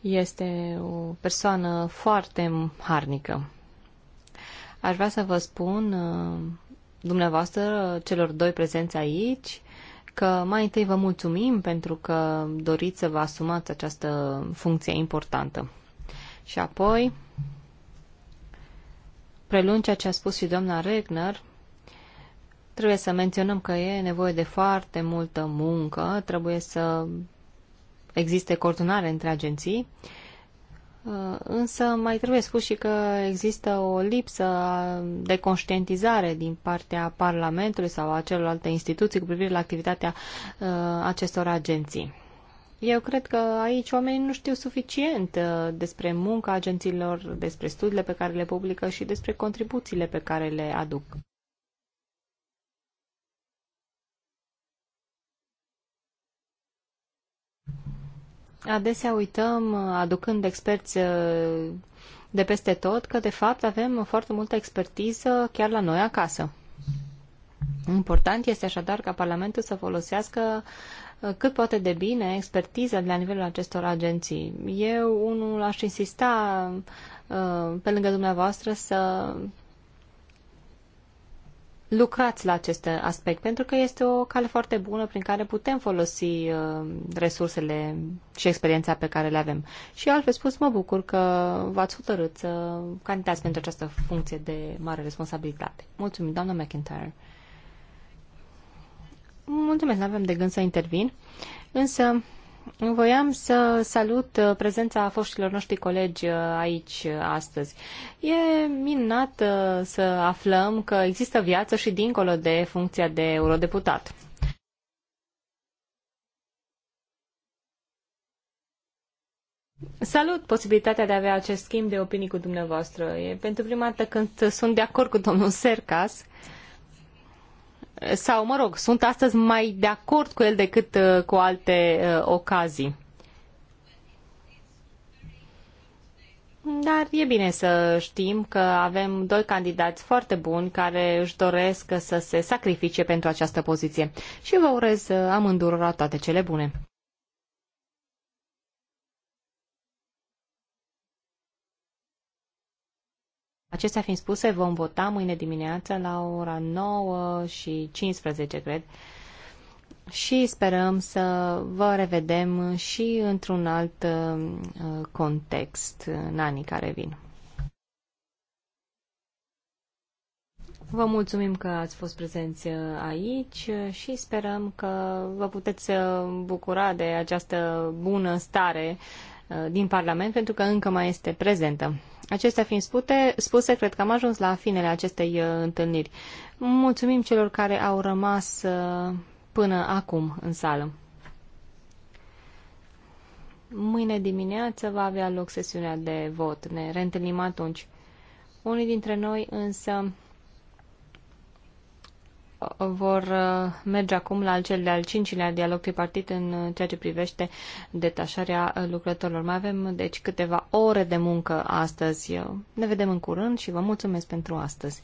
Este o persoană foarte harnică. Aș vrea să vă spun mm, dumneavoastră, celor doi prezenți aici, că mai întâi vă mulțumim pentru că doriți să vă asumați această funcție importantă. Și apoi, prelung ceea ce a spus și doamna Regner, trebuie să menționăm că e nevoie de foarte multă muncă, trebuie să existe coordonare între agenții Uh, însă mai trebuie spus și că există o lipsă de conștientizare din partea Parlamentului sau a celorlalte instituții cu privire la activitatea uh, acestor agenții. Eu cred că aici oamenii nu știu suficient uh, despre munca agențiilor, despre studiile pe care le publică și despre contribuțiile pe care le aduc. Adesea uităm, aducând experți uh, de peste tot, că de fapt avem foarte multă expertiză chiar la noi acasă. Important este așadar ca Parlamentul să folosească uh, cât poate de bine expertiza de la nivelul acestor agenții. Eu, unul, aș insista uh, pe lângă dumneavoastră să lucrați la acest aspect, pentru că este o cale foarte bună prin care putem folosi uh, resursele și experiența pe care le avem. Și altfel spus, mă bucur că v-ați hotărât să candidați pentru această funcție de mare responsabilitate. Mulțumim, doamna McIntyre. Mulțumesc, nu avem de gând să intervin, însă Voiam să salut uh, prezența foștilor noștri colegi uh, aici uh, astăzi. E minunat să aflăm că există viață și dincolo de funcția de eurodeputat. Salut posibilitatea de a avea acest schimb de opinii cu dumneavoastră. E pentru prima dată când sunt de acord cu domnul Sercas. Uh, sau, mă rog, sunt astăzi mai de acord cu el decât uh, cu alte uh, ocazii. Dar e bine să știm că avem doi candidați foarte buni care își doresc să se sacrifice pentru această poziție. Și vă urez uh, amândurora toate cele bune. Acestea fiind spuse, vom vota mâine dimineață la ora 9 și 15, cred, și sperăm să vă revedem și într-un alt uh, context în anii care vin. Vă mulțumim că ați fost prezenți uh, aici și sperăm că vă puteți uh, bucura de această bună stare din Parlament pentru că încă mai este prezentă. Acestea fiind spute, spuse, cred că am ajuns la finele acestei uh, întâlniri. Mulțumim celor care au rămas uh, până acum în sală. Mâine dimineață va avea loc sesiunea de vot. Ne reîntâlnim atunci. Unii dintre noi însă vor uh, merge acum la al cel de-al cincilea dialog tripartit în uh, ceea ce privește detașarea uh, lucrătorilor. Mai avem, deci, câteva ore de muncă astăzi. Ne vedem în curând și vă mulțumesc pentru astăzi.